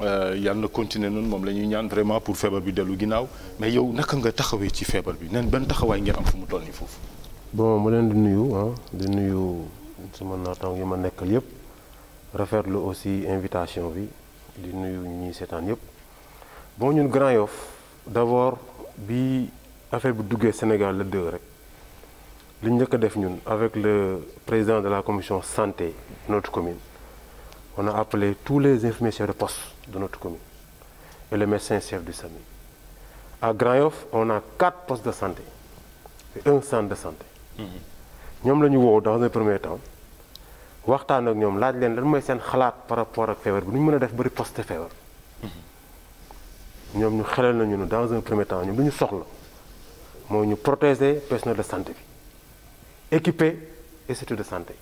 Euh, yàlla na continuer noonu moom la ñuy ñaan vraiment pour feebar bi dellu ginnaaw mais yow naka nga taxawee ci feebar bi neen ban taxawaay ngeen am fu mu toll nii foofu. bon mu leen di nuyu ah di nuyu sama naataango yi ma nekkal yëpp rafetlu aussi invitation bi di nuyu ñi seetaan yëpp bon ñun Grand Yoff d'abord bi affaire bi duggee Sénégal le 2 rek. li njëkk def ñun avec le président de la commission santé notre commune on a appelé tous les infirmiers chefs de de notre commune et le médecin chef du SAMU. À Grand on a quatre postes de santé et un centre de santé. Mm-hmm. ñoom la ñu woo dans un premier temps waxtaan ak ñoom laaj leen lan mooy seen xalaat par rapport ak feebar bi nu ñu mën a def bari poste feebar. Mm-hmm. ñoom ñu xelal nañu ne dans un premier temps ñoom lu ñu soxla moo ñu protéger personnel de santé bi équiper institut de santé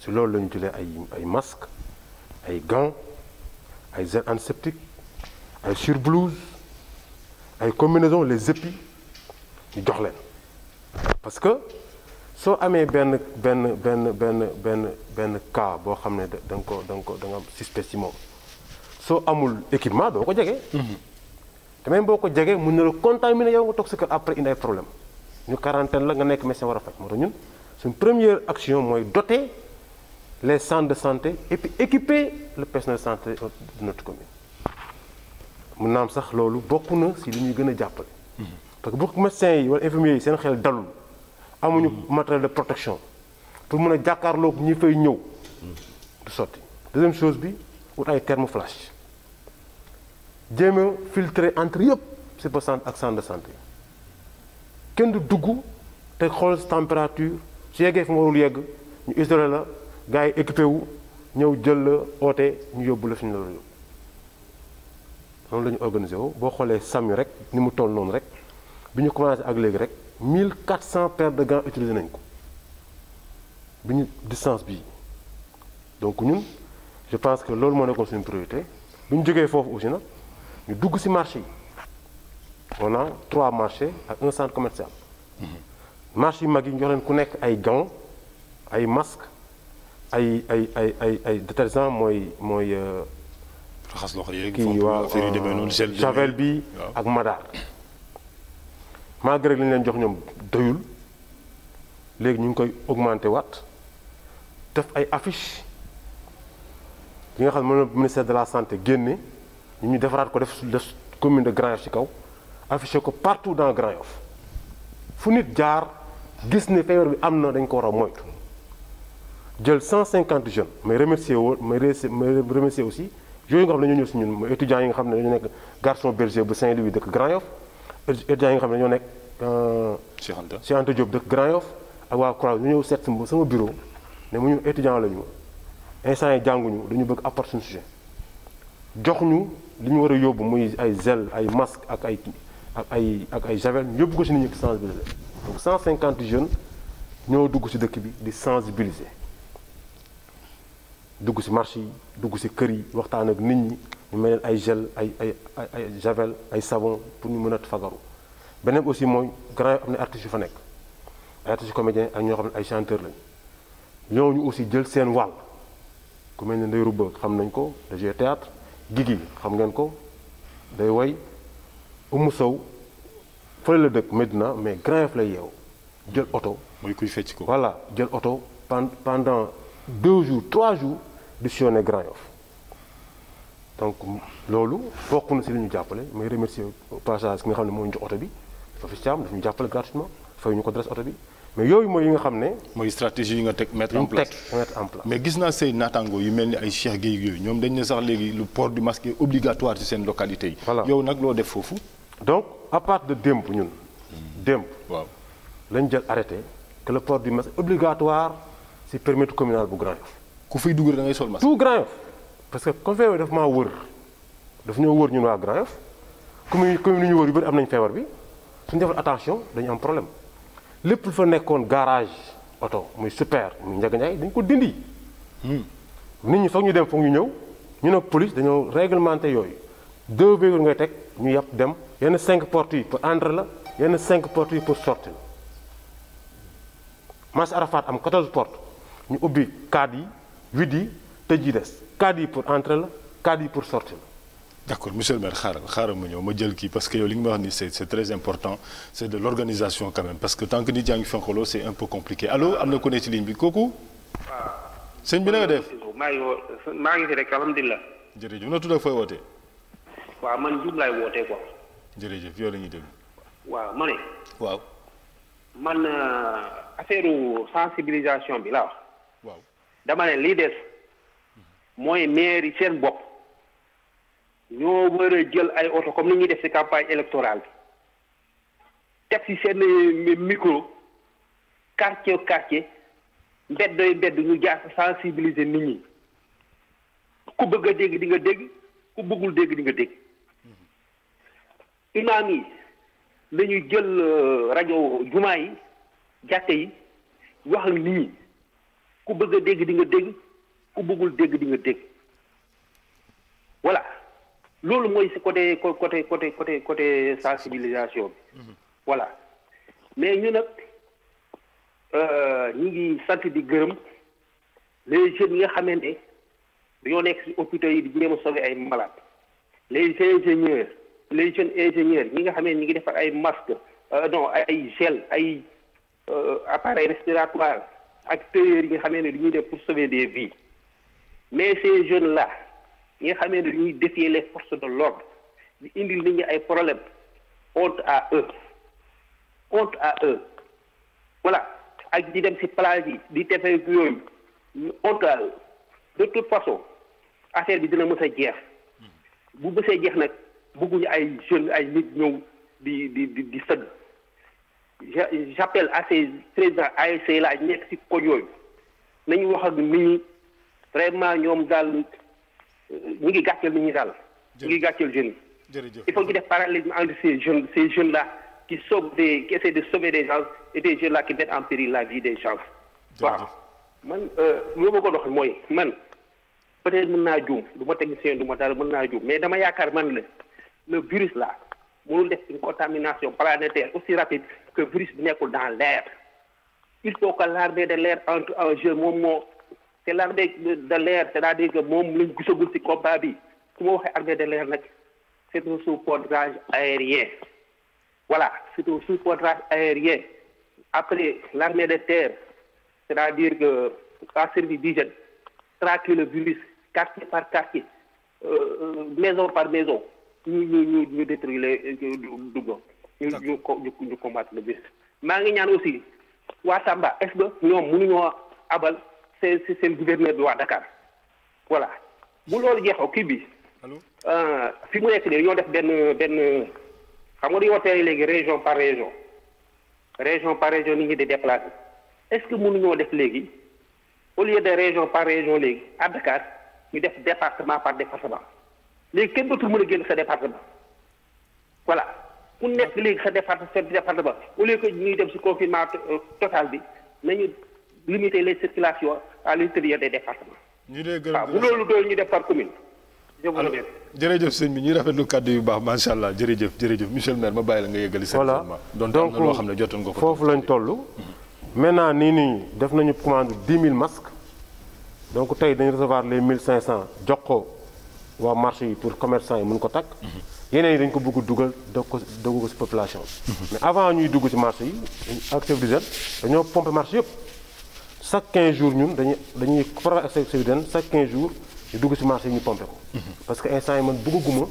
si loolu lañu ñu ay ay masques ay gan ay gel antiseptique ay surblouse ay combinaison les épis ñu jox leen parce que soo amee benn benn benn benn benn benn cas boo xam ne da nga ko da nga ko da nga am ci moom soo amul équipement doo ko jege. Mm-hmm. te même boo ko jegee mun na la contaminer yow nga toog sa kër après indi ay problème ñu quarantaine la nga nekk médecin war a faj moo tax ñun suñ première action mooy doter. les centres de santé et puis équiper le personnel santé de notre commune mun naam sax loolu bokk na si li ñuy gën a jàppale. parce que bu médecins yi wala infirmiers yi seen xel dalul amuñu matériel de protection pour mën a jàkkaarloog ñi fay ñëw du sotti. deuxième chose bi wut ay thermoflash jéem a filtrer entre yëpp c'est pas centre ak centre de santé kenn du dugg te xool température su yeggee fi mu warul yegg ñu isolé la. gars yi équipé wu ñëw jël la oote ñu yóbbu la fi ñu la yóbbu noonu la ñu organisé boo xoolee SAMU rek ni mu toll noonu rek bi ñu commencé ak léegi rek mille quatre 1400 paires de gants utilisé nañ ko bi ñu distance bii donc ñun je pense que loolu moo nekkoon suñu priorité bi ñu jógee foofu aussi na ñu dugg ci marché yi on naa trois marché ak un centre commercial mhm. marché yu mag yi ñu jox leen ku nekk ay gants ay masques ay ay ay ay ay détergent mooy mooy. Euh, raxas loxo yeeg kii waa javel bi ak madaar malgré li leen jox ñoom doyul léegi ñu ngi koy augmenter waat def ay affiche yi nga xam ne moom ministère de la santé génne ñu ñu defaraat ko def def commune de Grand Yoff ci kaw affiché ko partout dans Grand Yoff fu nit jaar gis ne feebar bi am na dañ ko war a moytu. jël 150 jeunes may remercier woo may remercier aussi yooyu nga xam ne ñoo ñëw si ñun mooy étudiants yi nga xam ne dañoo nekk garçon berger bu Saint-Louis dëkk Grand Yoff étudiants yi nga xam ne ñoo nekk euh, Cheikh Anta Cheikh Anta Diop dëkk Grand Yoff ak waa Croix ñu ñëw seet sama bureau ne mu ñun étudiant la ñu instant yi jànguñu dañu bëgg apporter suñu sujet jox ñu li ñu war a yóbbu muy ay gel ay masque ak ay ak ay ak ay javel yóbbu ko si nit ñi sensibiliser donc 150 jeunes ñoo dugg si dëkk bi di sensibiliser dugg si marché yi dugg si kër yi waxtaan ak nit ñi ñu may ay gel ay ay ay javel ay savon pour ñu mën a fagaru beneen aussi mooy grand yoo am na artistes yu fa nekk ay artistes comédiens ak ñoo xam ne ay chanteurs lañ ñooñu aussi jël seen wàll ku mel ne Ndeye Rouba xam nañ ko de jeu théâtre Guigui xam ngeen ko day woy Oumou Sow fële la dëkk Medina mais Grand Yoff lay yeewu jël oto. mooy kuy ko voilà jël oto pendant deux jours trois jour du sillonner Grand Yoff donc loolu bokk na si li ñu jàppale may remercier au passage ki nga xam ne mooy ñu jox bi dafa fi caam daf ñu jàppale gratuitement fay ñu ko dress oto bi mais yooyu mooy yi nga xam ne. mooy stratégie yi nga teg mettre en place mettre en place. mais gis naa say naataango yu mel ni ay Cheikh Gueye yooyu ñoom dañ ne sax léegi lu port du masque obligatoire ci seen localité yi. voilà yow nag loo def foofu. donc à part de démb ñun. Hmm. démb. waaw lañ jël arrêté que le port du masque obligatoire si périmètre communal ku fiy dugg da sol masque. tout Grand Yoff parce que comme feebar daf maa wër daf ñoo wër ñun waa Grand Yoff commune commune ñu wër yu bëri am nañ feebar bi suñu defal attention dañu am problème lépp lu fa nekkoon garage oto muy super muy Ndiaga Ndiaye dañ ko dindi. Hmm. nit ñi foog ñu dem foog ñu ñëw ñu ne police dañoo réglementé yooyu deux véhicules ngay teg ñu yàpp dem yenn cinq portes yi pour entrer la yenn cinq portes yi pour sortir la marché Arafat am quatorze portes ñu ubbi cadres yi. huit yi tëj yi des cadre yi pour entrer la cadre yi pour sortir la. d' accord monsieur le maire xaaral xaaral ma ñëw ma jël ki parce que yow li nga ma wax ni c' est c' est très important c' est de l' organisation quand même parce que tant que nit yaa ngi fenqaloo c' est un peu compliqué allo am na ku bi kooku. waaw sëñ bi na nga def. maa ngi woo maa ngi fi rek alhamdulilah. jërëjëf na tudd ak fooy waaw man Diouf laay wootee quoi. jërëjëf yow la ñuy déglu. waaw ma ne. waaw. man euh, affaire sensibilisation bi la wax. dama ne lii des mooy maire yi seen bopp ñoo war jël ay oto comme ni ñuy def ci campagne électorale bi teg ci seen euh, micro quartier quartier mbedd mbedd ñu jaar sensibiliser nit ñi ku bëgg a dégg di dégg ku bëggul dégg di nga dégg imaam yi nañu jël euh, rajo jumaa yi jàtte yi wax ak nit ñi ku bëgg a dégg di nga dégg ku bëggul dégg di nga dégg voilà loolu mooy si côté côté côté côté côté sensibilisation bi mhm. voilà mais ñu nag euh, ñu ngi sant di gërëm les jeunes yi nga xamante ne dañoo nekk si hôpitaux yi di jéem a sauver ay malades les ingénieurs les jeunes ingénieurs ñi nga xamante ñi ngi defar ay masque euh, non ay gel ay euh, appareil respiratoire ak tailleurs yi nga xamee ne ñuy def pour sauver des vies mais ces jeunes la ñi nga xamee ne dañuy défier les forces de l'ordre indi indil nit ñi ay problèmes honte à eux honte à eux voilà ak di dem ci plage yi di tefeek yooyu honte à eux de toute façon affaire bi dina mës a jeex hmm. bu bësee jeex nag bëgguñu ay jeunes ay nit ñëw di di di di j'appelle à ces présidents ASC la nekk ci koñ yooyu nañu wax ak nit ñi vraiment ñoom daal euh, ñu ngi gàcceel ni ñi daal. ñu ngi gàcceel jeune yi. il faut que def parallélisme entre ces jeunes ces jeunes là qui sauvent des qui essaient de sauver des gens et des en péril la vie des gens. waaw man euh, loo ma ko doxal mooy man peut-être mën naa juum du ma technicien du ma dara mën naa juum mais dama yaakaar man la le virus là mënul def une contamination planétaire aussi rapide. que virus bi nekkul dans l'air il faut que l'armée de l'air entre en jeu moom moo te l'armée de l'air c'est-à-dire que moom lañ gisagul ci combat bi su ma waxee armée de l'air nag c'est un sous-banderage aérien voilà c'est un sous-banderage aérien après l'armée de terre c'est-à-dire que en service le virus quartier par quartier euh, euh, maison par maison ñu ñu ñu ñu détruire les dugub euh, ñu ñu ko ñu ñu combattre maa ngi ñaan aussi waa Tamba est ce que ñoom mënuñoo abal seen seen gouverneur bi waa Dakar voilà bu loolu jeexoo kii bi. Euh, fi mu nekk nii ñoo def benn benn xam nga dañoo tere léegi région par région région par région nit ñi di déplacé est ce que mënuñoo def léegi au lieu de région par région léegi à Dakar def département par département léegi kenn dootul mën a génn sa département voilà. ku nekk léegi sa département sa département au lieu que ñuy dem si confinement euh, total bi nañu limiter les circulations à l'intérieur des départements. ñu dee gërëm waaw ah, bu loolu doon ñu def par commune. jërëjëf sëñ bi ñuy rafetlu kàddu yu baax macha allah jërëjëf jërëjëf monsieur le maire ma bàyyi la nga yëgali. voilà donc loo xam ne jotoon nga ko foofu lañ toll. maintenant nii nii def nañu commande dix mille masques donc tey dañu recevoir les mille cinq cent jox ko waa marché yi pour commercant yi mun ko takk. yeneen yi dañ ko bëgg dugal doog ko doog ko si population mhm. mais avant ñuy dugg ci marché yi ak Sevridène dañoo pompé marché yëpp chaque 15 jours ñun dañuy dañuy faral ak Sevridène chaque 15 jours ñu dugg si marché yi ñu pompé ko. Mhm. parce que instant yi man bëgguma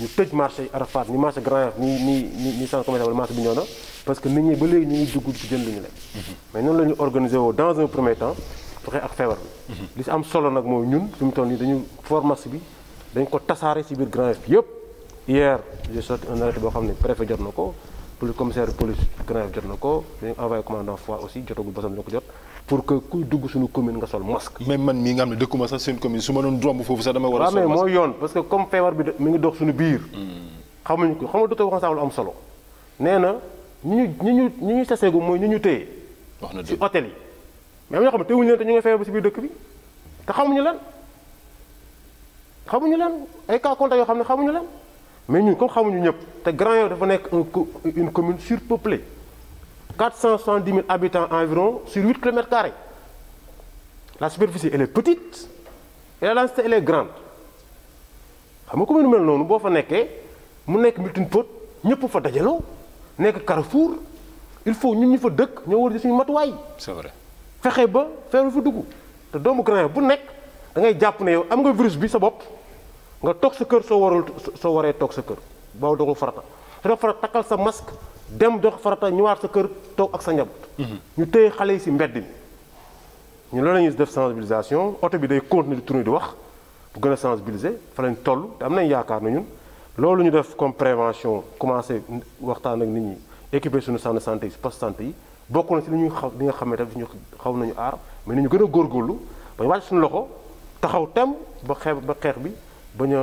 ñu tëj marché Arafat ni marché Grand Yoff ni ni ni ni centre commercial bi ñëw na parce que nit ñi ba léegi ñu ngi dugg ci jënd lu ñu lekk. Mhm. mais noonu la ñu organisé woo dans un premier li si am solo nag mooy ñun fi mu toll nii dañu formation bi dañ ko tasaare si biir Grand yëpp. hier j'ai sorti un boo xam ne préfet jot na ko police commissaire de police Grand jot na ko dañu envoyé commandant Foire aussi jotagul basam la ko jot pour que kuy dugg suñu commune nga sol masque. même man mii nga xam ne dëkkuma sax seen commune su ma doon romb foofu sax dama war a sol masque mooy yoon parce que comme feebar bi mi ngi dox suñu biir. Hmm. xamuñ ko xam nga dootoo wax lu nee na ñi ñu ñu ñi ñu taseegu mooy ñi ñu téye. wax na dëgg si hôtel yi. mais am ñoo xam ne teewuñu te ñu ngi feebar bi si biir dëkk bi te xamuñu lan xamuñu lan ay cas yoo xam ne xamuñu lan mais ñu comme xamuñu ñëpp te Grand Yoff dafa nekk une commune sur surpeuplée 470 000 habitants environ sur 8 kilomètres carrés la superficie elle est petite et la densité elle est grande xam nga commune mel noonu boo fa nekkee mu nekk melting pot ñëpp fa dajaloo nekk carrefour il faut ñun ñu fa dëkk ñoo war di suñu matuwaay. c'est vrai fexe ba feebar fa dugg te doomu Grand Yoff bu nekk da ngay jàpp ne yow am nga virus bi sa bopp. nga toog sa kër soo warul soo waree toog sa kër boo doxul farata su dee farata takkal sa masque dem dox farata ñëwaat sa kër toog ak sa njaboot. Mhm. ñu téye xale yi si mbedd mi. ñu loolu la def sensibilisation oto bi day continuer di wax bu gën a toll te nañ yaakaar na ñun ñu def comme prévention commencé waxtaan ak nit ñi équiper suñu centre santé yi poste santé yi bokk na si li ñuy xaw li nga xam ne daf xaw nañu aar mais nañu gën a góorgóorlu ba ñu wàcc suñu loxo taxaw tem ba xeex ba xeex bi. bañ a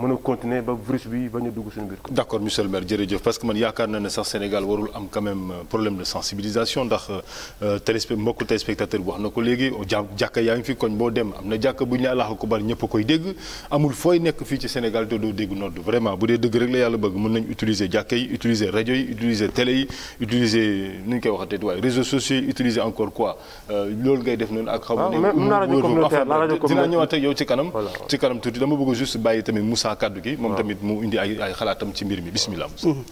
mën a continuer ba virus bi ba dugg suñu biir ko d' accord monsieur le maire parce que man yaakaar naa ne sax Sénégal warul am quand euh, problème de sensibilisation ndax euh, euh, téléspe mbokku téléspectateur bi wax na ko léegi oh, jàkka yaa ngi fi koñ boo dem am na jàkka bu ñu laa ko bari ñëpp a koy dégg amul fooy nekk fii ci Sénégal doo dégg nodd vraiment bu dee dëgg rek la yàlla bëgg mën nañ utiliser jàkka yi utiliser rajo yi utiliser télé yi utiliser nu ñu sans kàddu gi. moom tamit mu indi ay ay xalaatam ci mbir mi bisimilah. Mm-hmm.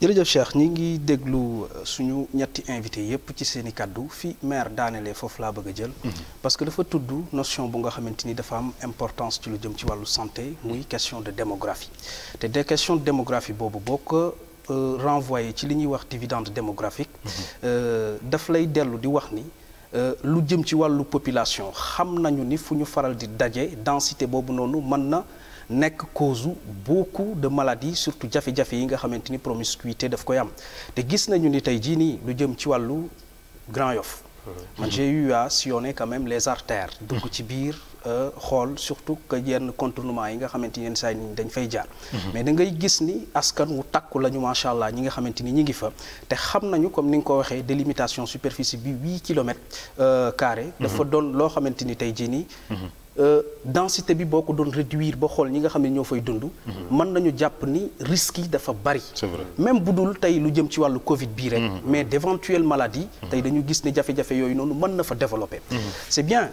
jërëjëf Cheikh ñi ngi déglu euh, suñu ñetti invité yépp ci seen kàddu fi maire daanelee foofu laa bëgg a jël. Mm-hmm. parce que dafa tudd notion bu nga xamante ni dafa am importance ci lu jëm ci wàllu santé muy question de démographie te des questions de démographie boobu boo ko euh, renvoyé ci li ñuy wax dividende démographique. Mm-hmm. Euh, daf lay dellu di wax ni. lu jëm ci wàllu population xam nañu ni fu ñu faral nekk cause beaucoup de maladies surtout jafe-jafe yi nga xamante ni promiscuité daf koy am te gis nañu ni tey jii nii lu jëm ci wàllu Grand Yoff man j'ai eu à sillonner même les artères dugg ci biir euh, xool surtout que yenn contournement yi nga xamante ni yenn saa yi dañ fay jaan mais da ngay gis ni askan wu takku lañu macha allah ñi nga xamante ni ñi ngi fa te xam nañu comme ni nga ko waxee délimitation superficie bi huit kilomètres euh, carré dafa doon loo xamante ni tey jii nii mhm. Euh, densité bi boo ko doon réduire ba xool ñi nga xam ne ñoo fay dund. Mhm. mën nañu jàpp ni risques yi dafa bari. c'est même bu dul tey lu jëm ci wàllu Covid bii rek. Mhm. mais d'éventuelles maladies. Mhm. tey dañu gis ne jafe-jafe yooyu noonu mën na fa développer. c'est bien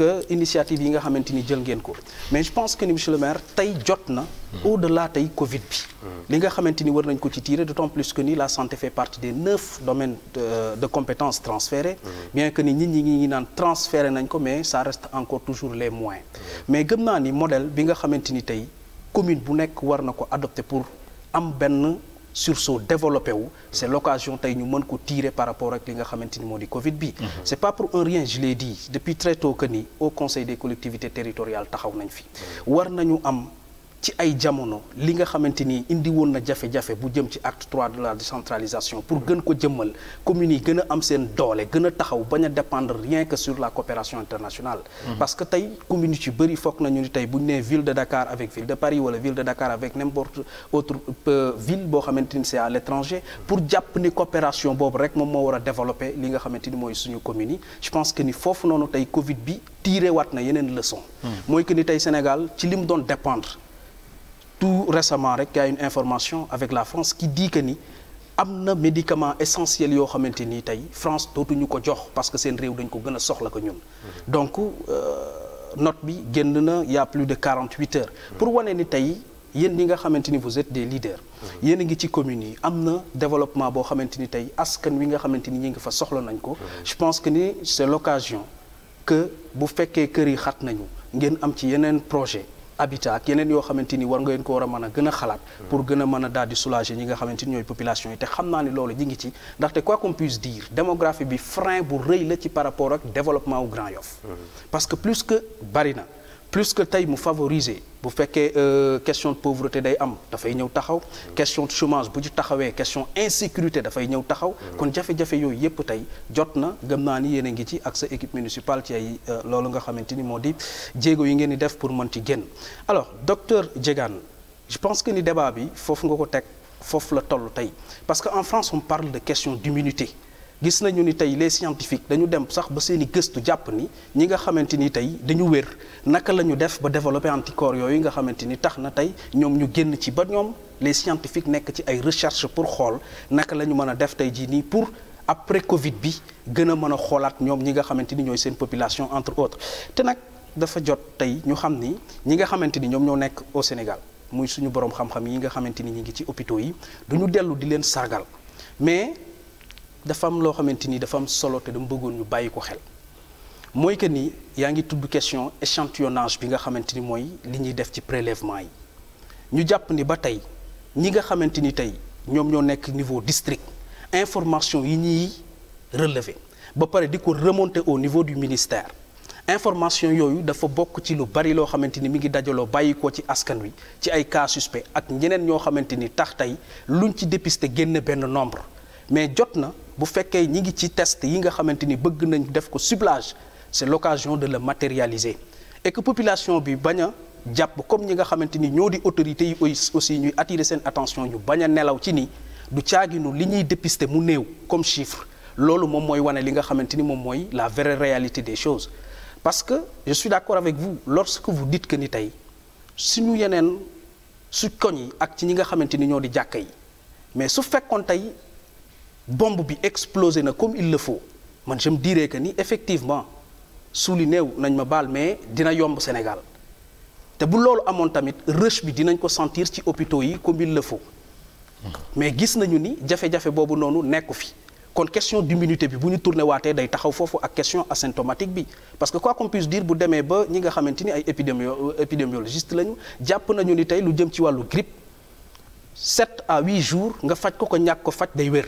que initiative yi nga xamante ni jël ngeen ko mais je pense que ni monsieur le maire tey jot na hmm. au delà tey Covid bi hmm. li nga xamante ni war nañ ko ci tirer d'autant plus que ni la santé fait partie des neuf domaines de, de compétences hmm. bien que ni nit ñi ngi naan transféré nañ ko mais ça reste encore toujours les moyens mais gëm naa ni model bi nga xamante ni tey commune bu nekk war na ko adopté pour am benn sursaut développé wu c' est l' occasion tey ñu mën ko tirer par rapport ak li nga xamante ni moo di Covid bi mhm. c' est pas pour un rien je l'ai depuis très tôt que au conseil des collectivités territoriales taxaw nañ fi mhm. war nañu am ci ay jamono li nga xamante ni indi woon na jafe-jafe bu jëm ci acte 3 de la décentralisation pour gën ko jëmmal communes yi gën a am seen doole gën a taxaw bañ a dépendre rien que sur la coopération internationale parce que tey communes yu ci bëri foog nañu ni tey bu ñu nee ville de Dakar avec ville de Paris wala ville de Dakar avec n'importe autre euh, ville boo xamante ni c'est à l'étranger pour jàpp ni coopération boobu rek moom moo war a développer li nga xamante ni mooy suñu communes yi pense que ni foofu noonu tey Covid bi tiire waat na yeneen leçon mooy que ni tey Sénégal ci li mu doon dépendre tout récemment rek y une information avec la France qui dit que ni am na médicament essentiel yoo xamante nii tey France ñu ko jox parce que seen réew dañ ko gën a soxla ko ñun. donc euh, note bi génn na y plus de 48 heures. pour wane ni tey yéen ñi nga xamante ni vous êtes des leaders. yéen a ngi ci communes yi am na développement boo xamante ni tey askan wi nga xamante ni ñu ngi fa soxla nañ ko. je pense que ni c'est l'occasion que bu fekkee kër yi xat nañu ngeen am ci yeneen projet habitat ak yeneen yoo xamante ni war nga leen ko war a mën a gën a xalaat pour gën a mën a daal di soulager ñi nga xamante ni ñooy population yi te xam naa ni loolu ñi ngi ci ndaxte quoi qu'on puisse dire démographie bi frein bu rëy la ci par rapport ak développement wu Grand Yoff mm-hmm. parce que plus que bari na plus que tey mu favoriser bu fekkee euh, question de pauvreté day am dafay ñëw taxaw question de chômage bu ci taxawee question insécurité dafay ñëw taxaw kon jafe-jafe yooyu yépp tey jot na gëm naa ni yéen a ngi ci ak sa équipe municipale ci ay euh, loolu nga xamante ni moo di jégo yi ngeen di def pour mën ci génn alors docteur Diegane je pense que ni débat bi foofu nga ko teg foofu la toll tey parce que en France on parle de question d'immunité gis nañu ni tey les scientifiques dañu dem sax ba seeni gëstu jàpp ni ñi nga xamante ni tey dañu wér naka la ñu def ba développer anticorps yooyu nga xamante ni tax na tey ñoom ñu génn ci ba ñoom les scientifiques nekk ci ay recherche pour xool naka la ñu mën a def tey jii nii pour après Covid bi gën a mën a xoolaat ñoom ñi nga xamante ni ñooy seen population entre autres te nag dafa jot tey ñu xam ni ñi nga xamante ni ñoom ñoo nekk au Sénégal muy suñu borom xam-xam nga xamante ni ñi ngi ci hôpitaux yi du dellu di leen sargal dafa am loo xamante ni dafa am solo te dama bëggoon ñu bàyyi ko xel mooy que ni yaa ngi tudd question échantillonnage bi nga xamante ni mooy li ñuy def ci prélèvement yi ñu jàpp ni ba tey ñi nga xamante ni tey ñoom ñoo nekk niveau district information yi ñuy relever ba pare di ko remonter au niveau du ministère information yooyu dafa bokk ci lu bari loo xamante ni mi ngi dajaloo bàyyi ko ci askan wi ci ay cas ak ñeneen ñoo xamante ni tax tey luñ ci dépister génn benn nombre. mais jot na bu fekkee ñi ngi ci test yi nga xamante ni bëgg nañ def ko ciblage c'est l'occasion de le matérialiser et population bi bañ a jàpp comme ñi nga xamante ni ñoo di autorité yi aussi ñuy attirer seen attention ñu bañ a nelaw ci ni du caaginu li ñuy dépister mu néew comme chiffre loolu moom mooy wane li nga xamante ni moom mooy la vraie réalité des choses parce que je suis d'accord avec vous lorsque vous dites que ni tey suñu yeneen su koñ yi ak ci ñi nga xamante ni ñoo di jàkka yi mais bomb bi explosé na comme il le faut man je diiree dirais que ni effectivement souligné wu nañ ma baal mais dina yomb Sénégal te bu loolu amoon tamit rush bi dinañ ko sentir ci hôpitaux yi comme il le faut mais gis nañu ni jafe-jafe boobu noonu nekk fi kon question d'immunité bi bu ñu tourné waatee day taxaw foofu ak question asymptomatique bi parce que quoi qu'on puisse dire bu demee ba ñi nga xamante ni ay épidémio euh, épidémiologiste lañu jàpp nañu ni tey lu jëm ci wàllu grippe 7 à 8 jours nga faj ko ko ñàkk faj day wér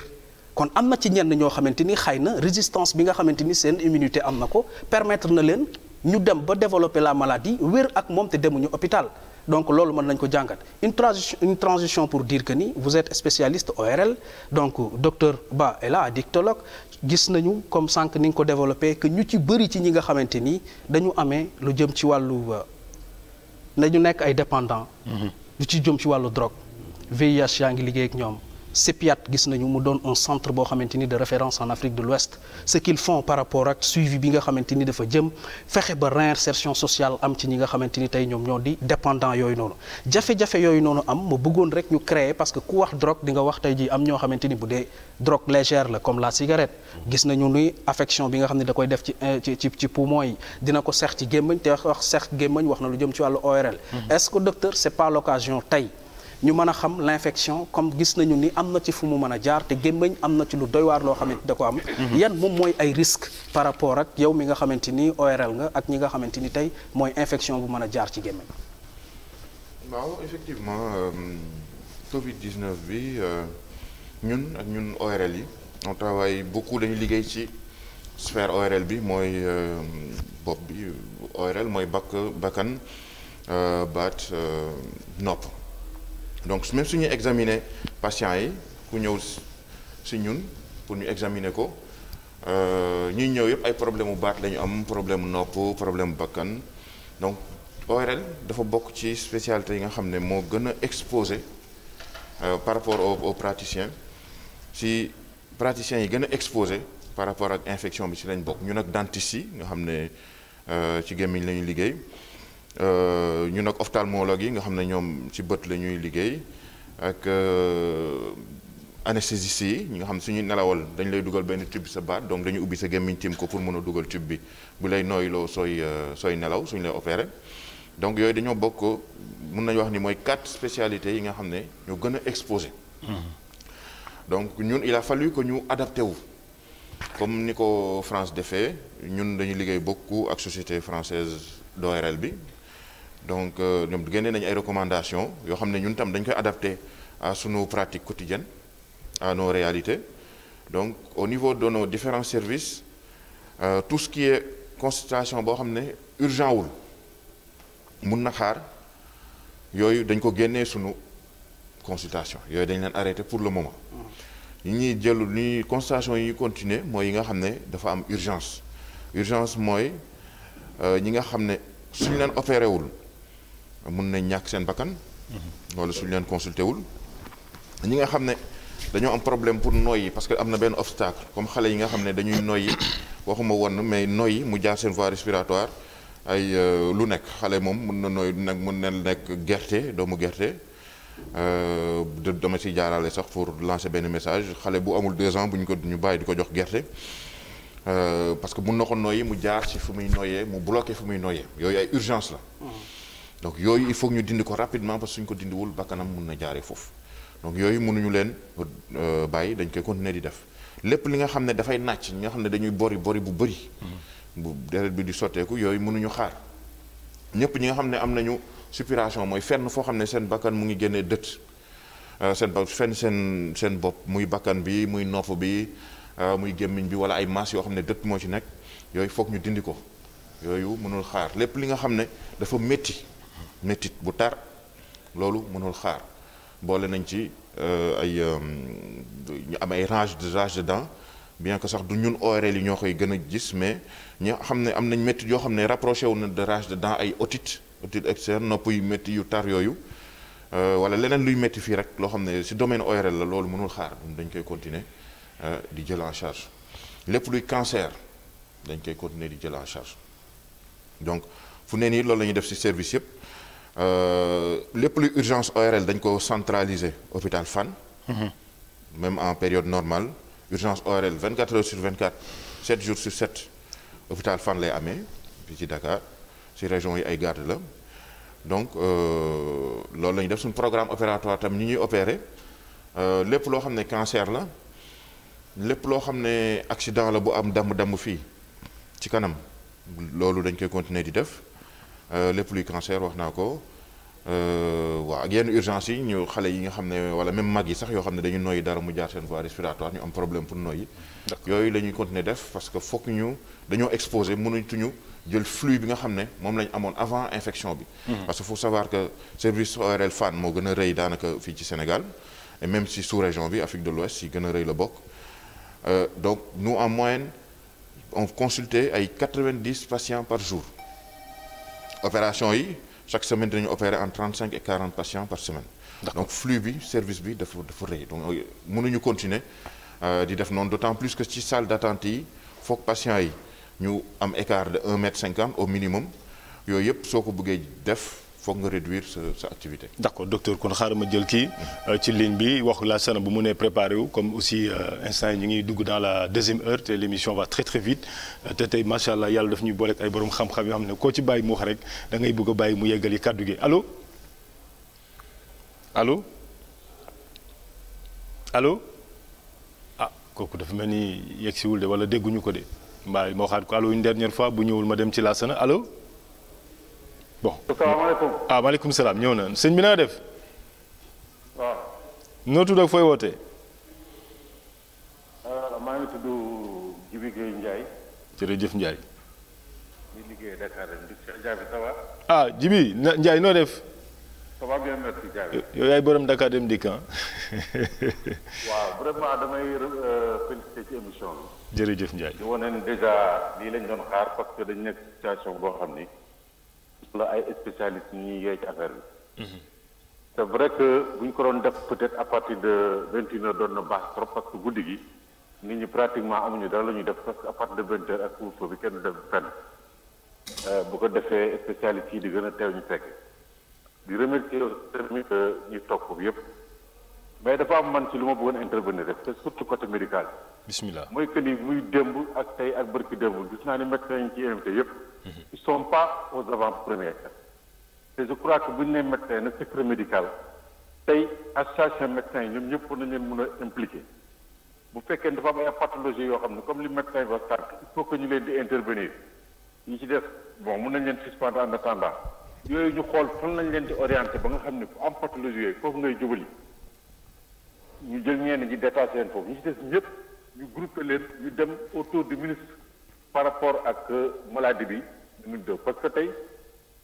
kon am na ci ñenn ñoo xamante ni xëy na résistance bi nga xamante ni seen immunité am na ko permettre na leen ñu dem ba développer la maladie wér ak moom te demuñu hôpital donc loolu mën nañ ko jàngat une transition pour dire que ni vous êtes spécialiste ORL donc docteur Ba est là gis nañu comme sànq ni nga ko développé que ñu ci bëri ci ñi nga xamante ni dañu amee lu jëm ci wàllu nañu nekk ay dépendant mm-hmm. lu ci jëm ci wàllu drogue VIH yaa ngi liggéey ak ñoom CEPIAT gis nañu mu doon un centre boo xamante ni de référence en Afrique de l'Ouest ce qu'ils font par rapport ak suivi bi nga xamante ni dafa jëm fexe ba réinsertion sociale am ci ñi nga xamante ni tey ñoom ñoo di dépendant yooyu noonu jafe-jafe yooyu noonu am ma bëggoon rek ñu créer parce que ku wax drogue di nga wax tey ji am ñoo xamante ni bu dee drogue légère la comme la cigarette gis nañu ni affection bi nga xam ne da koy def ci euh, ci ci poumon yi dina ko seex ci gémmañ wax seex gémmañ wax na lu jëm ci wàllu ORL mm-hmm. est-ce tey ñu mën a xam l'infection comme gis nañu ni am na ci fu mu mën a jaar te gémmañ am na ci lu doy waar loo xamante da ko am mhm. yan moom mooy ay risque par rapport ak yow mi nga xamante ni ORL nga ak ñi nga xamante ni tey mooy infection bu mën a jaar ci gémmañ waaw effectivement euh, Covid 19 bi euh, ñun ak ñun ORL yi on travaille beaucoup dañu liggéey ci sphère ORL bi mooy euh, bopp bi ORL mooy bakk bakkan baat nopp donc même suñuy examiner patient yi ku ñëw si ñun pour ñu examiner ko euh, ñu ñëw yëpp ay problème mu baat la am problème nopp problème bakkan donc ORL dafa bokk ci spécialité yi nga xam ne moo gën a exposé euh, par rapport au au praticien si praticiens yi gën a exposé par rapport ak infection bi si lañ bokk ñu nag dentiste yi nga xam ne euh, ci gémmiñ la ñu liggéey Euh, ñun nag ophtalmologue yi nga xam ne ñoom ci bët la ñuy liggéey ak euh, anesthésiste yi ñu nga xam ne suñuy nelawal dañ lay dugal benn tube sa baat donc dañu ubbi sa gémmiñ tiim ko pour mën a dugal tube bi bu lay nooyloo sooy euh, sooy nelaw suñu lay opéré donc yooyu dañoo bokk mën nañu wax ni mooy quatre spécialités yi nga xam ne ñoo gën a exposé mm-hmm. donc ñun il fal fallu ko ñu adapté wu comme ni ko France defee ñun dañu liggéey beaucoup ak société française d'ORL bi donc euh, ñoom génne nañu ay recommandation yoo xam ne ñun tam dañ koy adapté à sunu pratique quotidienne à nos réalité donc au niveau de nos différents services euh, tout ce qui consultation boo xam ne urgent wul mun na xaar yooyu dañ ko génnee sunu consultation yooyu dañ leen arrêté pour le moment ñi mm. ñuy jëlu ni consultation yi continuer mooy yi nga xam ne dafa am urgence urgence mooy euh, ñi nga xam ne suñ leen opéré mun nañ ñàkk seen bakkan. Mhm. loolu suñu leen consulté wul. ñi nga xam ne dañoo am problème pour noyyi parce que am na benn obstacle comme xale yi nga xam ne dañuy noyyi waxuma woon mais noyyi mu jaar seen voie respiratoire ay euh, lu nekk xale moom mun na noyyi nag mun na nekk gerte doomu gerte. Euh, dama ci jaarale sax pour lancer benn message xale bu amul deux ans bu ñu ko ñu bàyyi di ko jox gerte euh, parce que mun na ko noyyi mu jaar ci fu muy noyyee mu bloqué fu muy noyyee yooyu ay urgence la. Mhm. donc yooyu il foog ñu dindi ko rapidement parce que suñ ko dindiwul bakkanam mun na jaaree foofu donc yooyu mënuñu leen euh, bàyyi dañ koy continuer di def lépp li nga xam ne dafay nàcc nga xam ne dañuy bori bu bëri. bu bi di sotteeku yooyu mënuñu xaar ñëpp ñi nga xam ne am nañu suppuration mooy fenn foo xam ne seen bakkan mu ngi génnee dët euh, seen ba fenn seen seen bopp muy bakkan bi muy nopp bi euh, muy gémmiñ bi wala ay yoo xam ne dët moo ci nekk yooyu foog ñu dindi ko yooyu mënul xaar lépp li nga xam ne dafa métti. métit bu tar loolu mënul xaar boole nañ ci euh, ay euh, ñu am ay rage de rage de dents bien que sax du ñun ORL yi ñoo koy gën a gis mais ñi xam ne am nañ métit yoo xam ne rapproché wu na de rage de dents ay otite otite externe nopp yu métti yu tar yooyu euh, wala leneen luy métti fii rek loo xam ne si domaine ORL la loolu mënul xaar dañ koy continuer di jël en charge lépp luy cancer dañ koy continuer di jël en charge donc fu ne nii loolu la ñuy def si service yëpp Euh, lépp lu urgence ORL dañ ko centraliser hôpital fan mhm. même en période normale urgence ORL 24 heures sur vingt 24 7 jour sur 7 hôpital fan lay amee fii Dakar ci région yi ay garde la donc euh, loolu la ñu def suñu programme opératoire tam ñu ñuy opérer euh, lépp loo xam ne cancer la lépp loo xam ne accident la bu am damm-damm fii ci kanam loolu dañ koy continuer di def Euh, lépp luy cancer wax naa ko euh, waaw ak yenn urgence yi ñu xale yi nga xam ne wala même mag yi sax yoo xam ne dañu yi dara mu jaar seen voie respiratoire ñu am problème pour noyyi. yooyu la ñuy continuer def parce que foog ñu dañoo exposé ñu jël flux bi nga xam ne moom la amoon avant infection bi. Mhm. parce que faut savoir que service ORL Fann moo gën a rëy daanaka fii ci Sénégal et même si sous région bi Afrique de l'Ouest si gën a rëy la bokk euh, donc nous en moyenne on consultait ay 90 patients par jour. opération yi chaque semaine dinañu opérer en 35 et 40 patients par semaine. donc flux bi service bi dafa dafa rëy donc euh, mënuñu continuer euh, di def noonu d' autant plus que ci salle d' attente yi foog patients yi ñu am écart de 1 mètre 50 au minimum yooyu yëpp soo ko bëggee def. foog nga réduire sa sa activité. d' accord kon xaaral ma jël kii euh, ci ligne bi waxu la sana bu mu nee préparé wu comme aussi euh, instant yi ñu ngi dugg dans la deuxième heure te l' émission va très très vite euh, te tey macha allah yàlla daf ñuy booleeg ay borom xam-xam yoo xam ne koo ci bàyyi mu wax rek da ngay bëgg a bàyyi mu yeggali kàddu gi allo allo ah kooku dafa mel ni yegg wul de wala dégguñu ko de mbaa moo waxaat ko allo une dernière fois bu ñëwul ma dem ci la sana allo. bon asalaamaaleykum ah maaleykum salaam ñëw na sëñ bi naa def. waaw. noo tudd ak fooy wootee. Ah, maa ngi tudd Jibi Gueye Ndiaye. jërëjëf Ndiaye. di liggéey Dakar ah Jibi na noo def. ça va yaay borom Dakar dem dikk ah. waaw vraiment damay euh, félicité ci émission bi. jërëjëf Ndiaye. di wane ne dèjà lii lañ doon xaar parce que dañ nekk situation boo xam ni. la ay spécialistes ñuy yee ci affaire bi. Mhm. c' est vrai que bu ñu ko doon def peut-être à partir de vingt une heures doon na baax trop parce que guddi gi nit ñi pratiquement amuñu dara la ñuy def parce que à partir de vingt heures ak couvre-feu bi kenn du def fenn euh, bu ko defee spécialistes yi di gën a teew ñu fekk di remercier tamit euh, ñu toog foofu yëpp. mais dafa am man ci lu ma bëggoon intervenir rek te surtout côté médical. bismillah mooy que ni muy démb ak tey ak bërki démb gis naa ni médecins yi ci invité yëpp. Mhm. ils sont pas aux avant-premières. te je bu ñu nee médecin na secret médical tey ak association médecin yi ñoom ñëpp war nañ leen mën a impliqué bu fekkee dafa am ay pathologie yoo xam ne comme li médecin ba sànq il faut que ñu leen di intervenir ñi ci def bon mun nañ leen suspendre en attendant yooyu ñu xool fan lañ leen di orienté ba nga xam ne ku am pathologie yooyu foofu ngay jubali. ñu jël ngeen ñi détaché leen foofu ñu ci des ñëpp ñu groupé leen ñu dem autour du ministre par rapport ak euh, maladie bi ñu def parce que tey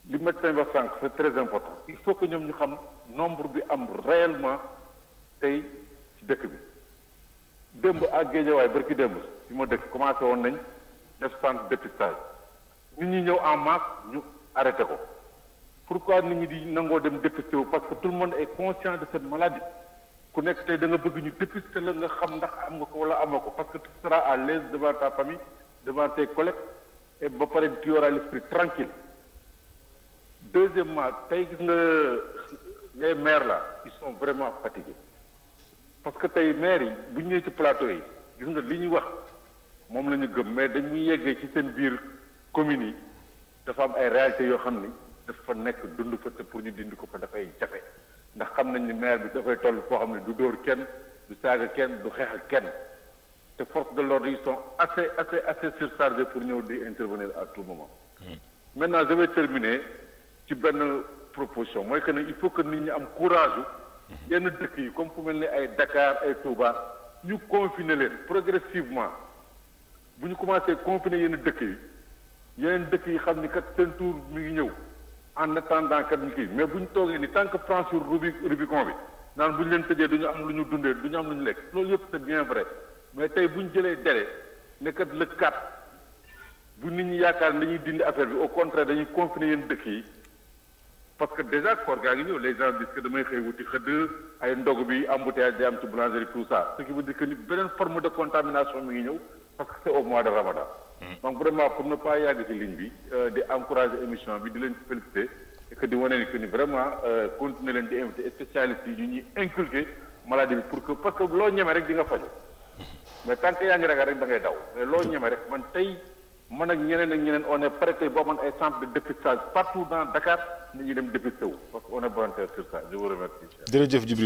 li médecin wax sànq c'est très important il faut que ñoom ñu xam nombre bi am réellement tey ci dëkk bi démb ak géejawaay bërki démb ci ma dëkk commencé woon nañ def centre dépistage nit ñi ñëw en masse ñu arrêté ko pourquoi nit ñi di nangoo dem dépisté wu parce que tout le monde conscient de cette maladie ku nekk tey da nga bëgg ñu dépister la nga xam ndax am nga ko wala amoo ko parce que tu à l'aise devant ta famille devant tes pare tu auras l'esprit tranquille deuxièmement tey gis nga les maires la ils sont vraiment fatigués parce que tey maires yi bu ñu ñëwee ci plateau yi gis nga li ñuy wax moom la ñu gëm mais dañuy yeggee ci seen biir communes yi dafa am ay réalités yoo xam ni dafa nekk dund fa te pour ñu dindi ko fa dafay jafe ndax xam nañ ni maire bi dafay toll koo xam ne du dóor kenn du saaga kenn du xeex ak kenn te forces de l'ordre yi sont assez assez assez surchargés pour ñëw di intervenir à tout moment. Hmm. maintenant je vais terminer ci benn proposition mooy que ne il faut que nit ñu am courage. Hmm. yenn dëkk yi comme fu mel ni ay Dakar ay Touba ñu confiner leen progressivement bu ñu commencé confiner yenn dëkk yi yeneen dëkk yi xam ni kat seen tour mi ngi ñëw. en attendant kat ñu kii mais bu ñu toogee ni tant que plan sur rubi rubicon bi naan bu ñu leen tëjee du ñu am lu ñu dundee du ñu am lu ñu lekk loolu yëpp c'est bien vrai mais tey bu ñu jëlee délai ne kat le quatre bu nit ñu yaakaar ne dañuy dindi affaire bi au contraire dañuy confiner yéen dëkk yi parce que déjà koor gaa ngi ñëw les gens disent que damay xëy wuti xëdd ay ndog bi embouteillage day am ci boulangerie tout ça ce qui veut dire que ni beneen forme de contamination mi ngi ñëw parce que c'est au mois de Ramadan. Mm. donc vraiment pour ne pas yàgg ci ligne bi euh, di encourager émission bi di leen féliciter et que di wane ni que ni vraiment euh, continuer leen di inviter spécialistes yi ñuy inculquer maladie pour que parce que loo ñeme rek di nga faju mm. mais tant que yaa ngi rek da ngay daw mais loo ñeme rek man tey. man ak ñeneen ak ñeneen on est prêt boo amoon ay centre de dépistage partout dans Dakar nit ñi dem dépisté wu parce que on est volontaire sur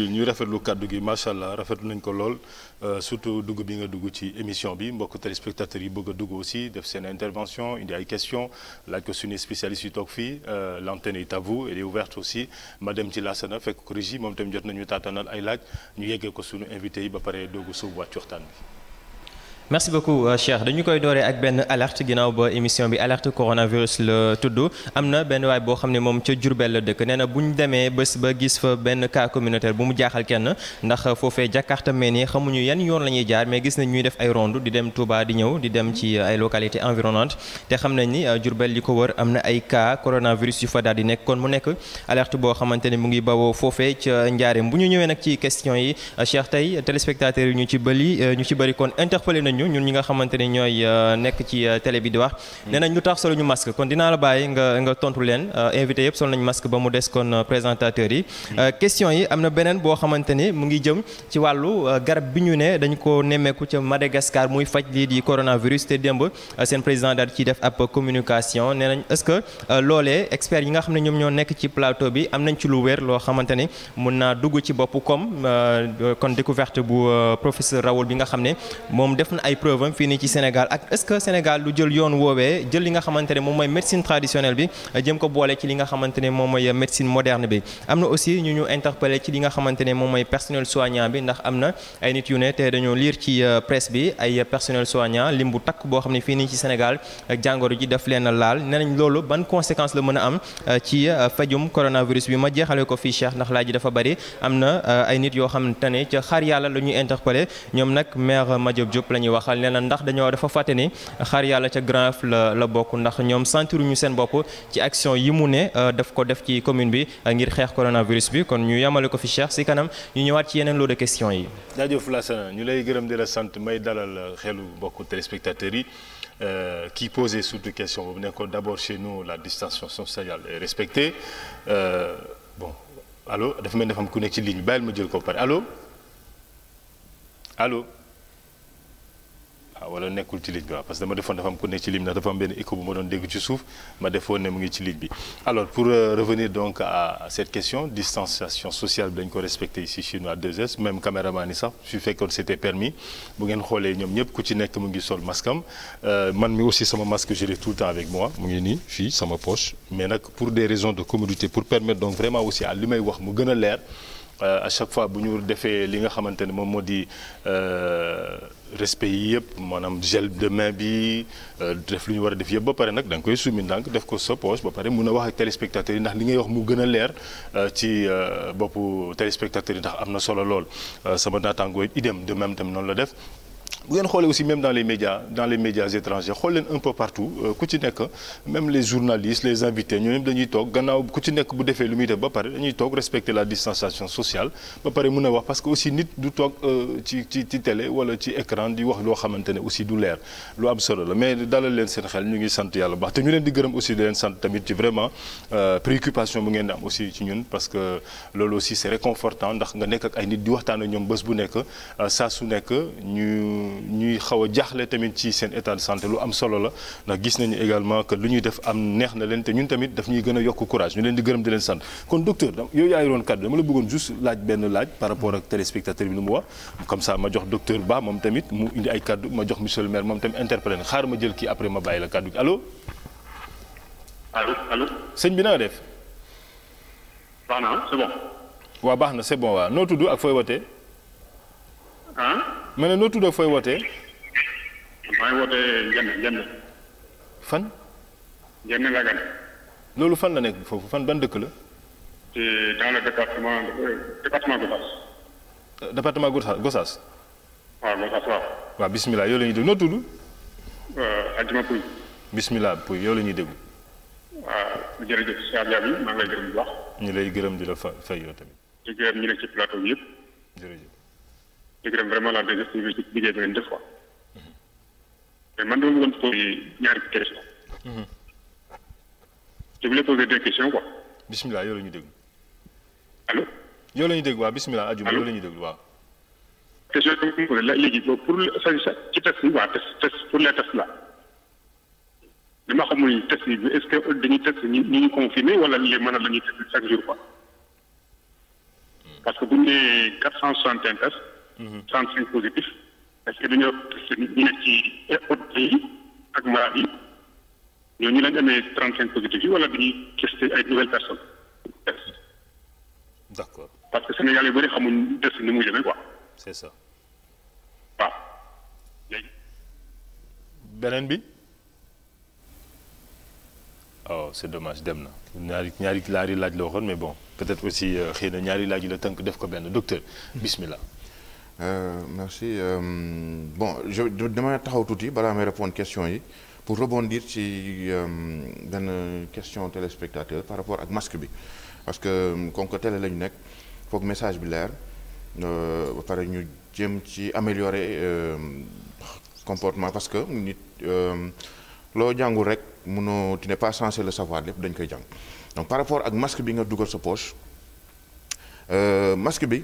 ñuy rafetlu kàddu gi macha allah rafetlu nañ ko lool euh, surtout dugg bi nga dugg ci émission bi mbokk téléspectateurs yi bëgg a dugg aussi def seen intervention indi ay questions laaj ko suñu spécialiste yi toog fii euh, l' antenne est à vous elle aussi ma dem ci Lassana fekk ko régie moom itam jot nañu taatanal ay laaj ñu yeggee ko suñu invité yi ba pare doogu sóobuwaat ci waxtaan bi. merci beaucoup euh, Cheikh dañu koy dooree ak benn alerte ginnaaw ba émission bi alerte coronavirus la tudd am na benn waay boo xam ne moom ca Diourbel la dëkk nee na bu ñu demee bés ba gis fa benn cas communautaire bu mu jaaxal kenn ndax foofee Jakarta mel xamuñu yan yoon la ñuy jaar mais gis nañ ñuy def ay ronde di dem Touba di ñëw di dem ci euh, ay localités environnantes te xam nañ ni euh, Diourbel yi ko wër am na ay cas coronavirus yu fa daal di nekk kon mu nekk alerte boo xamante ne mu ngi bawoo foofee ca bu ñu ñëwee nag ci question yi Cheikh tey téléspectateurs yi ñu ñun ñi nga xamante ni ñooy euh, nekk ci euh, télé bi di wax mm. nee nañ lu tax solo ñu masque kon dinaa la bàyyi nga nga tontu leen euh, invité yëpp sol nañ masque ba mu des kon présentateur yi mm. question yi am na beneen boo xamante ni mu ngi jëm ci wàllu garab bi ñu ne dañ ko nemmeeku ca Madagascar muy faj lii di coronavirus te démb seen président daal ci def ab communication nee nañ est-ce que loolee experts yi nga xam ne ñoom ñoo nekk ci plateau bi am nañ ci lu wér loo xamante ni mun naa dugg ci bopp comme kon découverte bu professeur Raoul bi nga xam ne ay preuve am fii nii ci Sénégal ak est-ce que Sénégal lu jël yoon woowee jël li nga xamante ne moom mooy médecine traditionnelle bi jëm ko boole ci li nga xamante ne moom mooy médecine moderne bi am na aussi ñu ñu interpellé li nga xamante ne moom mooy personnel soignant bi ndax am na ay nit yu ne te dañoo liir ci euh, presse bi ay personnel soignant lim bu takk boo xam ne fii nii ci Sénégal euh, jàngoro ji daf leen laal ne nañ loolu ban conséquence la mën a am euh, ci fajum coronavirus bi ma jeexale ko fii Cheikh ndax laaj ji dafa bari am na ay nit yoo xamante ne ca yàlla la ñuy interpellé ñoom nag maire Madiop Diop waxal nee na ndax dañoo dafa fàtte ni xaar yàlla ca Grand la la bokk ndax ñoom sentiruñu seen bopp ci action yi mu ne euh, daf ko def ci commune bi euh, ngir xeex coronavirus bi kon ñu yemale ko fi Cheikh si kanam ñu ñëwaat ci yeneen lot de questions yi. jaajëf Lassana ñu lay gërëm di la sant may dalal xelu mbokku téléspectateurs yi. Euh, qui posait surtout question boobu nekkoon d'abord chez nous la distanciation sociale est respectée euh, bon allo dafa mel ni dafa am ku nekk ci ligne bi bàyyil ma jël ko pare allo waaw ah, wala nekkul ci ligne bi waaw parce que dama defoon dafa am ku nekk ci ligne bi ndax dafa am benn écho bu ma doon dégg ci suuf ma defoon ne mu ngi ci bi alors pour euh, revenir donc à cette question distanciation sociale bi dañ ko respecté ici chez nous à 2S même caméraman yi sax su fekkoon c'était permis bu ngeen xoolee ñoom ñëpp ku ci nekk mu ngi sol masque am euh, man mi aussi sama masque je tout le temps avec moi mu ngi nii fii sama poche mais nag pour des raisons pour permettre donc vraiment aussi à li may wax mu gën a euh, à chaque fois bu ñu defee li nga xamante ne moom moo di respect yi yëpp maanaam gel de main bi euh, def lu ñu war a def yëpp ba pare nag da koy summi ndànk def ko sa ba pare mun a wax ak téléspectateurs yi ndax li ngay wax mu gën a leer euh, ci euh, boppu téléspectateurs yi ndax am na solo lool sama naataangoo idem de même tam noonu la def bu ngeen xoolee aussi même dans les médias dans les médias étrangers xool leen un peu partout euh, ku ci nekk même les journalistes les invités ñoom dañuy toog gannaaw ku ci nekk bu defee lu muy def ba pare dañuy toog respecter la distanciation sociale ba pare mën a wax parce que aussi nit du toog euh, ci ci ci télé wala ci écran di wax loo xamante ne aussi du leer lu am solo la mais dalal leen seen xel ñu ngi sant yàlla baax te ñu leen di gërëm aussi di leen sant tamit ci vraiment euh, préoccupation ngeen di aussi ci ñun parce que loolu aussi c'est réconfortant ndax nga nekk ak ay nit di waxtaan ak ñoom bés bu nekk saa su nekk ñuy xaw a jaaxle tamit ci seen état de santé lu am solo la ndax gis nañu également que lu ñuy def am neex na leen te ñun tamit daf ñuy gën a yokk courage ñu leen di gërëm di leen sant kon docteur yow yaa yoroon kàddu dama la bëggoon juste laaj benn laaj par rapport ak téléspectateur bi lu mu wax comme ça ma jox docteur Ba moom tamit mu indi ay kàddu ma jox monsieur le maire moom tamit interpellé na xaar ma jël kii après ma bàyyi la kàddu gi allo. allo bi na nga baax na c'est bon. waaw tudd ak fooy ma ne noo tudd ak fooy wootee. maa ngi wootee jënd jënd. fan. jënd Lagane. loolu fan la nekk foofu fan ban dëkk la. ci dans le département département Gossas. département Gossas Gossas. waaw Gossas waaw. waaw bisimilah yow la ñuy déglu noo tudd. Euh, Adjuma Pouy. bisimilah Pouy yow la ñuy déglu. waaw jërëjëf si Abia maa ngi lay ñu lay gërëm di la fa fay yow tamit. di gërëm ñu nekk ci plateau bi di gërëm la deuxième ci liggéey bi ngeen def quoi. mais man dama bëggoon posé ñaari question. je voulais poser deux questions ko bisimilah yow la ñu déglu. allo. yow la ñu déglu waaw bisimilah. allo Adjuma yow la ñu déglu waaw. question bi mu la léegi pour ci test yi waa test pour les tests la li ma xamul test bi est-ce que dañuy test ñi ñu confiné wala li mën a la ñuy test chaque jour quoi. parce que bu ñu nee quatre cent soixante et test. Mhm. soixante cinq positif parce que dañoo testé ñu nekk ci ak malade yi ñooñu lañ amee trente cinq positif yi wala dañuy testé ay nouvelles personnes d'accord parce que Sénégal yu bëri xamuñ test ni muy demee quoi c'est ça beneen bi oh c'est dommage dem na ñaari ñaari laari laaj la waxoon mais bon peut-être aussi euh, xëy na ñaari laaj yi la tënk def ko benn docteur hmm. bismillah Euh, merci euh, bon je dama taxaw tuuti balaa may répondre question yi pour rebondir ci euh, benn question téléspectateur par rapport ak masque bi parce que comme que télé la ñu nekk foog message bi leer ba pare ñu jëm ci améliorer comportement parce que nit loo jàngul rek mënoo tu n'es pas censé le savoir lépp dañ koy jàng donc par rapport ak masque bi nga dugal sa poche masque bi.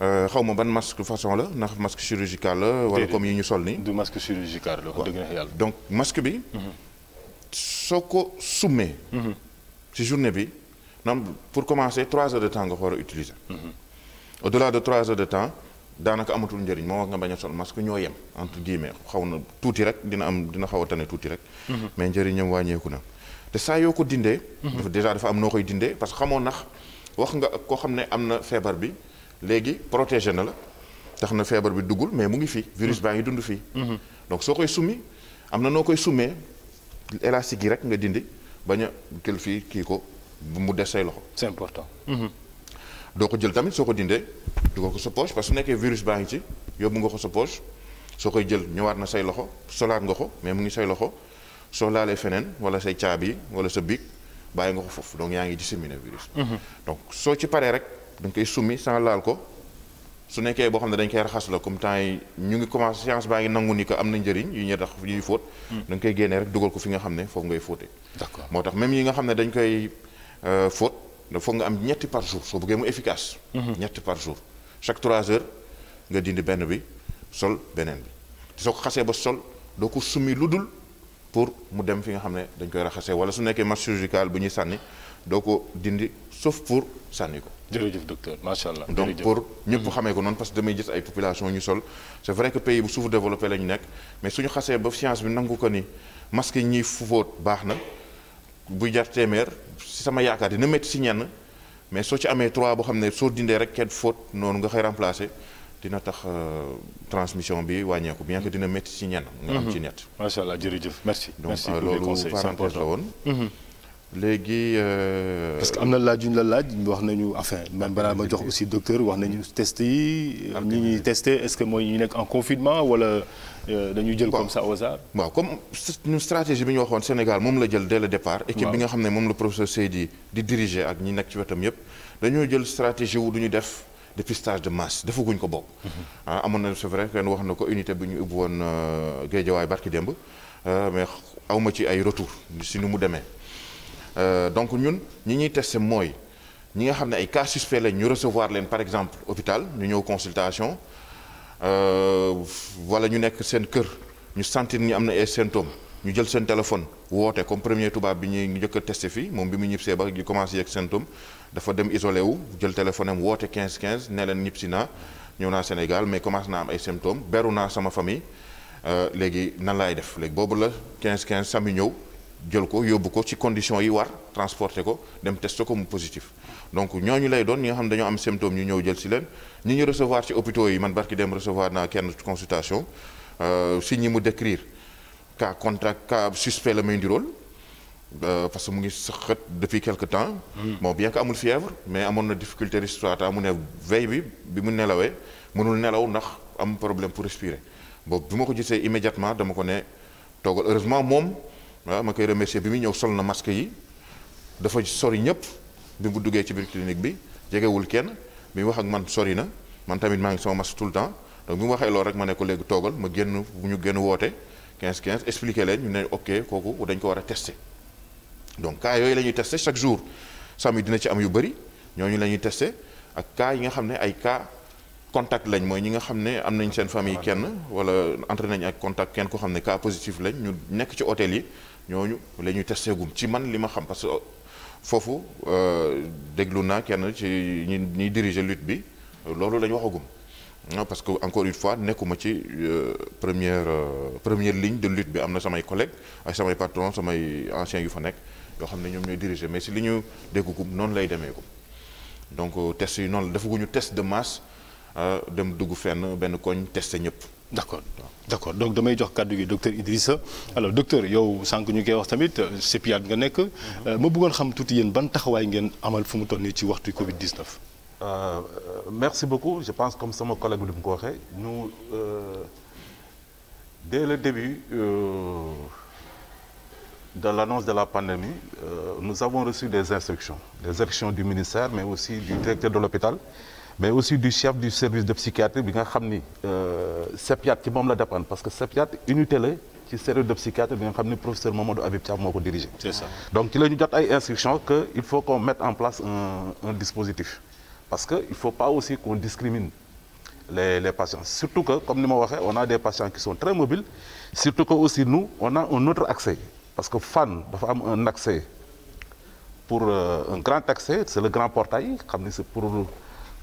Euh, xaw ma ban masque façon la ndax masque chirurgical la. wala comme yi ñu sol nii. du masque chirurgical la donc masque bi. Mhm. soo ko summee. Mhm. ci journée bi na pour commencer trois heures de temps nga ko a utiliser. Mhm. au delà de trois heures de temps daanaka amatul njëriñ moo wax nga bañ a sol masque ñoo yem entre guillemets xaw na tuuti rek dina am dina xaw a tane tuuti rek. mais njëriñam wàññeeku na. te saa yoo ko dindee. dafa déjà dafa am noo koy dindee parce que xamoo ndax wax nga koo xam ne am na feebar bi. léegi protégé na la tax na feebar bi duggul mais mu ngi fii virus baa ngi dund fii mhm. donc soo koy summi am na noo koy summee élastique yi rek nga dindi bañ a kël fii kii ko mu des say loxo c'est important mhm. doo ko jël tamit soo ko dindee dugal ko sa poche parce su nekkee virus baa ngi ci yóbbu nga ko sa poche soo koy jël ñëwaat na say loxo solaat nga ko mais mu ngi say loxo soo laalee feneen wala say caabi wala sa bic bàyyi nga ko foofu donc yaa ngi disséminer virus mhm. donc soo ci paree rek dañ koy summi sans laal ko su nekkee boo xam ne dañ koy raxas la comme temps yi ñu ngi commencé science baa ngi nangu ni ko am na njëriñ yu ñuy tax yuy fóot hmm. dañ koy génne rek dugal ko fi nga xam ne foofu ngay fóote d'accord moo tax même yi nga xam ne dañ koy euh, fóot da foog nga am ñetti par jour soo bëggee mu efficace hmm. ñetti par jour chaque trois heures nga dindi benn bi sol beneen bi te soo ko xasee ba sol doo ko summi lu dul pour mu dem fi nga xam ne dañ koy raxasee wala su nekkee marche chirurgicale bu ñuy sànni doo ko dindi sauf pour sànni ko jërëjëf docteur macha allah donc pour ñëpp xamee ko noonu parce que damay gis ay population ñu sol c' est vrai que pays bu sous-développé la nekk mais suñu xasee ba science bi nangu ko ni masque yi ñuy fóot baax na buy jar téeméer si sama yaakaar dina métti si ñenn mais soo ci amee trois boo xam ne soo dindee rek kenn fóot noonu nga koy remplacer dina tax euh, transmission bi wàññeeku bien que dina metti si ñenn. nga am ci mm-hmm. ñett. macha allah jërëjëf merci. merci donc euh, loolu parenthèse la woon. Mm-hmm. léegi. Euh, parce que am na laaj yu ñu la laaj wax nañu enfin man balaa ma jox aussi docteur wax nañu test yi. ñi ñuy testé est-ce que mooy ñu nekk en confinement wala euh, dañu jël comme ça au hasard. waaw comme ñun stratégie bi ñu waxoon Sénégal moom la jël dès le départ. équipe bi nga xam ne moom la professeur Seydi di diriger ak ñi nekk ci wetam yépp dañoo jël stratégie wu du ñu def. dépistage de masse defaguñ ko bokk. Mhm. ah amoon na c'est vrai kenn wax na ko unité bi ñu ubbi woon euh, Guédiawaay barki démb mais awma ci ay retour si nu mu demee. Euh, donc ñun ñi ñuy tester mooy ñi nga xam ne ay cas suspect lañ ñu recevoir leen par exemple hôpital ñu ñëw consultation euh, wala ñu nekk seen kër ñu sentir ni am na ay symptômes ñu jël seen téléphone woote comme premier tubaab bi ñuy njëkk a fii moom bi mu ñibbisee ba ñu commencé ak symptôme dafa dem isolé wu jël téléphone woote quinze quinze ne leen ñibbisi naa ñëw naa Sénégal mais commencé naa am ay symptômes beru naa sama famille euh, léegi nan laay def léegi boobu la 15 15 sami ñëw. jël ko yóbbu ko ci condition yi war transporter ko dem tester ko mu positif donc ñooñu lay doon ñi nga xam dañoo am symptôme ñu ñëw jël si leen ñi ñu recevoir ci hôpitaux yi man barki dem recevoir naa kenn consultation euh, si ñi mu décrire cas contact cas suspect la may ndirool euh, parce que mu ngi saxat depuis quelque temps mm. bon bien que amul fièvre mais amoon na difficulté respiratoire mu ne veille bi bi mu nelawee mënul nelaw ndax am problème pour respirer boobu bu ma ko gisee immédiatement dama ko ne toogal heureusement moom waaw ma koy remercier bi muy ñëw sol na masque yi dafa sori ñëpp bi mu duggee ci biir clinique bi jegewul kenn bi mu wax ak man sori na man tamit maa ngi sama masque tout le temps donc bi mu rek ma ne ko léegi toogal ma génn ñu génn woote 15 15 expliqué leen ñu ne ok kooku dañ ko war a testé donc cas yooyu la ñuy testé chaque jour sami dina ci am yu bëri ñooñu la ñuy teste ak cas yi nga xam ne ay cas contact lañ mooy ñi nga xam ne am nañ seen famille kenn wala entré nañ ak contact kenn ko xam ne cas positif lañ ñu nekk ci hôtel yi ñooñu la ñuy testé gum ci man li ma xam parce que foofu euh, déglu naa kenn ci ñi ñuy diriger lutte bi loolu la waxagum non ah, parce que encore une fois nekkuma ci euh, première euh, première ligne de lutte bi am na samay collègues ak samay patron samay anciens yu fa nekk yoo xam ne ñoom ñooy diriger mais si li ñu déggugum noonu lay demee gum donc test yi noonu la dafaguñu test de mars dem dugg fenn benn koñ testé ñëpp d'accord d'accord donc damay jox kàddu gi docteur Idrissa alors docteur yow sànq ñu koy wax tamit euh, CEPIAT nga nekk. Mhm. Euh, ma bëggoon xam tuuti yéen ban taxawaay ngeen amal fu mu toll nii ci waxtu Covid 19. Euh, euh, merci beaucoup je pense comme sama collègue lu mu ko waxee ñu dès le début da de l'annonce de la pandémie euh, nous avons reçu des instructions des instructions du ministère mais aussi du directeur de l'hôpital mais aussi du chef du service de psychiatrie bi nga xam ni CEPIAT euh, ci moom la dépendre parce que CEPIAT unité la ci service de psychiatrie bi nga xam ni professeur Mamadou Habib Thiam moo ko dirigé. c'est ça donc ci la jot ay instructions que il faut qu'on mette en place un un dispositif parce que il faut pas aussi qu'on discrimine les les surtout que comme ni ma waxee on a des patients qui sont très mobiles surtout que aussi nu on a un autre accès parce que Fann dafa am un accès pour euh, un grand accès c'est le grand xam ni c'est pour.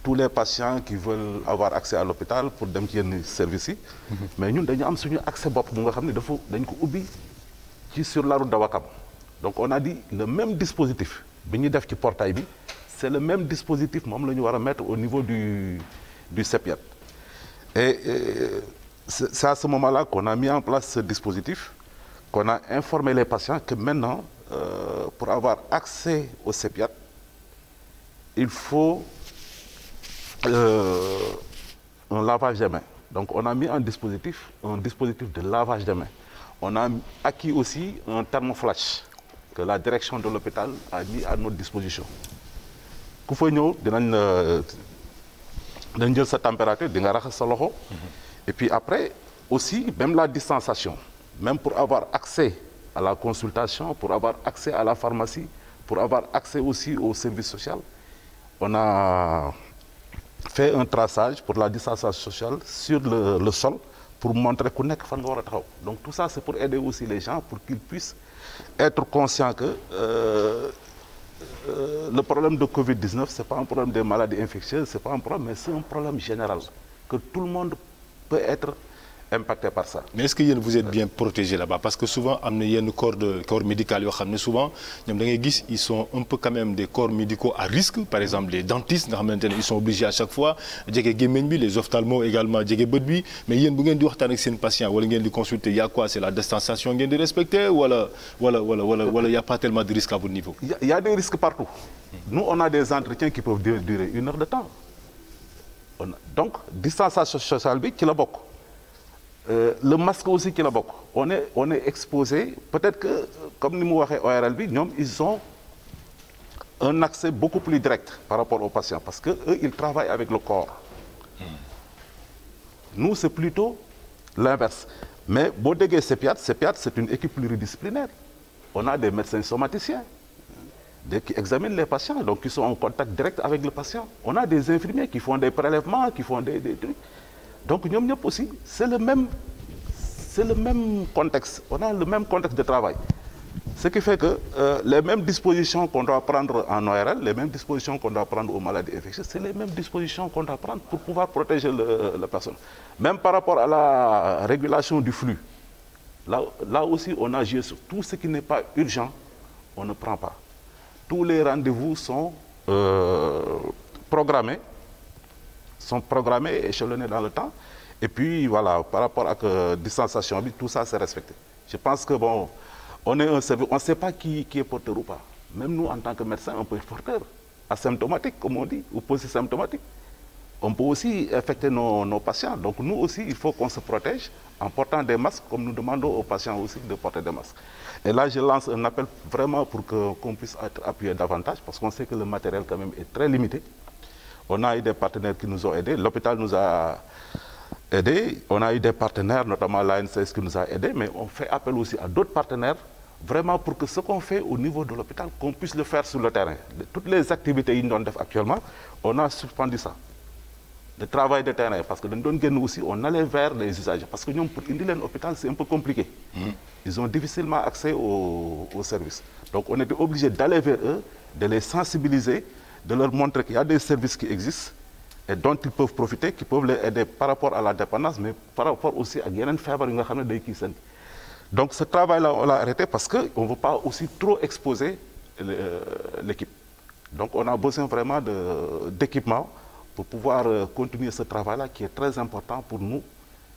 tous les patients qui veulent avoir accès à l'hôpital pour dem ci yenn services yi mhm. mais ñun dañu am suñu accès bopp bu nga xam ne dafa dañ ko ubbi ci sur la route de Wakam donc on a dit le même dispositif bi ñu def ci portail bi c'est le même dispositif moom la ñu war a mettre au niveau du du CEPIAT et c'est à ce moment-là a mis en place ce dispositif kon a informé les patients que maintenant euh, pour avoir accès au CEPIAT il faut un euh, lavage des Donc on a mis un dispositif, un dispositif de lavage des mains. On a acquis aussi un thermoflash que la direction de l'hôpital a mis à notre disposition. ku fa ñëw dinañ euh, dañ jël sa température di nga raxas sa loxo. Mm-hmm. et puis après aussi même la distanciation même pour avoir accès à la consultation pour avoir accès à la pharmacie pour avoir accès aussi au service social on a. fait un traçage pour la distanciation sociale sur le, le sol pour montrer ku nekk fan nga war a taxaw donc tout ça c'est pour aider aussi les gens pour qu'ils puissent être conscients que euh, euh, le problème de Covid-19 c'est pas un problème des maladies infectieuses c'est pas un problème mais c'est un problème général que tout le monde peut être impacté par ça. mais est-ce que yéen vous êtes bien protégé là-bas parce que souvent am na yenn corps de corps médical yoo xam souvent ñoom da ngay gis ils sont un peu quand même des corps médicaux à risque par exemple les dentistes nga xamante ne ils sont obligés à chaque fois jege gémmiñ bi les ophtalmos également jege bët bi mais yéen bu ngeen di waxtaan a quoi c'est la distanciation ngeen di respecter wala wala wala wala a pas tellement de risques à votre niveau. y a, y a des a des entretiens qui peuvent durer une heure de temps donc distanciation sociale bi ci la bokk. Euh, le masque aussi ci la bokk on est on est exposé peut-être que euh, comme ni mu waxee ORL bi ñoom ils ont un accès beaucoup plus direct par rapport aux patients parce que eux ils travaillent avec le corps hmm. nous c'est plutôt l'inverse mais boo déggee CEPIAT CEPIAT c'est une équipe pluridisciplinaire on a des médecins somaticiens de qui examinent les patients donc qui sont en contact direct avec le patient on a des infirmiers qui font des prélèvements qui font donc ñoom ñëpp aussi c'est le même c'est le même contexte on a le même contexte de travail ce qui fait que euh, les mêmes dispositions qu'on doit prendre en ORL les mêmes dispositions qu'on doit prendre aux maladies infectieuses c'est les mêmes dispositions qu'on doit prendre pour pouvoir protéger le, la personne même par rapport à la régulation du flux là là aussi on a joué sur tout ce qui n'est pas urgent on ne prend pas tous les rendez-vous sont euh, programmés sont programmés et échelonnés dans le temps et puis voilà par rapport ak distanciation bi tout ça c'est respecté je pense que bon on est un service on sait pas qui est porteur ou pas même nous en tant que médecin on peut être porteur asymptomatique comme on dit ou polysymptomatique on peut aussi affecter nos nos patients donc nous aussi il faut qu'on se protège en portant des masques comme nous demandons aux patients aussi de porter des masques et là je lance un appel matériel quand même est On a eu des partenaires qui nous ont aidés. L'hôpital nous a aidés. On a eu des partenaires, notamment l'ANCS qui nous a aidés, mais on fait appel aussi à d'autres partenaires vraiment pour que ce qu'on fait au niveau de l'hôpital, qu'on puisse le faire sur le terrain. Toutes les activités inondables actuellement, on a suspendu ça. Le travail de terrain, parce que nous aussi, on allait vers les usagers. Parce que nous, pour Indilen Hôpital, c'est un peu compliqué. Mmh. Ils ont difficilement accès aux au services. Donc on était obligé les sensibiliser, de leur montrer qu'il y a des services qui existent et dont ils peuvent profiter qui peuvent les aider par rapport à la dépendance mais par rapport aussi ak yeneen feebar yi nga xam ne day kii seen donc ce travail là on l'a arrêté parce que on veut pas aussi trop exposer euh, l'équipe donc on a besoin vraiment de d'équipement pour pouvoir euh, continuer ce travail là qui est très important pour nous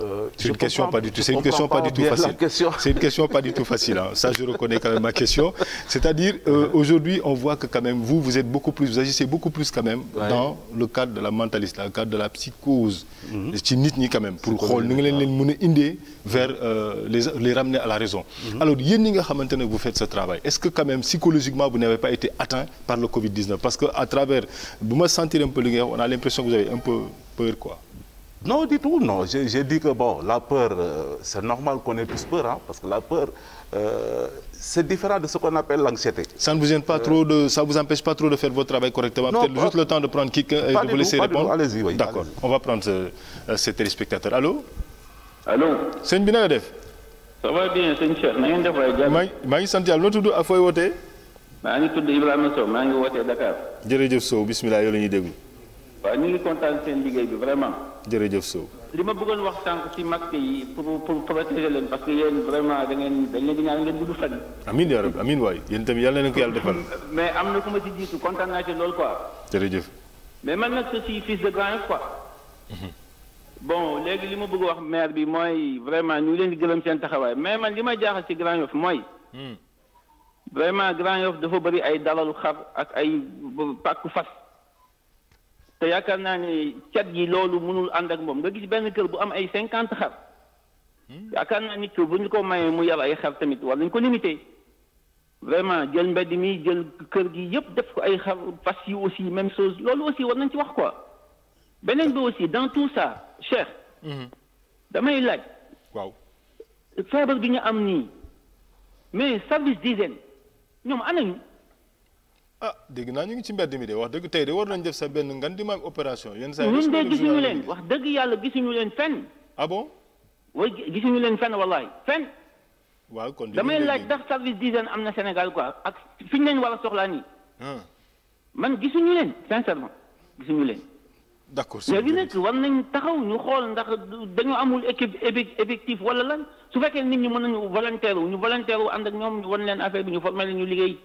Euh, c'est une question pas du tout. C'est une question pas, du tout facile. C'est une question pas du tout facile. Hein. je reconnais quand ma question. C'est-à-dire euh, aujourd'hui, on voit quand même vous, vous agissez beaucoup plus quand même dans le cadre de la mentalité, le cadre de la psychose. Mhm. ci nit ñi quand même pour xool ni nga leen leen a indee vers euh, les les ramener à la raison. Mhm. alors yéen ñi nga xamante vous faites ce travail est-ce que quand Non, du tout, non. J'ai dit que, la peur, euh, c'est normal qu'on ait tous parce que la peur, euh, c'est différent de ce qu'on appelle l'anxiété. Ça vous gêne pas euh, trop de... Ça vous empêche pas trop de faire votre travail correctement Peut-être juste le temps de prendre quelqu'un euh, et de vous laisser répondre D'accord, on va prendre ce, euh, ces téléspectateurs. Allô Allô Sëñ bi na nga def ça va bien sëñ Cheikh na ngeen def waay jàmm. maa ngi maa bismillah yow ñuy déglu waaw ñu ngi kontaan seen liggéey bi vraiment. jërëjëf Sow. li ma bëggoon wax sànq ci mag yi pour pour protéger leen parce que yéen vraiment da ngeen dañ leen di ñaan ngeen gudd fan. amiin yaa rabbi amiin waay tamit yàlla na leen ko yàlla defal. mais am na ku ma ci jiitu kontaan naa ci loolu quoi. jërëjëf. mais man nag je suis fils de grand quoi. Mhm. bon léegi li ma bëgg wax maire bi mooy vraiment ñu ngi leen di gërëm seen taxawaay mais man li may jaaxal ci Grand Yoff mooy. Hmm. vraiment Grand dafa bëri ay dalalu xar ak ay pàkku te yaakaar naa ne cat gi loolu mënul ànd ak moom nga gis benn kër bu am ay cinquante xar hmm. yaakaar naa nit ki bu ñu ko mayee mu yar ay xar tamit war nañ ko limité vraiment jël mbedd mi jël kër gi yëpp def ko ay xar fas yi aussi même chose loolu aussi war nañ ci wax quoi beneen bi aussi dans tout ça cher hmm. damay laaj waaw feebar bi ñu am nii mais service d'hygiène ñoom anañu ah dégg naa ñu ngi ci mbedd mi de wax dëgg tey de war nañ def sa benn ngan di maam opération yenn saa yi ñun de gisuñu leen wax dëgg yàlla gisuñu leen fenn ah bon way gisuñu leen fenn wallahi fenn waaw kon damay laaj ndax service d'hygiène am na Sénégal quoi ak fi ñu war a soxlaa ah. man gisuñu leen sincèrement gisuñu leen d'accord léegi war nañ taxaw ñu xool ndax dañu amul équipe effectif wala lan su fekkee nit ñu mën nañu volontaire wu ñu volontaire wu ànd ak ñoom ñu wan leen affaire bi ñu formé leen ñu liggéey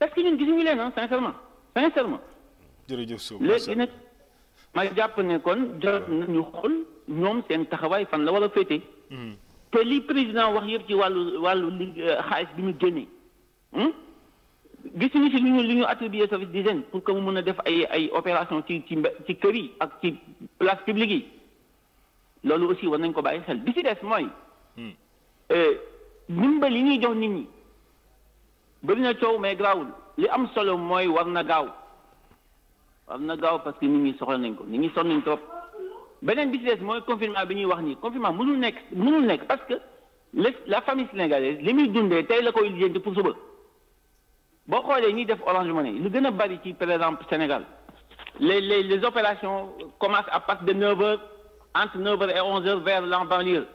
parce que ñun gisuñu leen ah sincèrement sincèrement. jërëjëf Sow léegi nag ma jàpp ne kon jot nañu xool ñoom teen taxawaay fan la war a féete. Hmm. te li président wax yëpp ci wàllu wàllu li euh, xaalis bi mu génnee. Hmm? gisuñu si lu ñu lu ñu attribué service d'hygiène pour que mu mën a def ay ay opération ci ci ci kër yi ak ci place publique yi loolu aussi war nañ ko bàyyi xel bi si des mooy. Hmm. Euh, ndimbal yi ñuy jox nit ñi. bëri na coow mais garaawul li am solo mooy war na gaaw war na gaaw parce que nit ñi soxla nañ ko nit ñi sonn nañ trop beneen bi ci des mooy confinement bi ñuy wax nii confinement mënul nekk mënul nekk parce que la famille sénégalaise li muy dundee tey la koy pou pour ba boo xoolee ñuy def orange money lu gën a bari ci par exemple Sénégal le les les opérations commencent à partir de 9 heures entre 9 heures et 11 heures vers la banlieue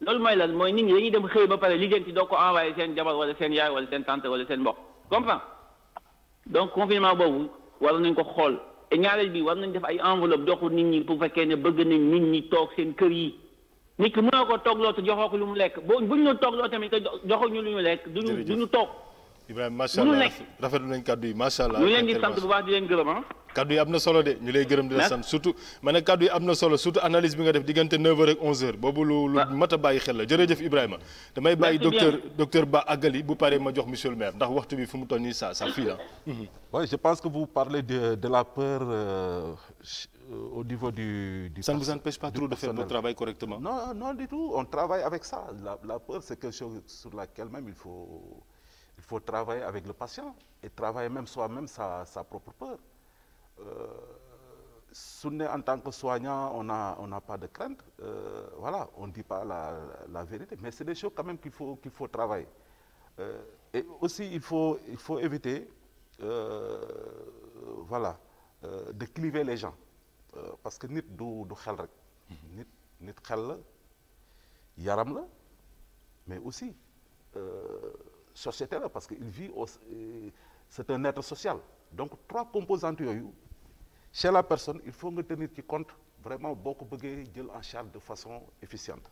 loolu mooy lan mooy nit ñi dañuy dem xëy ba pare lijjanti doo ko envoyé seen jabar wala seen yaay wala seen tante wala seen mbokk comprend donc confinement boobu war nañ ko xool e ñaareel bi war nañ def ay enveloppe doxul nit ñi bu fekkee ne bëgg nañ nit ñi toog seen kër yi nit ki mënoo ko toog te joxoo ko lu mu lekk boo bu ñu la toogloo tamit te joxuñu lu ñu lekk du ñu toog Ibrahima macha allah rafetlu nañ kaddu yi macha allah. ñu bu baax di leen gërëm ah. kaddu yi am na solo de ñu lay gërëm di la sant surtout ma ne kaddu yi am na solo surtout analyse bi nga def diggante 9h ak boobu lu mat a bàyyi xel la jërëjëf Ibrahima damay bàyyi docteur docteur Ba àggali bu paree ma jox monsieur le maire ndax waxtu bi fu mu toll nii ça ça fii mhm. ah je pense que vous parlez de la peur euh, au niveau du du ça ne vous empêche pas trop de faire votre travail correctement non non du tout on travaille avec ça la la peur c'est quelque faut travailler avec le patient et travailler même soi-même sa, sa, propre peur. Euh, Souvenez, en tant que soignant, on a on a pas de crainte. Euh, voilà, on ne dit pas la, la vérité. Mais c'est des choses quand même qu'il faut, qu'il faut euh, et aussi, il faut, il faut éviter euh, voilà, euh, de cliver les gens. parce que nit du, du xel rek. nit nit xel la yaram la mais aussi. société la parce que il vit au euh, c'est un être social donc trois composantes yooyu chez la personne il faut nga tenir ci compte vraiment boo ko bëggee jël en charge de façon efficiente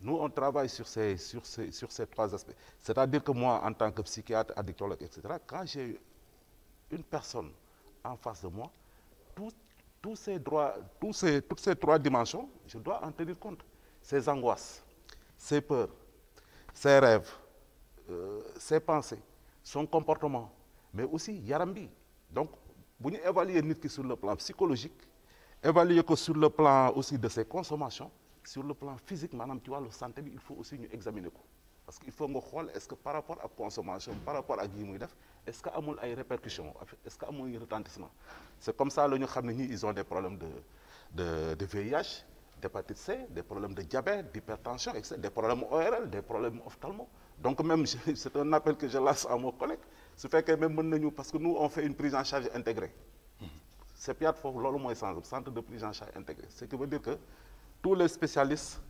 nous on travaille sur ces sur sur ces trois aspects c'est-à-dire que moi en tant que psychiatre addictologue et cetera quand j'ai une personne en face de moi tout tous ces droits tous trois dimensions je dois en tenir compte ses angoisses ses peurs ses rêves Euh, ses pensées son comportement mais aussi yaram bi donc bu ñu évaluer nit ki sur le plan psychologique évaluer ko sur le plan aussi de ses consommations sur le plan physique maanaam ci wàllu santé bi il faut aussi ñu examiner ko parce que il faut nga xool est-ce que par rapport ak consommation par rapport ak yi muy def est-ce que amul ay répercussions est-ce que amul retentissement c'est comme ça la ñu xam ne ñii ils ont des problèmes de de de VIH d'hépatite C des problèmes de diabète donc même c'est un appel que je lance à mon collègue su fekkee même mën nañu parce que nous on fait une prise en charge intégrée foofu loolu mooy sens centre de prise en charge intégrée ce qui veut dire que tous les spécialistes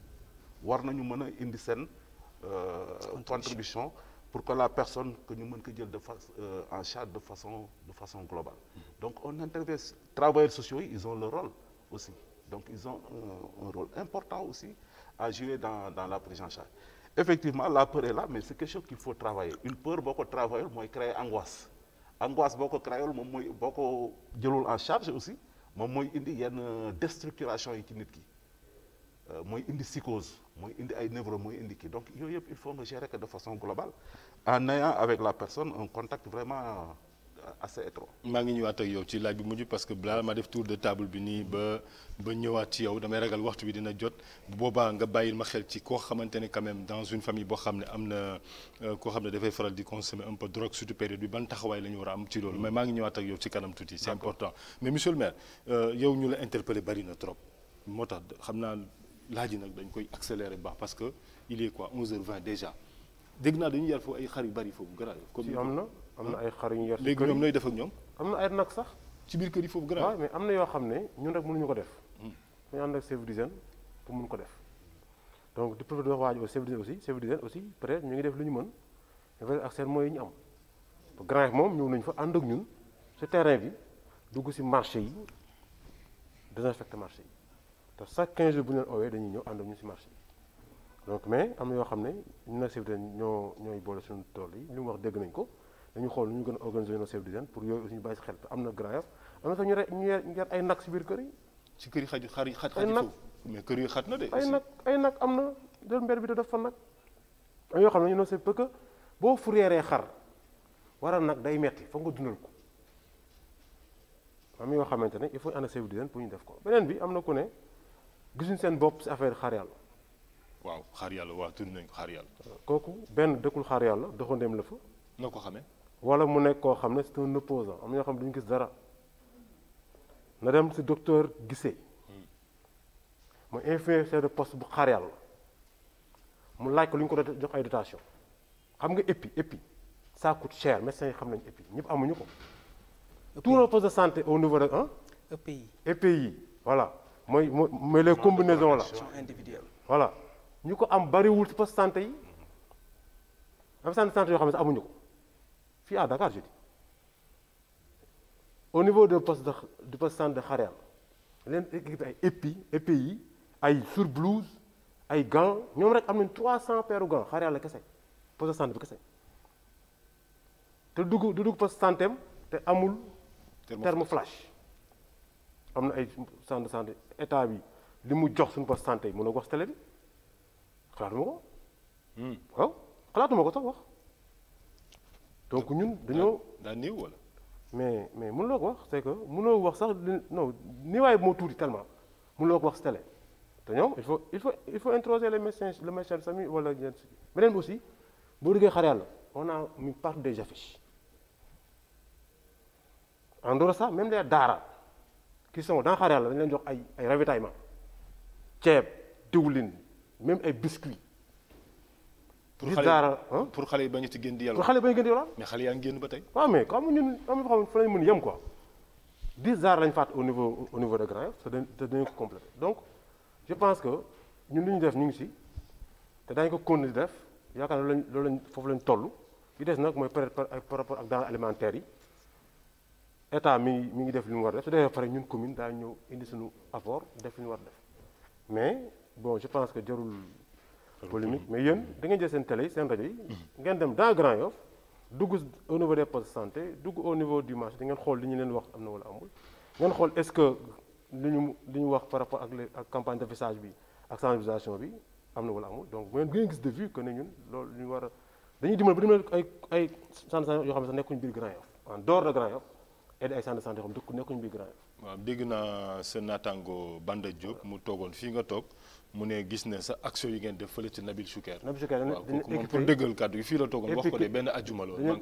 war nañu mën a indi seen euh, contribution pour que la personne que ñu mën ko jël de fa euh, en charge de façon façon globale donc on intervient travailleurs sociaux yi ils ont leur rôle aussi donc ils ont un, rôle important aussi à jouer dans dans la prise en charge effectivement la peur est mais c'est quelque chose qu'il faut travailler une peur boo ko travaillé mooy créer angoisse angoisse boo ko créé moom mooy boo ko jëlul en charge aussi moom mooy indi yenn déstructuration yi ci nit ki euh, mooy indi psychose mooy indi ay névrose mooy indi kii donc yooyu yëpp il faut nga gérer que de façon globale en ayant avec la personne un contact vraiment assez étroit. maa ngi ñëwaat ak yow ci laaj bi mujj parce que balaa ma def tour de table bi nii ba ba ñëwaat ci yow damay ragal waxtu bi dina jot bu boobaa nga bàyyil ma xel ci koo xamante ne quand même dans une famille boo xam ne am na euh, koo xam ne dafay faral di consommer un peu drogue surtout période bi ban taxawaay la ñu war a am ci loolu mais maa ngi ñëwaat ak yow ci kanam tuuti c'est important mais monsieur le maire euh, yow ñu la interpellé bari na trop moo tax xam naa laaj nag dañ koy accélérer baax parce que il est quoi 11 h naa dañuy yar foofu xar yu bari foofu garaaw comme am na am na ay xar yu ñu yor si léegi ñoom nooy def ak am na ay nag sax ci biir kër yi foofu grave mais am na yoo xam ne ñun rek mënuñu ko def hmm. ñu ànd ak chef d'hygiène pour mun ko def donc di profité wax aussi chef d'hygiène peut être ñu def lu ñu mën dafa ak seen moyens yi ñu moom ñëw nañu fa ànd ak ñun ci terrain bi dugg si marché yi désinfecté marché te chaque 15 bu ñu leen oowee dañuy ànd ak ñun si marché yi donc mais am yoo xam ne ñun nag chef d'hygiène ñoo ñooy boole suñu tool yi ñu mu wax dégg nañ ko dañu xool nu ñu gën a organiser nos chefs d'hygiène pour yooyu aussi ñu bàyyi si xel te am na Grand Yoff am na sax ñu ñu yar ay nag si biir kër yi si kër yi xaj xar xaj xaj foofu mais kër yi xat na de ay nag ay nag am na del bi da def fa nag am yoo xam ne ñu nos parce boo fourrière xar waral nag day metti foog nga dundal ko am yoo xamante ne il faut ànd chef pour ñu def ko beneen bi am na ku ne gisuñu seen bopp si affaire xaar yàlla waaw xar yàlla waaw tudd nañ ko xaar yàlla kooku benn dëkkul xaar yàlla doxandeem la fa na ko xamee wala mu nekk koo xam ne c'est un opposant am ñoo xam ne duñu gis dara na dem si docteur Guissé mu infirmier de poste bu xaar yàlla mu laaj ko lu ñu ko jox ay dotation xam nga épi épi ça coûte cher médecins xam nañu épi ñëpp amuñu ko. tout le poste de santé au niveau de ah. voilà mooy mooy les combinaisons là voilà ñu ko am bariwul si poste santé yi am santé santé yoo xam ne amuñu ko. fii à Dakar je au niveau de poste de du poste centre de Xareel leen ay épi épi yi ay sur surblouse ay gants ñoom rek am nañ 300 paires de gants Xareel la kese poste centre bi kese te dugg du dugg poste santeem te amul. thermoflash am na ay centre de santé état bi li mu jox suñu poste santé mu mën na ko wax télé bi xalaatuma ko. Hmm. xalaatuma ko sax wax. donc ñun dañoo daa néew wala. mais mais loo ko wax c'est que mënoo wax sax non niwaay moo tuuti tellement mënuloo ko wax si télé te ñoom il faut il faut il la introduire les médecins le médecin de famille wala ñenn beneen aussi boo déggee xar la on a mis part des affiches en dehors sax même les daara qui sont dans xar yàlla dañ leen jox ay ay ravitaillement ceeb diwlin même ay biscuits pour daara pour xale yi bañ ci génn di yàlla pour xale yi bañ génn di yàlla mais xale yaa ngi génn ba tey waaw mais comme ñun am xam fa lañ mën yem quoi dix daara lañ faat au niveau au niveau de Grand Yoff te dañu ko complété donc je pense que ñun li ñu def ñu ngi si te daañu ko continuer di def yaakaar na loolu lañ loolu lañ foofu lañ toll li des nag mooy peut être par rapport ak denrées alimentaires yi état mi mi ngi def li mu war def su defee pare ñun commune daa ñëw indi suñu apport def li ñu war def mais bon je pense que jarul polémique mais yéen da ngeen jël seen télé yi seen rajo ngeen dem daa Grand Yoff dugg au niveau des postes de santé dugg au niveau du marché di ngeen xool li ñu leen wax am na wala amul. ngeen xool est-ce que li ñu li ñu wax par rapport ak ak campagne de affichage bi ak sensibilisation bi am na wala amul donc bu ngeen gis de vue que ne ñun loolu ñu war a dañuy dimbali ba dimbali ay ay yoo xam ne sax nekkuñu biir Grand Yoff en dehors de Grand Yoff et ay centres de santé yoo xam nekkuñu biir Grand Yoff. waaw dégg naa sa naataango Banda Diop mu toogoon fii nga toog. mu ne gis ne sa action yi ngeen def fële ci Nabil Choucair. Nabil Choucair moom pour dëggal kàddu gi fii la toogoon wax ko de benn ajjuma la woon.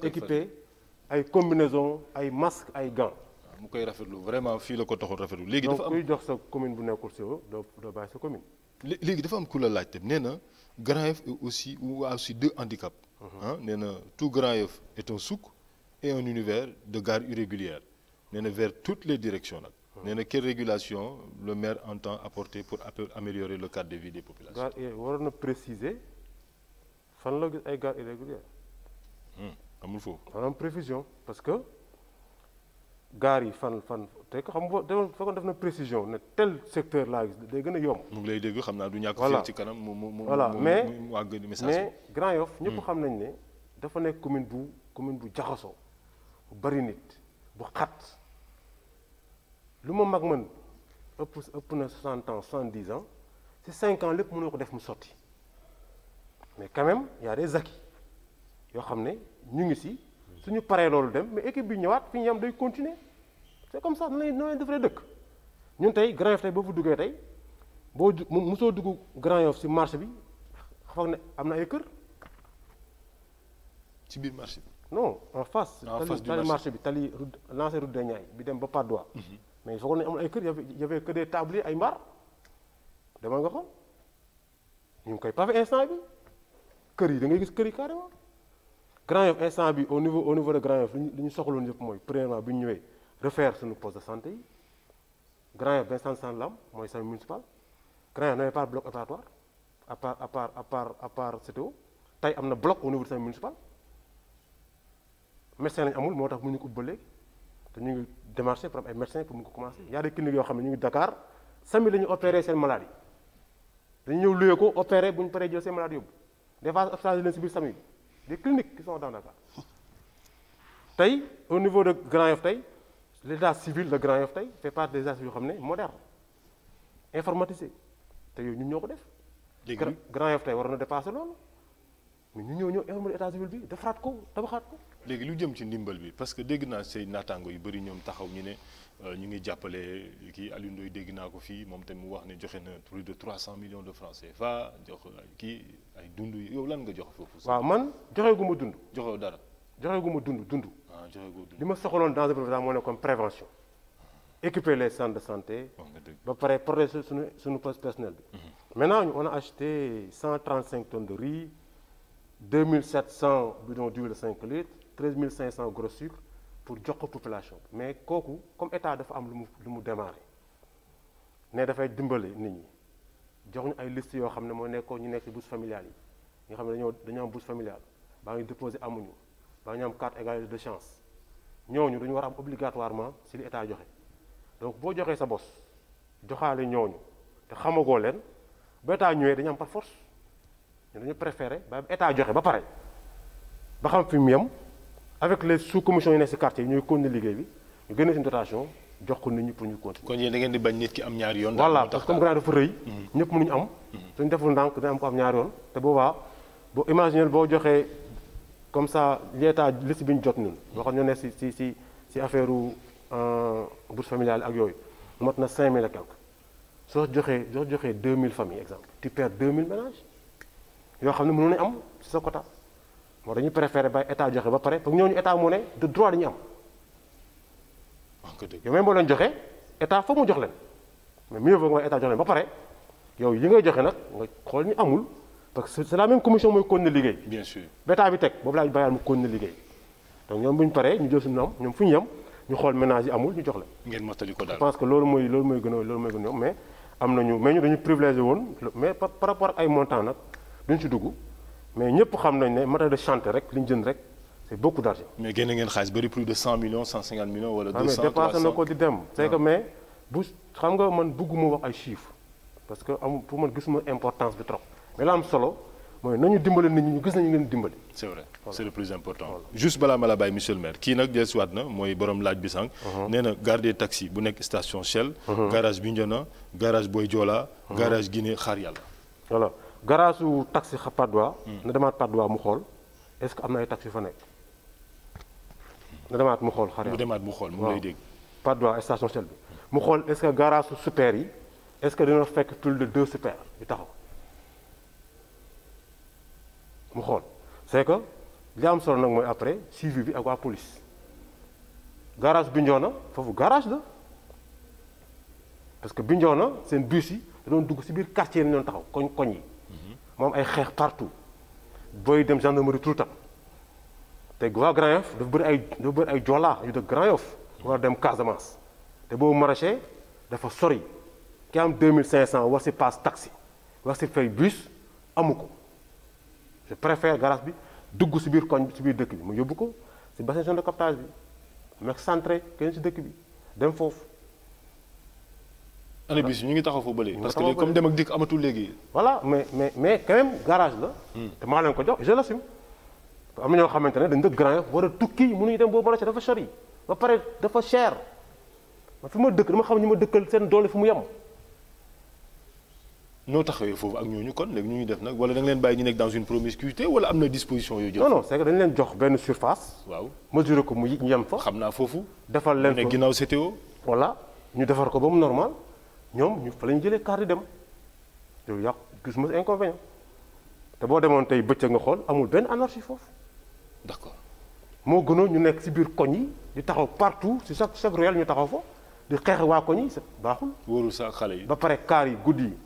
ay combinaison ay masque ay gants. mu koy rafetlu vraiment fii la ko taxul rafetlu. léegi dafa am donc kuy commune bu nekkul si yow commune. léegi dafa am ku la laajte nee na Grand Yoff est aussi ou a aussi deux uh-huh. na tout Grand Yoff est un souk et un univers de gare irrégulière nee na vers toutes les directions nag. nee na quelle régulation le maire entend apporter pour améliorer le cadre de vie des populations. gare eh, waroon na préciser fan la gis ay gares irrégulières. Hmm, amul foofu. maanaam précision parce que gar yi fan fan te xam nga foogoon def na précision ne tel secteur laa gis day gën a yomb. mu ngi lay dégg xam naa du ñàkk. voilà ti kanam mu mu mu mu mais mais Grand Yoff ñëpp hmm. xam nañ ne dafa nekk commune bu commune bu jaxasoo bu bari nit bu xat. lu ma mag man ëpp ëpp na 60 ans 70 ans ci 5 ans lépp mënoo ko def mu sotti mais quand même y a yoo xam ne ñu ngi si suñu paree loolu dem mais équipe bi ñëwaat fi ñu yam day continuer c'est comme ça na lay na defaree dëkk ñun tey Grand Yoff tey boo fa duggee tey boo ju mosoo dugg Grand Yoff si marché bi foog ne am na ay kër. ci biir marché bi. non en face. en face marché bi tali route lancé route des bi dem ba Patte d'Oie. Mhm. mais foogoon nañu amul ay kër y avait que des tabliers ay mbaar nga xool ñu ngi koy pavé instant bi kër yi da ngay gis kër yi carrément Grand Yoff instant bi au niveau au niveau de Grand Yoff li ñu soxloon yëpp mooy premièrement bi ñu ñëwee refaire suñu poste de santé yi Grand Yoff Vincent Sanlam mooy service municipal Grand Yoff n'avait pas bloc opératoire à part à part à part à part CTO tey am na bloc au niveau du service municipal médecin lañu amul moo tax mu ko ubbi ba te ñu ngi démarché pour am ay médecins pour mu ko commencé y a des cliniques yoo xam ne ñu ngi Dakar sami la ñu seen malade yi dañu ñëw luyee ko opéré bu ñu paree jël seen malade yóbbu des fois opération leen si biir sami des cliniques qui sont dans Dakar tey au niveau de Grand Yoff tey l' état civil de Grand Yoff tey fait partie des états yoo xam ne moderne informatisé te yooyu ñu ñëw ko def. dégg Grand Yoff tey war na dépassé loolu mais ñu ñëw ñëw informer état civil ko tabaxaat ko. léegi lu jëm ci ndimbal bi parce que dégg naa say naataango yu bëri ñoom taxaw ñu ne euh, ñu ngi jàppale kii Alioune yi dégg naa ko fii moom tamit mu wax ne joxe na plus de 300 millions de francs CFA jox kii ay dund yow lan nga jox foofu. waaw man joxe gu ma dund. joxe dara joxe gu ma dund dund. waaw ah, li ma soxaloon dans un premier temps moo nekkoon prévention. équiper les centres de santé. Oh, ba pare protéger suñu suñu personnel bi. Mhm. maintenant on a acheté 135 tonnes de riz 2700 bidons d'huile de 5 litres. cinq 13500 gros sucre pour jox ko population mais kooku comme état dafa am lu mu lu mu démarré ne dafay dimbali nit ñi jox ñu ay liste yoo xam ne moo nekkoo ñu nekk ci bourse familiale yi nga xam ne dañoo dañoo am bourse familial baa ngi déposé amuñu baa ngi am carte égalité de chance ñooñu dañu war a am obligatoirement si li état joxe donc boo joxee sa bos joxaale ñooñu te xamagoo leen ba état ñëwee dañu am par force ñu dañu préféré ba état joxe ba pare ba avec les sous commissions yu nekk si quartier yi ñooy continuer liggéey ñu génne seen dotation jox ko nit ñi pour ñu continuer. kon yéen da ngeen di bañ nit ki am ñaari yoon. voilà parce que comme grand dafa rëy. Hmm. ñëpp mënuñu am. Hmm. suñ deful ndànk dina am ko am ñaari yoon te boobaa boo imaginer boo joxee comme ça l'état liste bi ñu jot ñun. boo xam ne ñoo si si si si affaire euh, bourse familiale ak yooyu mot na 5000 et quelque soo joxee soo joxee 2000 familles exemple tu perds 2000 ménages yoo xam ne mënu nañ am si sa quota. moo dañu préféré ba état joxe ba pare parce ñoo ñooñu état mu ne de droit dañu am. yow même boo leen joxe état foog mu jox leen mais mieux vaut nga état jox yow yi ngay joxe nag nga xool ñu amul parce que c'est la même commission mooy continuer liggéey. bien sûr ba état bi boobu laa ñu bàyyiwaat mu continuer liggéey donc ñoom bu ñu paree ñu jël suñu am ñoom fu ñu yem ñu xool ménage yi amul ñu jox leen. ngeen mottali ko daal que loolu mooy loolu mooy gën a loolu mooy gën a mais mais ñu dañu par rapport ak ay montant nag duñ si dugg. mais ñëpp xam nañ ne matériel de chantier rek li ñu jënd rek c' est beaucoup d' argent. mais génne ngeen xaalis bëri plus de cent millions cent cinquante millions. wala ah, deux cent na ko di dem. Ah. c' est mais bu xam nga man bëgguma wax ay chiffres parce que am pour man gisuma importance bi trop mais la am solo. mooy nañu dimbali nit ñi gis nañu leen dimbali. c' important. Voilà. juste balaa ma la bàyyi monsieur le maire kii nag dellusiwaat na mooy borom laaj bi sànq. Uh-huh. nee na gare des taxis bu nekk station Shell. Uh-huh. garage Bignona garage Boy Diola. Uh-huh. garage Guinée xaar yàlla. voilà garage tax taxi xa Padois hmm. na demaat Padois mu xool est-ce que am na tax taxi fa nekk na demaat mu xool xare mu demaat mu xool mu lay dégg Padois station Shell bi mu xool est-ce garage su super yi est-ce que dina fekk plus de deux super yu taxaw mu xool c'est que li am solo nag mooy après suivi bi ak waa police garage Bignona foofu garage la parce que bi Bignona seen bus yi da doon dugg si biir quartier yi ñu taxaw koñ koñ yi moom ay xeex partout booy dem gendarmerie tout le temps te waa Grand Yoff dafa bëri ay dafa bëri ay joolaa war dem Casamance te boobu maraîcher dafa sori ki am 2500 war si paas taxi war si fay bus amu ko je préfère garage bi dugg si biir koñ si biir dëkk bi mu yóbbu ko si bassin zone de captage bi mu centré kenn si dëkk bi dem foofu. année bis ñu ngi taxaw foofu ba léegi. parce que comme dem ak dikk amatul léegi. voilà mais mais mais quand même garage la. te maa leen ko jox la l'assume. am na ñoo xamante ne dañ dëkk Grand Yoff war a tukki mënuñu dem boobu marché dafa sori ba pare dafa cher man ma dëkk dama xam ñu ma dëkkal seen doole fu mu yem. noo taxawee foofu ak ñooñu kon léegi ñu ñu def nag wala da leen bàyyi ñu nekk dans une promiscuité wala am na disposition yooyu jël. non non c'est que leen jox benn surface. waaw mesuré ko mu ñu yem fa. xam naa foofu. defal leen ko ne ginnaaw CTO. voilà ñu defar ko ba mu normal. ñoom ñu fa lañ jëlee carte dem yow yàqu ma inconvénient te boo demoon tey bëccëg nga xool amul benn anarchie foofu d'accord moo gënoon ñu nekk ci biir koñ yi di taxaw partout ci chaque chaque ñu taxaw foofu di xeex waa koñ yi baaxul. wóorul sa xale yi. ba pare kaar yi guddi yi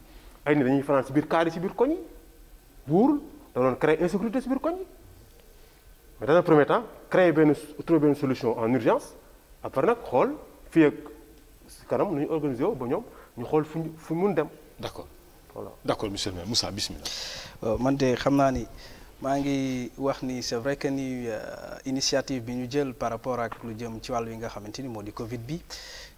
ay nit dañuy fanaan ci biir kaar yi ci biir koñ yi wóorul da doon créer insécurité ci biir koñ yi mais dans un premier temps créer benn trouver benn solution en urgence après nag xool fii ak ci kanam nu ñu wu ba ñoom. ñu xool fu ñu fu mun dem. d' accord voilà d' accord monsieur le maire Moussa man de xam naa ni maa ngi wax ni c' est vrai que ni euh, initiative bi ñu jël par rapport ak lu jëm ci wàll yi nga xamante ni moo di Covid bi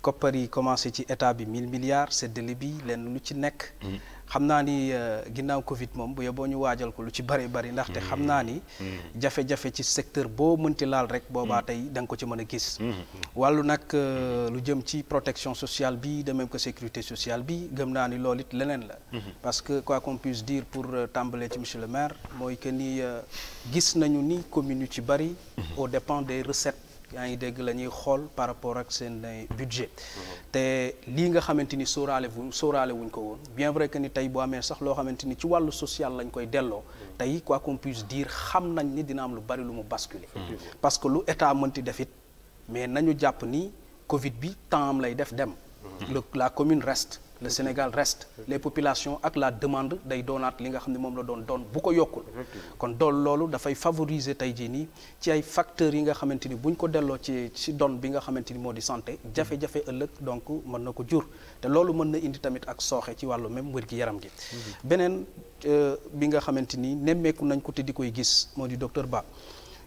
koppar yi commencé ci état bi mille milliards séddale bi leen lu ci nekk. Mm-hmm. xam naa ni euh, ginnaaw Covid moom bu yeboo ñu waajal ko lu ci bari bari ndaxte xam naa ni. Mm. Mm. jafe-jafe ci secteur boo mënti laal rek. boobaa mm. tey danga ko ci mën a gis. wàllu nag euh, lu jëm ci protection sociale bi de même que sécurité sociale bi gëm naa ni loolu it leneen la. Mm-hmm. parce que quoi qu'on puisse dire pour euh, tàmbalee ci monsieur le maire mooy que ni gis nañu ni commune yu ci bari. Mm-hmm. au dépend des recettes. yaa ngi dégg la ñuy xool par rapport ak seen eh, budget mhm. te lii nga xamante ni sóoraale wuñ sóoraale wuñ ko woon bien vrai que ni tey boo amee sax loo xamante ni ci wàllu social lañ koy delloo mhm. tey quoi qu'on puisse dire xam nañ ni dina am lu bari lu mu basculer parce que lu état mënti def it mais nañu jàpp ni covid bi temps am lay def dem mhm. la commune reste le Sénégal reste les population ak la demande day doonaat li nga xam ne moom la doon don bu ko yokkul kon dool loolu dafay favoriser tey jii nii ci ay facteur yi nga xamante ni bu ko delloo ci ci don bi nga xamante ni moo di santé jafe-jafe ëllëg donc mën na ko jur te loolu mën na indi tamit ak sooxe ci wàllu même wér-gi-yaram gi mhm. beneen euh, bi nga xamante ni nemmeeku nañ ko te di koy gis moo di docteur Ba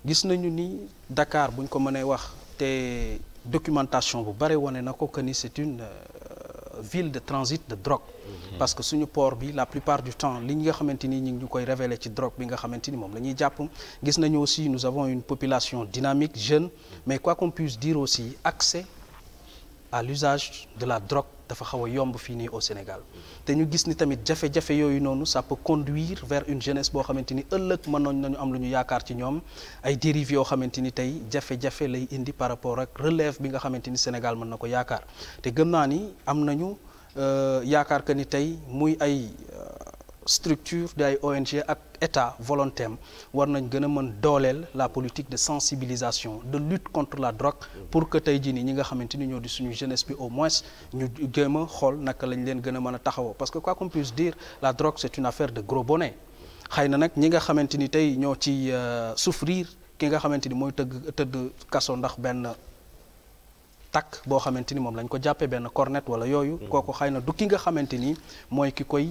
gis nañu ni dakaar buñ ñu ko mënee wax te documentation bu bare wane na ko que ni c'est une euh, ville de transit de drogue parce que suñu port bi la plupart du temps li nga xamante ni ñu ngi ñu koy révélé ci drogue bi nga xamante ni moom la ñuy jàpp gis nañu aussi nous avons une population dynamique jeune mais quoi qu'on puisse dire aussi accès à l'usage de la drogue dafa xaw a yomb fii nii au Sénégal te ñu gis ni tamit jafe-jafe yooyu noonu ça peut conduire vers une jeunesse boo xamante ni ëllëg mënoon nañu am lu ñu yaakaar ci ñoom ay dérives yoo xamante ni tey jafe-jafe lay indi par rapport ak relève bi nga xamante ni Sénégal mën na ko yaakaar te gën naa ni am nañu euh, yaakaar que ni tey muy ay euh, structure di ay ONG ak état volonté war nañ gën a mën dooleel la politique de sensibilisation de lutte contre la drogue pour que tey jii nii ñi nga xamante ni ñoo di suñu jeunesse bi au moins ñu gëm a xool naka lañ leen gën a mën a taxawoo parce que quoi qu'on puis dire la drogue c'est une affaire de gros bonnets xëy na nag ñi nga xamante ni tey ñoo ci euh, souffrir ki nga xamante ni mooy tëgg tëdd kaso ndax benn takk boo xamante ni moom lañ ko jàppee benn cornet wala yooyu mm. kooku xëy na du ki nga xamante ni mooy ki koy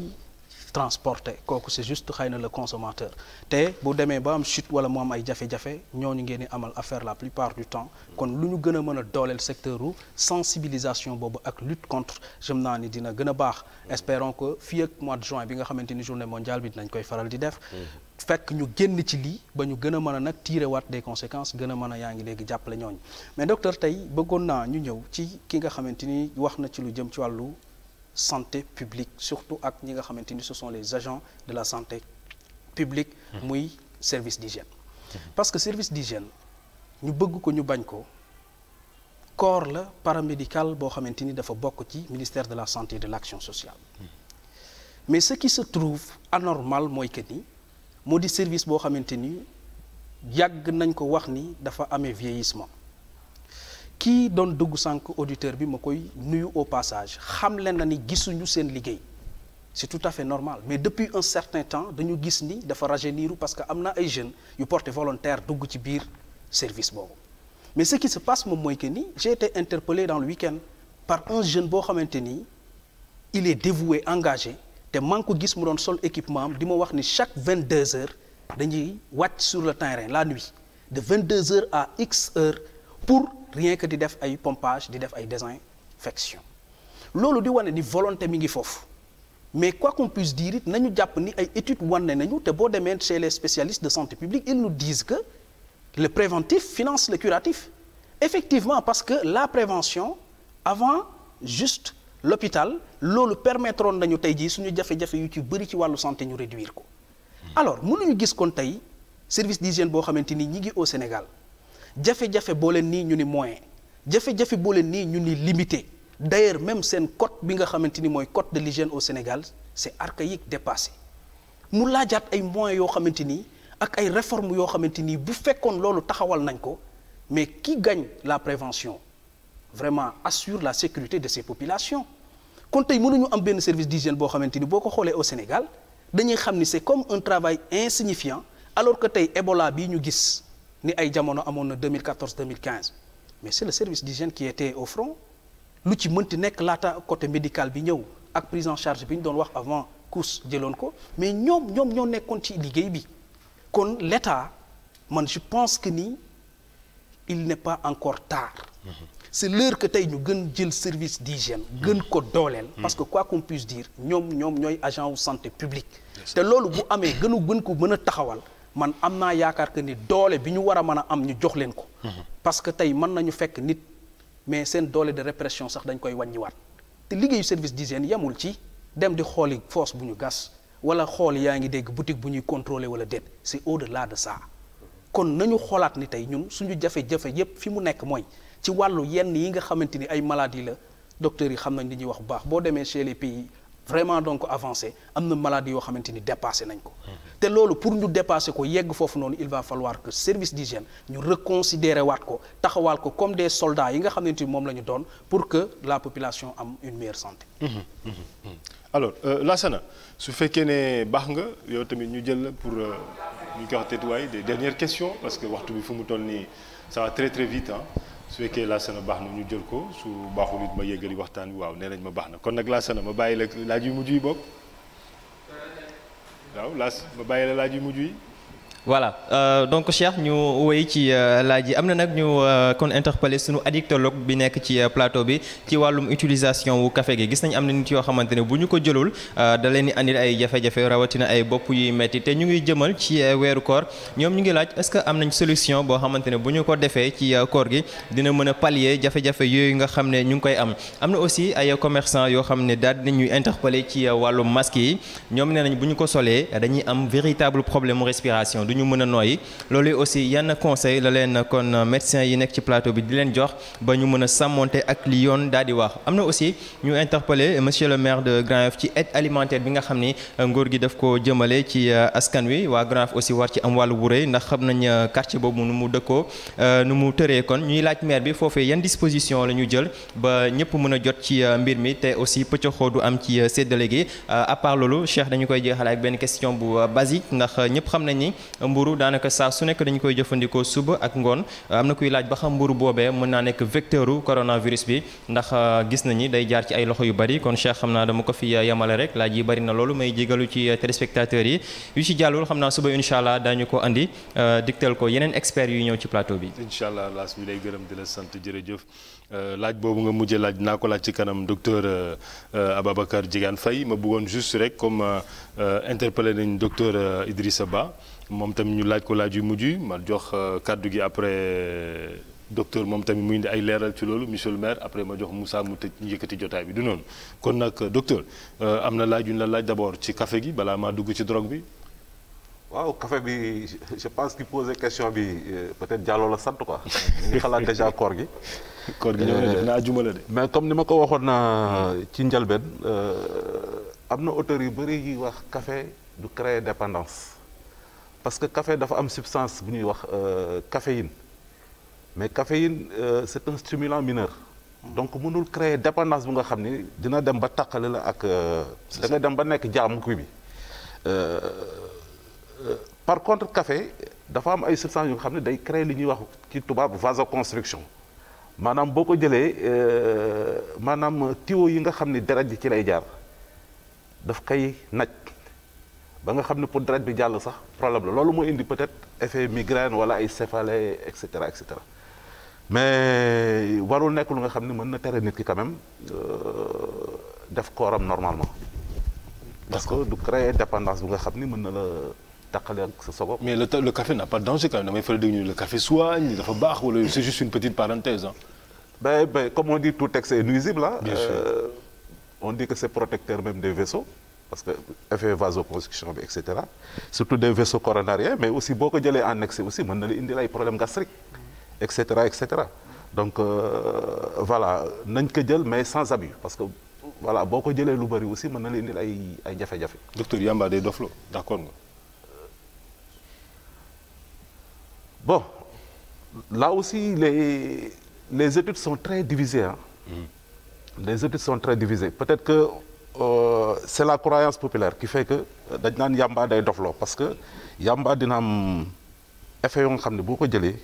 transporté kooku c'est juste xëy na le consommateur te bu demee ba am chute wala mu am ay jafe-jafe ñooñu ngeen di amal affaire la plupart du temps kon lu ñu gën a mën a dooleel secteur sensibilisation boobu ak lutte contre jëm naa ni dina gën a baax espérons que fii ak mois de juin bi nga xamante ni journée mondiale bi dinañ koy faral di def fekk ñu génn ci lii ba ñu gën a mën a nag tiire waat de conséquence gën a mën a yaa ngi léegi jàppale ñooñu mais docteur naa ñu ñëw ci ki nga xamante ni wax na ci lu jëm ci wàllu santé publique surtout ak ñi nga xamante ni ce sont les agents de la santé publique hmm. muy service d'hygiène hmm. parce que service d'hygiène ñu bëgg ko ñu bañ ko corps la paramédical boo xamante ni dafa bokk ci ministère de la santé et de l'action sociale hmm. mais ce qui se trouve anormal mooy que nii moo di service boo xamante ni yàgg nañ ko wax ni dafa amee vieillissement kii doon dugg sànq auditeur bi ma koy nuyu au passage xam leen na ni gisuñu seen liggéey c'est tout à fait normal mais depuis un certain temps dañu gis ni dafa rajeuniru parce que am na ay jeunes yu porté volontaire dugg ci biir service boobu mais ce qui se passe moom mooy que ni j'ai été interpellé dans le week-end par un jeune boo xamante ni il est dévoué engagé te maa ngi ko gis mu doon sol équipement di ma wax ni chaque vingt deux heures dañuy wàcc sur le terrain la nuit de vingt à x heures pour rien que di def ay pompage di def ay désinfection loolu di wane ni volonté mi ngi foofu mais quoi qu'on puisse dire it nañu jàpp ni ay études wane nañu te boo demee chez les spécialistes de santé publique ils nous disent que le préventif finance le curatif effectivement parce que la prévention avant juste l'hôpital loolu permettroon nañu tey jii suñu jafe-jafe yu ci bëri ci wàllu santé ñu réduire ko alors mënuñu gis kon tey service d'hygiène boo xamante ni ñi ngi au Sénégal jafe-jafe boo leen nii ñu ni moyen jafe-jafe boo leen nii ñu ni limité d'ailleurs même seen code bi nga xamante ni mooy code de l'hygiène au Sénégal c'est archaïque dépassé mu laajaat ay moyens yoo xamante ni ak ay réformes yoo xamante ni bu fekkoon loolu taxawal nañ ko mais qui gagne la prévention vraiment assure la sécurité de ces populations kon tey mënuñu am benn service d'hygiène boo xamante ni boo ko xoolee au Sénégal dañuy xam ni c'est comme un travail insignifiant alors que tey Ebola bii ñu gis ni ay jamono amoon na 2014 2015 mais c'est le service d'hygiène qui était au front lu ci mënti nekk laata côté médical bi ñëw ak prise charge bi ñu doon wax avant course jëloon ko mais ñoom ñoom ñoo nekkoon ci liggéey bi kon l'État man je pense que ni il ne pas encore tard mm -hmm. c'est que tey ñu gën jël service d'hygiène mm-hmm. gën ko dooleel mm-hmm. parce que quoi qu'on puisse dire ñoom ñoom ñooy agent wu santé publique te loolu bu amee gënu gën ko mën a taxawal man am naa yaakaar que ni doole bi ñu war a mën a am ñu jox leen ko. parce que tey mën nañu fekk nit mais seen doole de répression sax dañ koy wàññiwaat te liggéeyu service di d'hygiène yemul ci dem di xooli force bu ñu gas wala xool yaa ngi dégg boutique bu ñuy contrôler wala déet c'est au-delà de ça. kon nañu xoolaat ni tey ñun suñu jafe-jafe yépp fi mu nekk mooy ci wàllu yenn yi nga xamante ni ay maladies la docteurs yi xam nañ li ñuy wax bu baax boo demee chez les vraiment donc avancé am na maladie yoo xamante ni dépassé nañ ko. te loolu pour ñu dépassé ko yegg foofu noonu il va falloir que service d'hygiène ñu reconsidérer waat ko taxawaal ko comme des soldats yi nga xamante ni moom la ñu doon pour que la population am une meilleure santé. Mmh, mmh, mmh, mmh. Euh, su fekkee ne baax nga yow tamit ñu jël pour euh, ñu koy wax tetuwaay des dernières question parce que waxtu bi fu mu toll nii ça très très vite su fekkee laasana baax na ñu jël ko su baaxul it ma yëgali waxtaan wi waaw nee nañ ma baax na kon nag laasana ma bàyyi la laaj yu mujj yi bopp waaw laas ma bàyyi la laaj yu mujj yi. voilà euh, donc Cheikh ñu woy ci euh, laaj yi am na nag ñu euh, kon interpellé suñu addictologue bi nekk ci euh, plateau bi ci wàllum utilisation wu café gi gis nañ am na nit yoo xamante ne bu ñu ko jëlul da leen di andil ay jafe-jafe rawatina ay bopp yuy metti te ñu ngi jëmal ci weeru koor ñoom ñu ngi laaj est-ce que am nañ solution boo xamante ne bu ñu ko defee ci koor gi dina mën a pallier jafe-jafe yooyu nga xam ne ñu ngi koy am am na aussi ay commerçant yoo xam ne daal dinañ ñuy interpellé ci wàllum masque yi ñoom nee nañ bu ñu ko solee dañuy am véritable problème respiration du ñu mën a nooyi loolu aussi yan conseil la leen kon médecin yi nekk ci plateau bi di leen jox ba ñu mën a sàmmonte ak li yoon daal di wax am na aussi ñu interpellé monsieur le maire de Grand Yoff ci aide alimentaire bi nga xam ni euh, nguur gi daf ko jëmale ci euh, askan wi waa Grand Yoff aussi war ci am wàllu wuré ndax xam nañ euh, quartier boobu nu mu dëkkoo nu mu tëree kon ñuy laaj maire bi foofee yan disposition la ñu jël ba ñëpp mën a jot ci mbir mi te aussi pëccaxoo du am ci séddale gi à part loolu koy jeexal benn question bu basique ndax ñëpp xam nañ ni mburu daanaka saa su nekk dañu koy jëfandikoo suba ak ngoon am na kuy laaj ba xam mburu boobee mën naa nekk vecteuru coronavirus bi ndax euh, gis nañu day jaar ci ay loxo yu bari kon Cheikh xam naa dama ko fi euh, yemale rek laaj yi bari na loolu may jégalu ci euh, téléspectateurs yi yu ci jàllul xam naa suba incha allah daañu ko andi digtal ko yeneen experts yu ñëw ci plateau bi. incha allah laas mi lay gërëm di la sant jërëjëf laaj boobu nga mujjee laaj naa ko laaj ci kanam docteur Ababacar Diegane Faye ma bëggoon juste rek comme interpellé nañ docteur Idrissa Ba. moom tamit ñu laaj ko laaj yu mujj yi ma jox euh, kàddu gi après euh, docteur moom tamit mu indi ay leeral ci loolu monsieur maire après ma jox Moussa mu tëj yëkkati jotaay bi du noonu kon nag euh, docteur am na laaj yu ñu laaj d'abord ci kafe gi balaa maa dugg ci drogue bi. waaw kafe bi je pense qu'il posait question bi peut-être Diallo la sant quoi ñu ngi xalaat déjà koor gi. koor gi ñëw na ajuma la de. mais comme ni ma ko waxoon naa ci njëlbeen am na auteurs yu bëri yi wax kafe du créer dépendance. parce que café dafa am substance bu ñuy wax euh, caféine mais caféine euh, c'est un stimulant mineur donc mënul créer dépendance bu nga xam ni dina dem ba taqale la ak euh, da nga dem ba nekk jaamu kii bi par contre café dafa am ay substance yu nga xam ne day créer li ñuy wax ci tubaab vasoconstriction maanaam boo ko jëlee maanaam tuyau yi nga xam ni deret ji ci lay jaar daf koy naj ba nga xam ne pour deret bi jàll sax problème la loolu moo indi peut-être effet migraine wala ay céphalée et cetera et cetera mais warul nekk lu nga xam ne mën na tere nit ki quand euh, def kooram normalement. parce que du créer dépendance bu nga xam ni mën na la taqale ak sa sogo. mais le le café n'a par de danger quand damay faral di ñu le café soigne dafa baax wala c'est juste une petite parenthèse ah. ben comme on dit tout excès est nuisible ah. on dit que se protecteur même des parce que effet vasoconstriction bi et cetera surtout des vaisseaux coronariens mais aussi boo ko jëlee en excès aussi mën na la indil ay problème gastrique mm. et cetera cetera donc euh, voilà nañ ko jël mais sans abus parce que voilà boo ko jëlee lu bëri aussi mën na la indil ay ay jafe-jafe. docteur Yamba day doflo d'accord nga. bon là aussi les les études sont très divisées ah. Mm. les études sont très divisées que. Euh, c'est la croyance populaire qui fait que dañ naan yàmbaa day dofloo parce que yàmbaa dina am effet yoo xam ne boo ko jëlee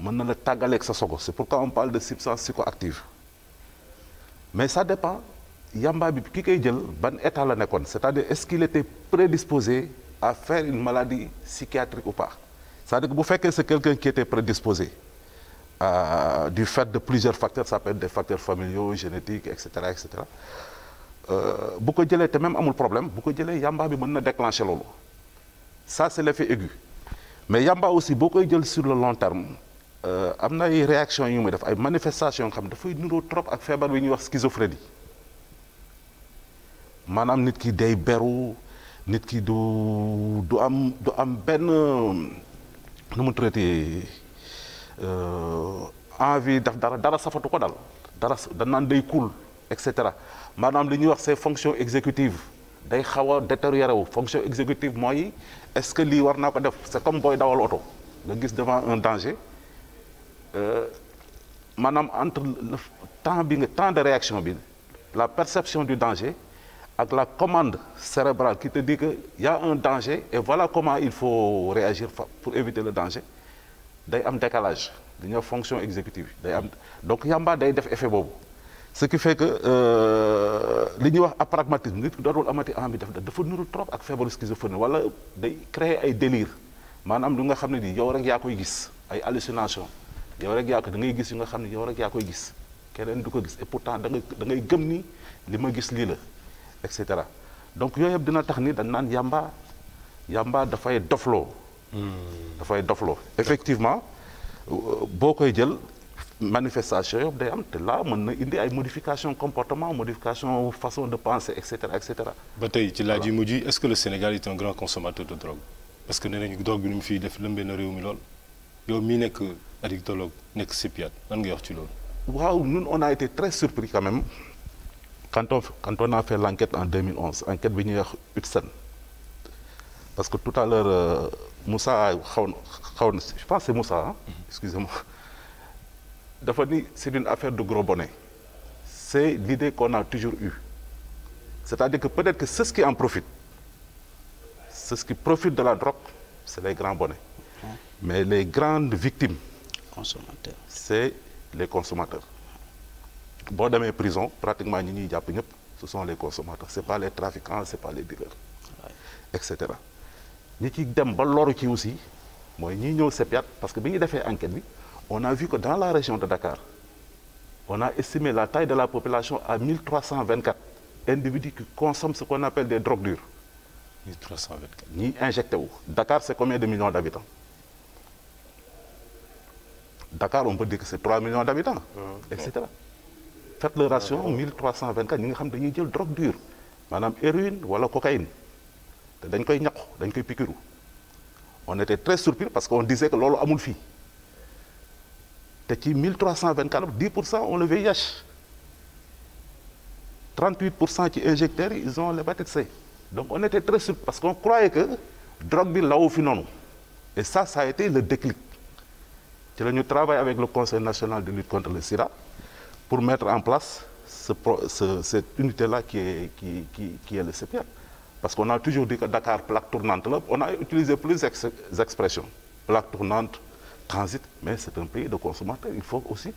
mën na la tàggaleeg sa sogo c'est pourquoi on parle de substance psychoactive mais ça dépend yàmbaa bi ki koy jël ban état la nekkoon c'est-à-dire est-ce qu'il était prédisposé à faire une maladie psychiatrique ou pas c'est-à-dire bu fekkee sa quelqu'un qui était prédisposé euh, du fait de plusieurs facteurs ça peut de des facteurs familiaux génétiques et cetera et Euh, bu ko jëlee te même amul problème bu ko jëlee yamba bi mën na déclencher loolu ça c'est l'effet aigu mais yamba aussi boo koy jël sur le long terme euh, am na ay réaction yu muy def ay manifestation xam dafay niroo trop ak feebar bi ñuy wax schizophrénie maanaam nit ki day beru nit ki du du am du am benn nu mu traité euh, envie daf dara dara safatu ko dal dara danaan day cool et cetera maanaam li ñuy wax ces fonctions exécutives day xaw a détérioré wu fonction exécutive mooy est-ce que lii war naa ko def c'est comme booy dawal oto nga gis devant un danger euh, maanaam entre le temps bi nga temps de réaction bi la perception du danger ak la commande cérébrale qui te dit que y un danger et voilà comment il faut réagir pour éviter le danger day am décalage dañoo fonction exécutive day am donc yamba day def effet boobu ce qui fait que euh, li ñuy wax apragmatisme nit ki dootul amati envie def dafa nuru trop ak feebaru schizophrénie wala day créer ay délire maanaam lu nga xam ne ni yow rek yaa koy gis ay hallucination yow rek yaa da ngay gis yu xam ne yow rek yaa koy gis keneen du ko gis et pourtant da ngay da ngay gëm ni li ma gis lii la et cetera donc yooyu yëpp dina tax nii dañ naan yàmba yàmba dafay dofloo. Hmm. dafay dofloo effectivement euh, boo koy jël manifestation yëpp day am te là mën na indi ay modification comportement modification façon de penser et cetera et cetera. ba tey ci laaj yi mujj yi est-ce que le Sénégal est un grand consommateur de drogue parce que nee nañu drogue bi nu mu fiy def lëmbee na réew mi lool yow mii nekk addictologue nekk psychiatre lan nga wax ci loolu. waaw ñun on a été très surpris quand même quand on quand on a fait l'enquête en 2011 enquête bi ñuy wax UTSEN parce que tout à l'heure euh, Moussa xaw xaw na je pense c'est Moussa dafa ni c'est une affaire de gros bonnet c'est l'idée qu'on a toujours eue c'est-à-dire que peut-être que ceux qui en profitent ceux qui profitent de la drogue c'est les grands bonnets mais les grandes victimes consommateurs c'est les consommateurs boo demee prison pratiquement ñi ñuy jàpp ñëpp ce sont les consommateurs c'est pas les trafiquants c'est pas les dealers et cetera ñi ci dem ba loru ci aussi mooy ñiy ñëw sepiat parce que bi ñu defee enquête bi On vi vu que dans la région de Dakar, on a estimé la taille de la population à 1324 individus qui consomment ce qu'on appelle des drogues dures. ñii Ni injectés où Dakar, c'est combien de millions d'habitants Dakar, on peut dire que c'est 3 millions d'habitants, mmh. Ah, etc. Faites le ratio, 1324, nous avons des drogues dures. Madame héroïne dañ la cocaïne. On était très surpris parce qu'on disait que l'on loolu une fille. te ci 1324 10 pour cent ont le VIH 38 pour cent ci injecteurs yi ils ont l'hépatite C donc on était très surpris parce qu'on croyait que drogue bi lawu fi noonu et ça ça a été le déclic ci la travaille avec le conseil national de lutte contre le sida pour mettre en place ce pro ce cette unité là qui est qui qui qui est le CPR parce qu'on a toujours dit que Dakar plaque tournante là on a utilisé plus d'expressions plaque tournante transit mais c'est un pays de consommateurs il faut aussi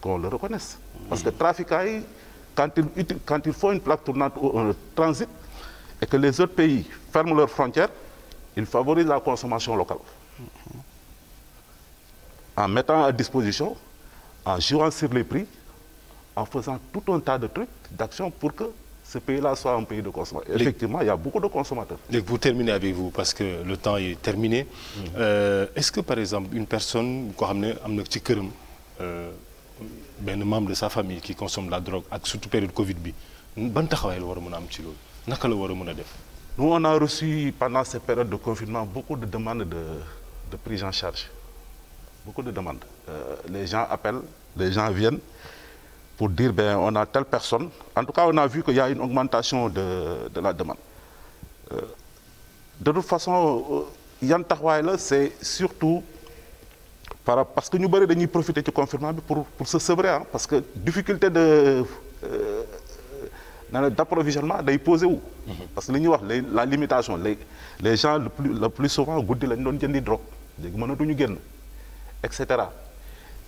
qu'on le reconnaisse parce que trafiquants yi quand ils quand une plaque tournante euh, transit et que les autres pays ferment leurs frontières ils favorisent la consommation locale en mettant à disposition en jouant sur les prix en faisant tout un tas de trucs d'actions pour que ce pays-là soit un pays de consommateurs. Effectivement, il y a beaucoup de consommateurs. Léegi pour terminer avec vous parce que le temps est terminé. Euh, est-ce que par exemple une personne koo xam ne am na ci këram euh, benn membre de sa famille qui consomme la drogue ak surtout période Covid bi ban taxawaay la war a mën a am ci loolu naka la war a mën a def. Nous, on a reçu pendant cette période de confinement beaucoup de demandes de de prise en charge. Beaucoup de demandes. Euh, les gens appellent, les gens viennent. pour dire ben on a telle personne. En tout cas, on a vu qu'il y a une augmentation de, de la demande. Euh, de toute façon, euh, Yann la c'est surtout par, parce que nous avons profiter du confinement pour, pour se sevrer. Hein, parce que difficulté de. Euh, euh d'approvisionnement day posé wu. Mhm. parce que li ñuy wax la limitation les les gens le plus le plus souvent guddi lañ doon jëndi drogue léegi mënatuñu génn et cetera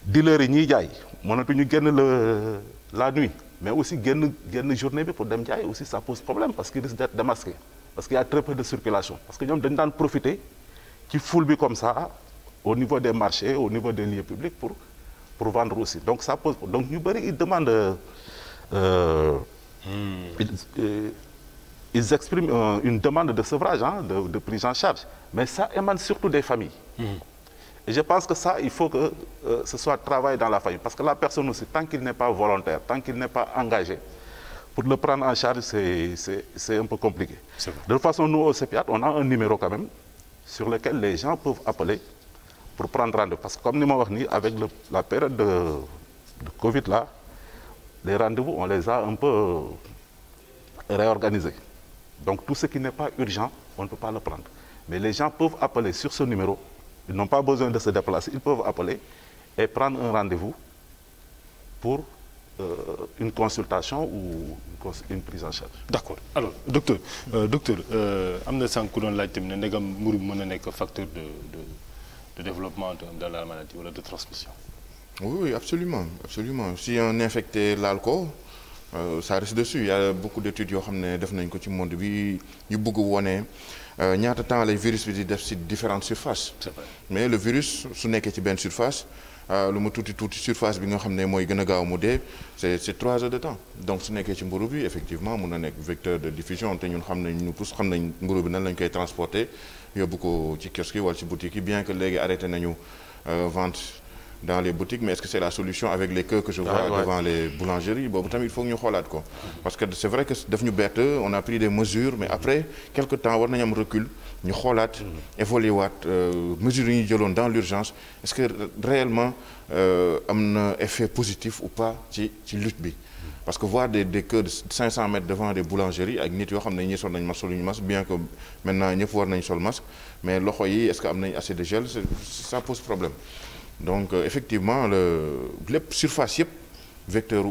dealer yi ñuy jaay mënatuñu génn le la nuit mais aussi génn génn journée bi pour dem jaay aussi ça pose problème parce qu'ils risquent d'être démasqués parce qu'il y a très peu de circulation parce que ñoom dañu daan profiter ci foule bi comme ça au niveau des marchés au niveau des lieux publics pour pour vendre aussi donc ça pose donc ñu bëri ils demande euh, mm. ils, expriment euh, une demande de sevrage hein de de prise en charge mais ça émane surtout des familles. Hmm. je pense que ça, il faut que euh, ce soit travail dans la famille. Parce que la personne aussi, tant qu'il n'est pas volontaire, tant qu'il n'est pas engagé, pour le prendre en charge, c'est un peu compliqué. Bon. De toute façon, nous, au CPIAT, on a un numéro quand même sur lequel les gens peuvent appeler pour prendre rendez-vous. Parce que comme nous dit, avec le, la période de, de Covid, là, les rendez on les a un peu euh, réorganisés. Donc tout ce qui n'est pas urgent, on ne peut numéro ils n'ont pas besoin de se déplacer ils peuvent appeler et prendre un rendez-vous pour euh, une consultation ou une prise en charge. d'accord alors docteur. Euh, docteur euh, am na sànq ku doon laaj tamit ne ndegam mburu bi mën a nekk facteur de de de développement de la maladie wala de transmission. oui oui absolument absolument si un infecté laal ko. Euh, ça reste dessus il beaucoup d'études yoo xam ne def nañ ko ci monde bi yu bëgg wone Euh, ñaata temps lay virus bi di def ci différentes surfaces. mais le virus su nekkee ci benn surface euh, lu mu tuuti tuuti surface bi nga xam ne mooy gën a gaaw mu dee c'est c'est trois heures de temps donc su nekkee ci mburu bi effectivement mun na nekk vecteur de diffusion te ñun xam nañ ñu pousse xam nañ mburu bi nan lañ koy transporter yóbbu ko ci kiosque yi wala ci boutique yi bien que léegi arrêté nañu euh, vente. dans les boutiques mais est-ce que c'est la solution avec les queues que je ah, vois ah, ouais. devant les boulangeries boobu tamit il faut ñu xoolaat ko parce que c'est vrai que daf ñu bett on a pris des mesures mais après quelque temps war nañu am recul ñu xoolaat mm. évolué waat euh, ñu jëloon dans l'urgence est-ce que réellement euh, am na effet positif ou pas ci ci lutte bi parce que voir des des queues de mètres devant des boulangeries ak nit yoo xam ne ñii sol nañ masque soluñu masque bien que maintenant ñëpp war loxo yi est-ce que am donc euh, effectivement le lépp surface yëpp vecteur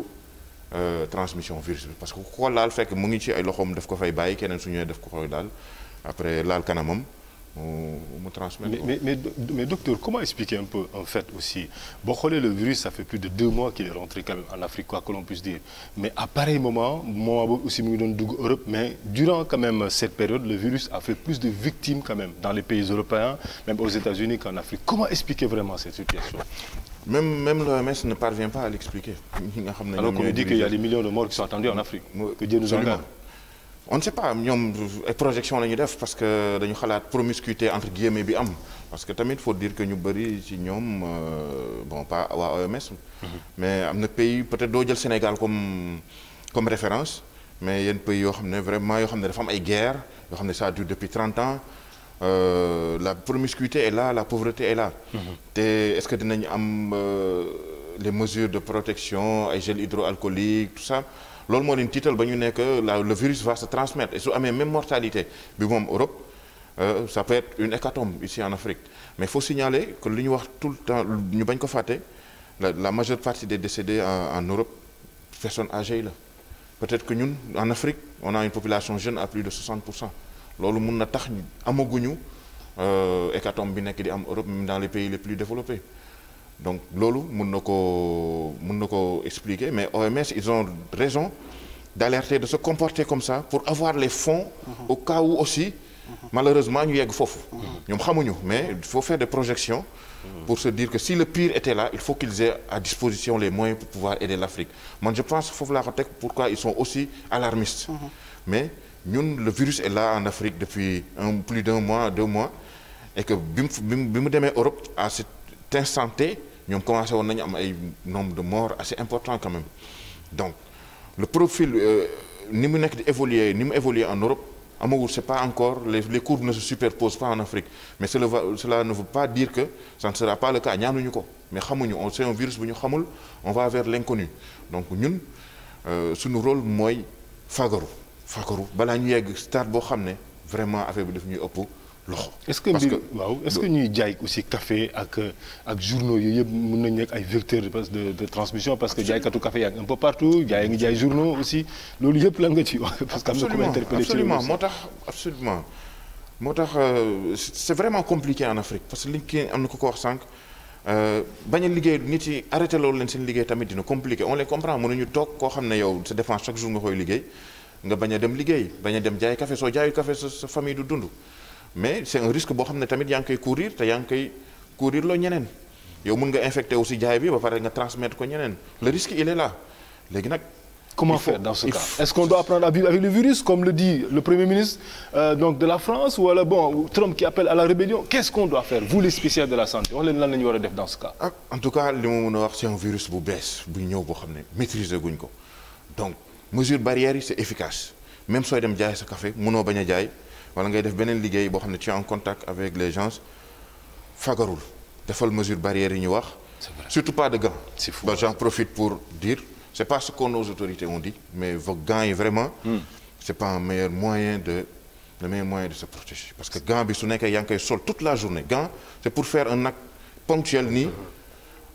Euh, transmission virus bi parce que ku laal fekk mu ngi ci ay loxoom daf ko fay bàyyi keneen su ñëwee daf ko koy daal après laal kanamam mu transmettre mais, mais mais docteur comment expliquer un peu en fait aussi boo xoolee le virus ça fait plus de deux mois qu'il est rentré en Afrique quoi que dire mais à pareil moment moment aussi mu ngi doon dugg Europe mais durant quand même cette période le virus a fait plus de victimes dans les pays européens même aux États-Unis qu'en Afrique comment expliquer vraiment cette situation même l'OMS ne parvient pas à l'expliquer. xam ne alors qu'on dit qu'il y a des millions de morts qui sont attendus on ne sait pas ñoom ay projection la ñu def parce que dañu xalaat promiscuité entre guillemets bi am parce que tamit faut dire que ñu bëri ci ñoom euh, bon pas waa OMS mais am na pays peut-être doo jël Sénégal comme comme référence mais yenn pays yoo xam ne vraiment yoo xam ne dafa am ay guerre yoo xam ne sa du depuis trente ans Euh, la promiscuité est la la pauvreté est la Mm te est-ce que dinañ am euh, les mesures de protection ay gel hydroalcoolique tout ça loolu moo leen tiital ba ñu nekk la le virus va se su amee même mortalité bi moom Europe euh, ça peut être une hécatombe ici en Afrique mais faut signaler kon li ñu wax tout le temps ñu bañ ko fàtte la la majeure partie des décédés en, en Europe personnes âgées yi la peut-être que ñun en Afrique on a une population jeune à plus de 60 pour cent loolu mun na tax amaguñu euh, hécatombe bi nekk di am Europe même dans les pays les plus développés donc loolu mun na ko mën na ko expliquer mais OMS ils ont raison d'alerter de se comporter comme ça pour avoir les fonds au cas où aussi malheureusement ñu yegg foofu ñoom xamuñu mais il faut faire des projections pour se dire que si le pire était là il faut qu'ils aient à disposition les moyens pour pouvoir aider l'Afrique je pense foofu laa ko teg pourquoi ils sont aussi alarmistes mais ñun le virus est là en Afrique depuis un plus d'un mois deux mois et que bi mu bi mu demee Europe à cet instant T ñoom commencé woon nañu am ay nombre de morts assez important quand même donc le profil euh, ni mu nekk di évoluer ni mu évoluer en Europe amagul c'est pas encore les les courbes ne se superposent pas en Afrique mais cela va cela ne veut pas dire que ça ne sera pas le cas ko mais xamuñu on c'est un virus bu ñu xamul on va vers l'inconnu donc ñun euh, suñu rôle mooy fagaru fagaru balaa ñu yegg stade boo xam ne vraiment affaire bi daf ñuy ëpp. loxo. est-ce que waaw est-ce que ñuy jaay aussi café ak ak journaux yooyu yëpp mën nañu nekk ay vecteurs de transmission parce que jaaykatu café yaa ngi un peu partout gaa yi ngi jaay journaux aussi loolu yëpp lan nga ci wax. parce que am na tax absolument moo tax euh, c'est vraiment compliqué en Afrique parce que li kii am na ku ko wax sànq euh, bañ a liggéey nit yi arrêté loolu leen seen liggéey tamit dina compliqué on les comprend mënuñu toog koo xam ne yow sa défense chaque jour nga koy liggéey nga a dem liggéey bañ a jaay café soo jaayul café sa sa famille du mais c'est un risque boo xam ne tamit yaa ngi koy courir te yaa ngi koy courir loo ñeneen yow mun nga infecté aussi jaay bi ba pare nga transmettre ko ñeneen le risque il est là léegi nag. comment faire dans ce cas est-ce qu'on doit apprendre à vivre avec le virus comme le dit le premier ministre euh, donc de la France wala bon Trump qui appelle à la rébellion qu'est-ce qu'on doit faire vous les spécialistes de la santé wax leen lan la ñu war a def dans ce cas. ah en tout cas li ma mën a wax c'est un virus bu bees bu ñëw boo xam ne maîtriser guñ ko donc mesure barrière yi c'est efficace même sooy dem jaay sa café mënoo bañ a jaay. wala ngay def beneen liggéey boo xam ne tu es en contact avec les gens fagarul defal mesure bariere yu ñu wax surtout pas de gants ba j'en profite pour diir c'est pas ce que nos autorités ont dit mais gants yi vraiment mm. c'est pas un meilleur moyen de le meilleur moyen de se protéger parce que gant bi su nekkee yaa koy sol toute la journée gant c'est pour faire un acte ponctuel nii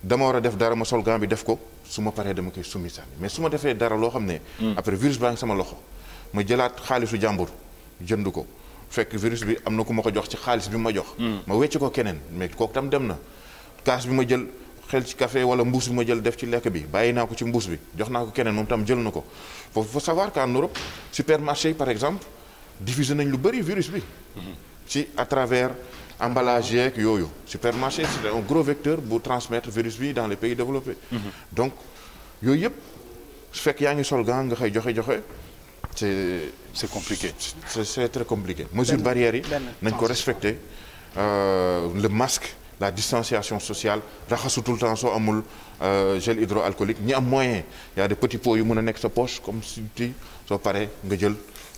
dama war a def dara ma sol gant bi def ko su ma paree dama koy summi sànni mais su ma defee dara loo xam ne hmm. après virus baa ngi sama loxo ma jëlaat xaalisu jàmbur jënd ko fekk virus bi am na ku ma ko jox ci xaalis bi ma jox. Hmm. ma wecc ko keneen mais kooku tam dem na. kaas bi ma jël xel ci kafe wala mbuus bi ma jël def ci lekk bi bàyyi naa ko ci mbuus bi jox naa ko keneen moom tam jël na ko foofu faut savoir qu'en Europe supermarché yi par exemple diffusé nañ lu bëri virus bi. Hmm. ci à travers emballage yeeg yooyu. supermarché c'est un gros vecteur bu transmettre virus bi dans les pays développés. Hmm. donc yooyu yëpp su fekk yaa ngi sol gant nga xëy joxe joxe c'est compliqué. c'est, c'est très compliqué mesure barrière yi nañ ko respecter euh, le masque la distanciation sociale raxasu tout le temps soo amul euh, gel hydroalcoolique ñi am moyen y a des petits pots yu mën a nekk sa poche comme si ti soo paree nga jël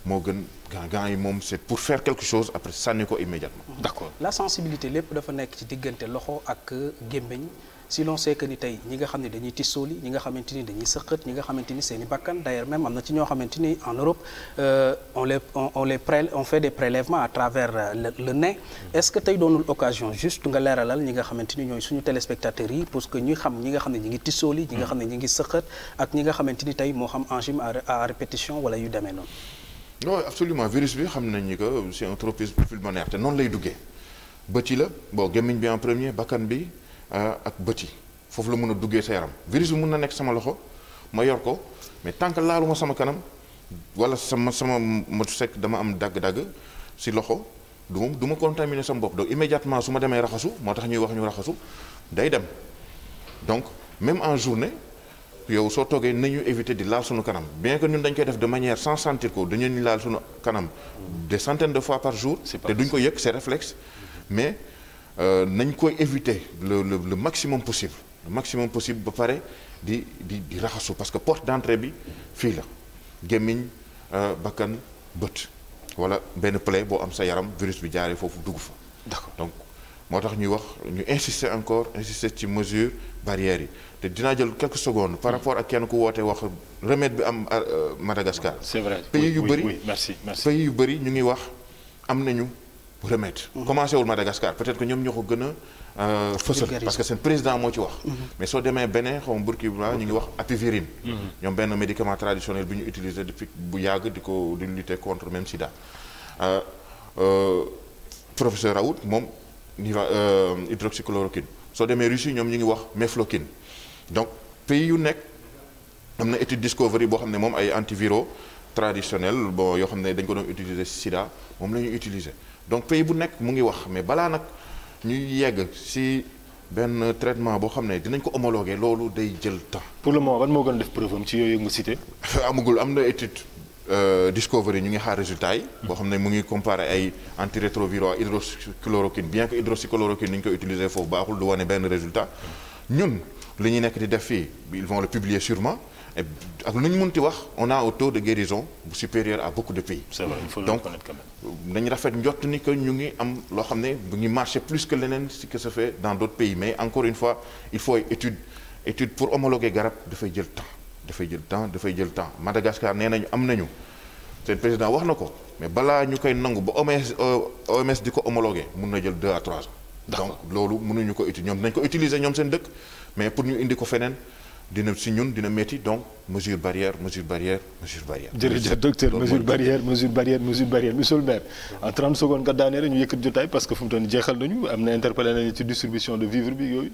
moo gën gant gant yi moom c'est pour faire quelque chose après sànni ko immédiatement d'accord la sensibilité lépp dafa nekk ci diggante loxo ak gémmiñ si l'on sait que ni tey ñi nga xam ne dañuy tissooli ñi nga xamante ni dañuy sëqët ñi nga xamante ni seen i bakkan d'ailleurs même am na ci ñoo xamante ni en Europe euh, on les on les prélève on fait des prélèvements à travers euh, le le nez mm. est-ce que tey doonul occasion juste nga leeralal ñi nga xamante ni ñooy suñu téléspectateurs yi pour que ñu xam ñi nga xam ne ñi ngi tissooli ñi nga xam ne ñi ngi sëqët ak ñi nga xamante ni tey moo xam angine à répétition wala yu demee noonu non absolument virus bi xam nañ ni que c'est un tropisme pulmonaire te noonu lay duggee bëti la bon gémmiñ bi en premier bakkan bi Euh, ak bët yi foofu la mun a duggee sa yaram virus bi mën na nekk sama loxo ma yor ko mais tant que laalu ma sama kanam wala sama sama ma sekk dama am dagg-dagg si loxo du moom du ma contaminer sama bopp donc immédiatement su ma demee raxasu moo tax ñuy wax ñu raxasu day dem donc même en journée yow soo toogee nañu éviter di laal sunu kanam bien que ñun dañ koy def de manière sans sentir ko dañu laal sunu kanam des centaines de fois par jour. te duñ ko yëg c'est réflexe mais. Euh, nañ koy éviter le lu le maximum possible le maximum possible ba pare di di di raxasu parce que porte d'entrée bi fii la gémmiñ euh, bakkan bët wala benn plaie boo am sa yaram virus bi jaaree foofu dugg fa. d'accord donc moo tax ñuy wax ñu insister encore insister ci mesure barrières yi te dinaa jël quelques secondes par mm. rapport ak kenn ku woote wax remède bi am euh, Madagascar. c'est yu bëri merci merci pays yu bëri ñu ngi wax am nañu. remettre mhm. commencé wul Madagascar peut-être que ñoom ñoo ko gën a euh, parce que seen président moo ci wax mhm. mais soo demee Bénin xaw ma Burkina ñu ngi wax apivirine mhm. ñoom benn médicament traditionnel bi ñu utilisé depuis bu yàgg di ko di lutter contre même sida euh, euh, professeur Raoult moom niva hydroxychloroquine soo demee Russie ñoom ñu ngi wax mefloquine donc pays yu nekk am na étude discovery boo xam ne moom ay antiviraux traditionnels bon yoo xam ne dañ ko doon utiliser sida moom la ñuy utiliser donc pays bu nekk mu ngi wax mais balaa nag ñuy yegg si benn traitement boo xam ne dinañ ko homologué loolu day jël temps. pour le moment ban moo gën def preuve am ci yooyu nga cité. amagul am na euh, ñu ngi xaar résultat yi. boo xam ne mu ngi comparé ay antirétroviraux ak hydroxychloroquine bien que hydroxychloroquine ni ñu ko utilisé foofu baaxul du wane benn résultat ñun li ñuy nekk di def fii ils vont le publier sûrement. et ak lu ñu munti wax on a un taux de guérison supérieur à beaucoup de pays. donc nañu rafet njot ni que ñu ngi am loo xam ne bu ngi marché plus que leneen ce qui se fait dans d'autres pays mais encore une fois il faut étude étude pour homologuer garab dafay jël temps dafay jël temps dafay jël temps Madagascar nee nañu am nañu seen président wax na ko mais balaa ñu koy nangu ba OMS euh, OMS di ko homologuer mun na jël deux à trois ans. donc loolu mënuñu ko utiliser ñoom nañ ko utiliser ñoom seen dëkk mais pour ñu indi ko feneen. dina si ñun dina métti donc mesure barrière mesure barrière mesure barrière. jërëjëf docteur mesure barrière mesure barrière mesure barrière monsieur le maire en 30 secondes nga daanee ñu yëkkat jotaay parce que fu mu toll jeexal nañu am na interpellé nañu ci distribution de vivres bi yooyu.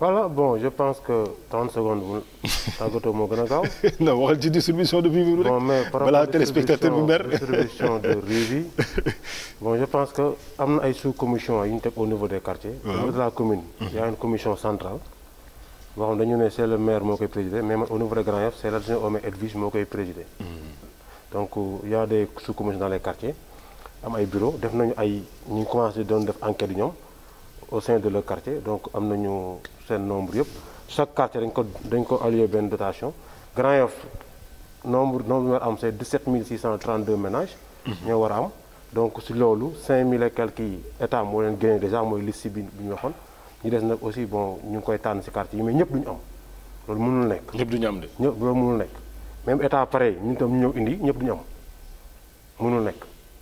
voilà bon je pense que 30 secondes bu tàggatoo moo gën a gaaw. non waxal ci distribution de vivres rek. bon mais par rapport téléspectateur bu maire distribution de riz yi bon je que am na ay sous commission yu ñu teg au niveau des la commune. il y une commission centrale. boo xam dañu ne c'est le maire moo koy présider mais au niveau de Grand Yoff c'est l'adjoint au maire Edwige moo koy présider. Mm-hmm. donc y a des sous-commissions dans les am ay bureau def nañu ay ñu ngi commencé doon def enquête yi ñoom au sein de leur quartier donc am nañu seen nombre yëpp chaque quartier dañ ko dañ ko alloué benn dotation Grand Yoff nombre nombre war am c'est 17 632 ménages. Mm-hmm. ñoo war a am donc si loolu 5000 et quelques yi état moo leen génne déjà mooy liste bi bi ñu waxoon. ñu des nag aussi bon ñu ngi koy tànn ci quartier yi mais ñëpp duñu am loolu mënul nekk. ñëpp duñu am de. ñëpp loolu mënul nekk même état pareil ñun tam ñu ñëw indi ñëpp duñu am mënul nekk.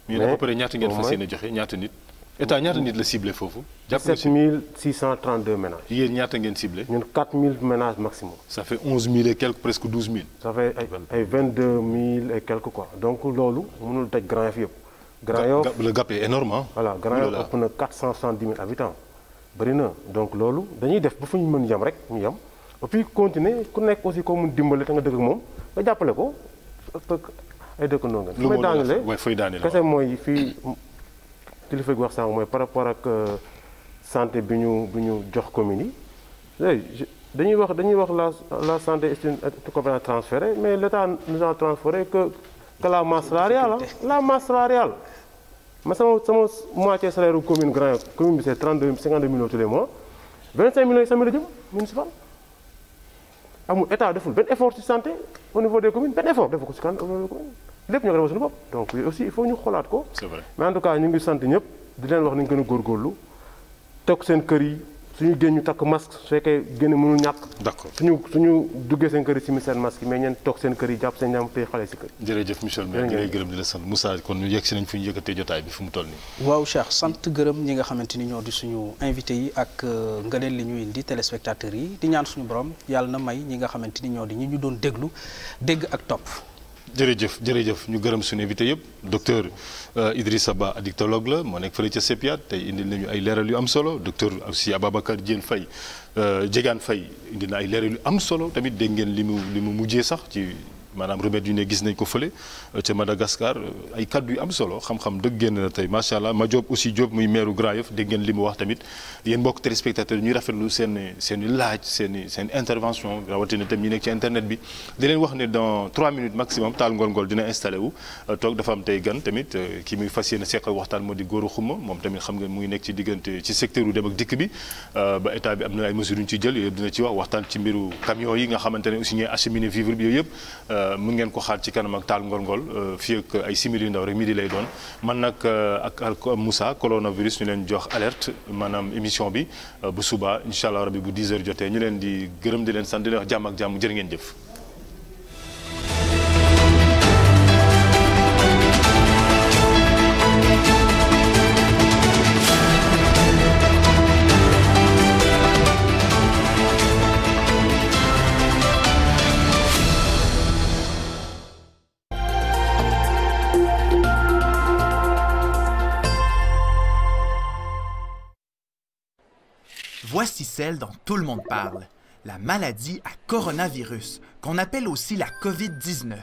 mais dafa pare ñaata ngeen joxe ñaata nit. état ñaata nit la ciblé foofu. jàpp na 7632 ménages. yéen ñaata ngeen ciblé. ñun 4000 ménages maximum. ça fait 11000 et quelques presque 12000. ça fait ay donc loolu mënul daj Grand Yoff yëpp. Grand Yoff le gap est énorme voilà Grand Yoff ëpp na 470000 habitants. bëri na donc loolu dañuy def ba fu ñu mën yem rek mu yem et puis continuer ku nekk aussi ko mu dimbale te nga dëkk moom nga jàppale ko ay dëkkandoo ngeen. lu mooy daanele kese mooy fii kilifa gi wax sànq mooy par rapport ak euh, santé bi ñu bi ñu jox communes yi dañuy wax dañuy wax la la santé est une compétence mais l' état nous a transféré que que la masse salariale la masse salariale. ma sama sama moitié salaire commune Grand Yoff commune bi c'est 32 52 millions tous les mois 25 millions yi sama la jëm municipal amul état deful benn effort ci santé au niveau des communes benn effort defu ko si kan au niveau des communes lépp ñoo ko defal suñu bopp donc aussi il faut ñu xoolaat ko. c'est vrai mais en ñu ngi sant ñëpp di leen wax nañu gën a góorlu toog seen kër yi. suñu génn ñu takk masque su fekkee génn mënul ñàkk. d'accord suñu suñu duggee seen kër yi simi seen masque yi mais ñeen toog seen kër yi jàpp seen jàmm tey xale si kër. jërëjëf monsieur le maire ñu lay gërëm di la sant Moussa kon ñu yegg si nañ fu ñu yëkkatee mu toll nii. waaw Cheikh sant gërëm ñi nga xamante ni ñoo di suñu invité yi ak euh, ngëneel li ñu indi téléspectateurs yi di ñaan suñu borom yàlla na may ñi nga xamante ni ñoo di ñu doon déglu dégg ak topp. jërëjëf jërëjëf ñu gërëm suñu invité yëpp docteur Euh, Idrissa Ba addictologue la moo nekk fële ca CEPIAT tey indi nañu ay leeral yu am solo docteur aussi Ababacar Diène Faye euh, Diegane Faye indi na ay leeral yu am solo tamit dégg ngeen li mu li mu mujjee sax ci maanaam remède yu ne gis nañ ko fële euh, ca Madagascar euh, ay kaddu yu am solo xam-xam dëgg génn na tey macha allah ma Diop aussi Diop muy maire Grand Yoff dégg ngeen li mu wax tamit yéen mbokk téléspectateurs ñuy rafetlu seen seen i seen seen intervention rawatina tam ñi nekk internet bi di leen wax ne dans 3 minutes maximum taal ngol-ngol dina wu euh, toog dafa am tey gan tamit ki muy fas yéene seqal waxtaan moo di góoru xuma moom tamit xam nga mu ngi nekk ci diggante ci secteur yu dem ak dikk bi ba ay mesures ci jël dina ci wax waxtaan ci mbiru camion yi nga xamante ne aussi ñooy acheminer vivre bi yooyu yëpp Euh, mu ngeen ko xaat ci kanam ak taal ngol-ngol euh, fi ak ay simili yu ndaw rek di lay doon man nag euh, ak ak Moussa coronavirus ñu leen jox alerte maanaam émission bi bu suba incha allah rabi bu 10 jotee ñu leen di gërëm di leen sant di leen wax jàmm ak jàmm jërë ngeen jëf. Voici celle dont tout le monde parle, la maladie à coronavirus, qu'on appelle aussi la COVID-19.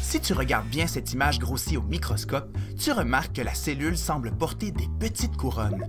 Si tu regardes bien cette image grossie au microscope, tu remarques que la cellule semble porter des petites couronnes.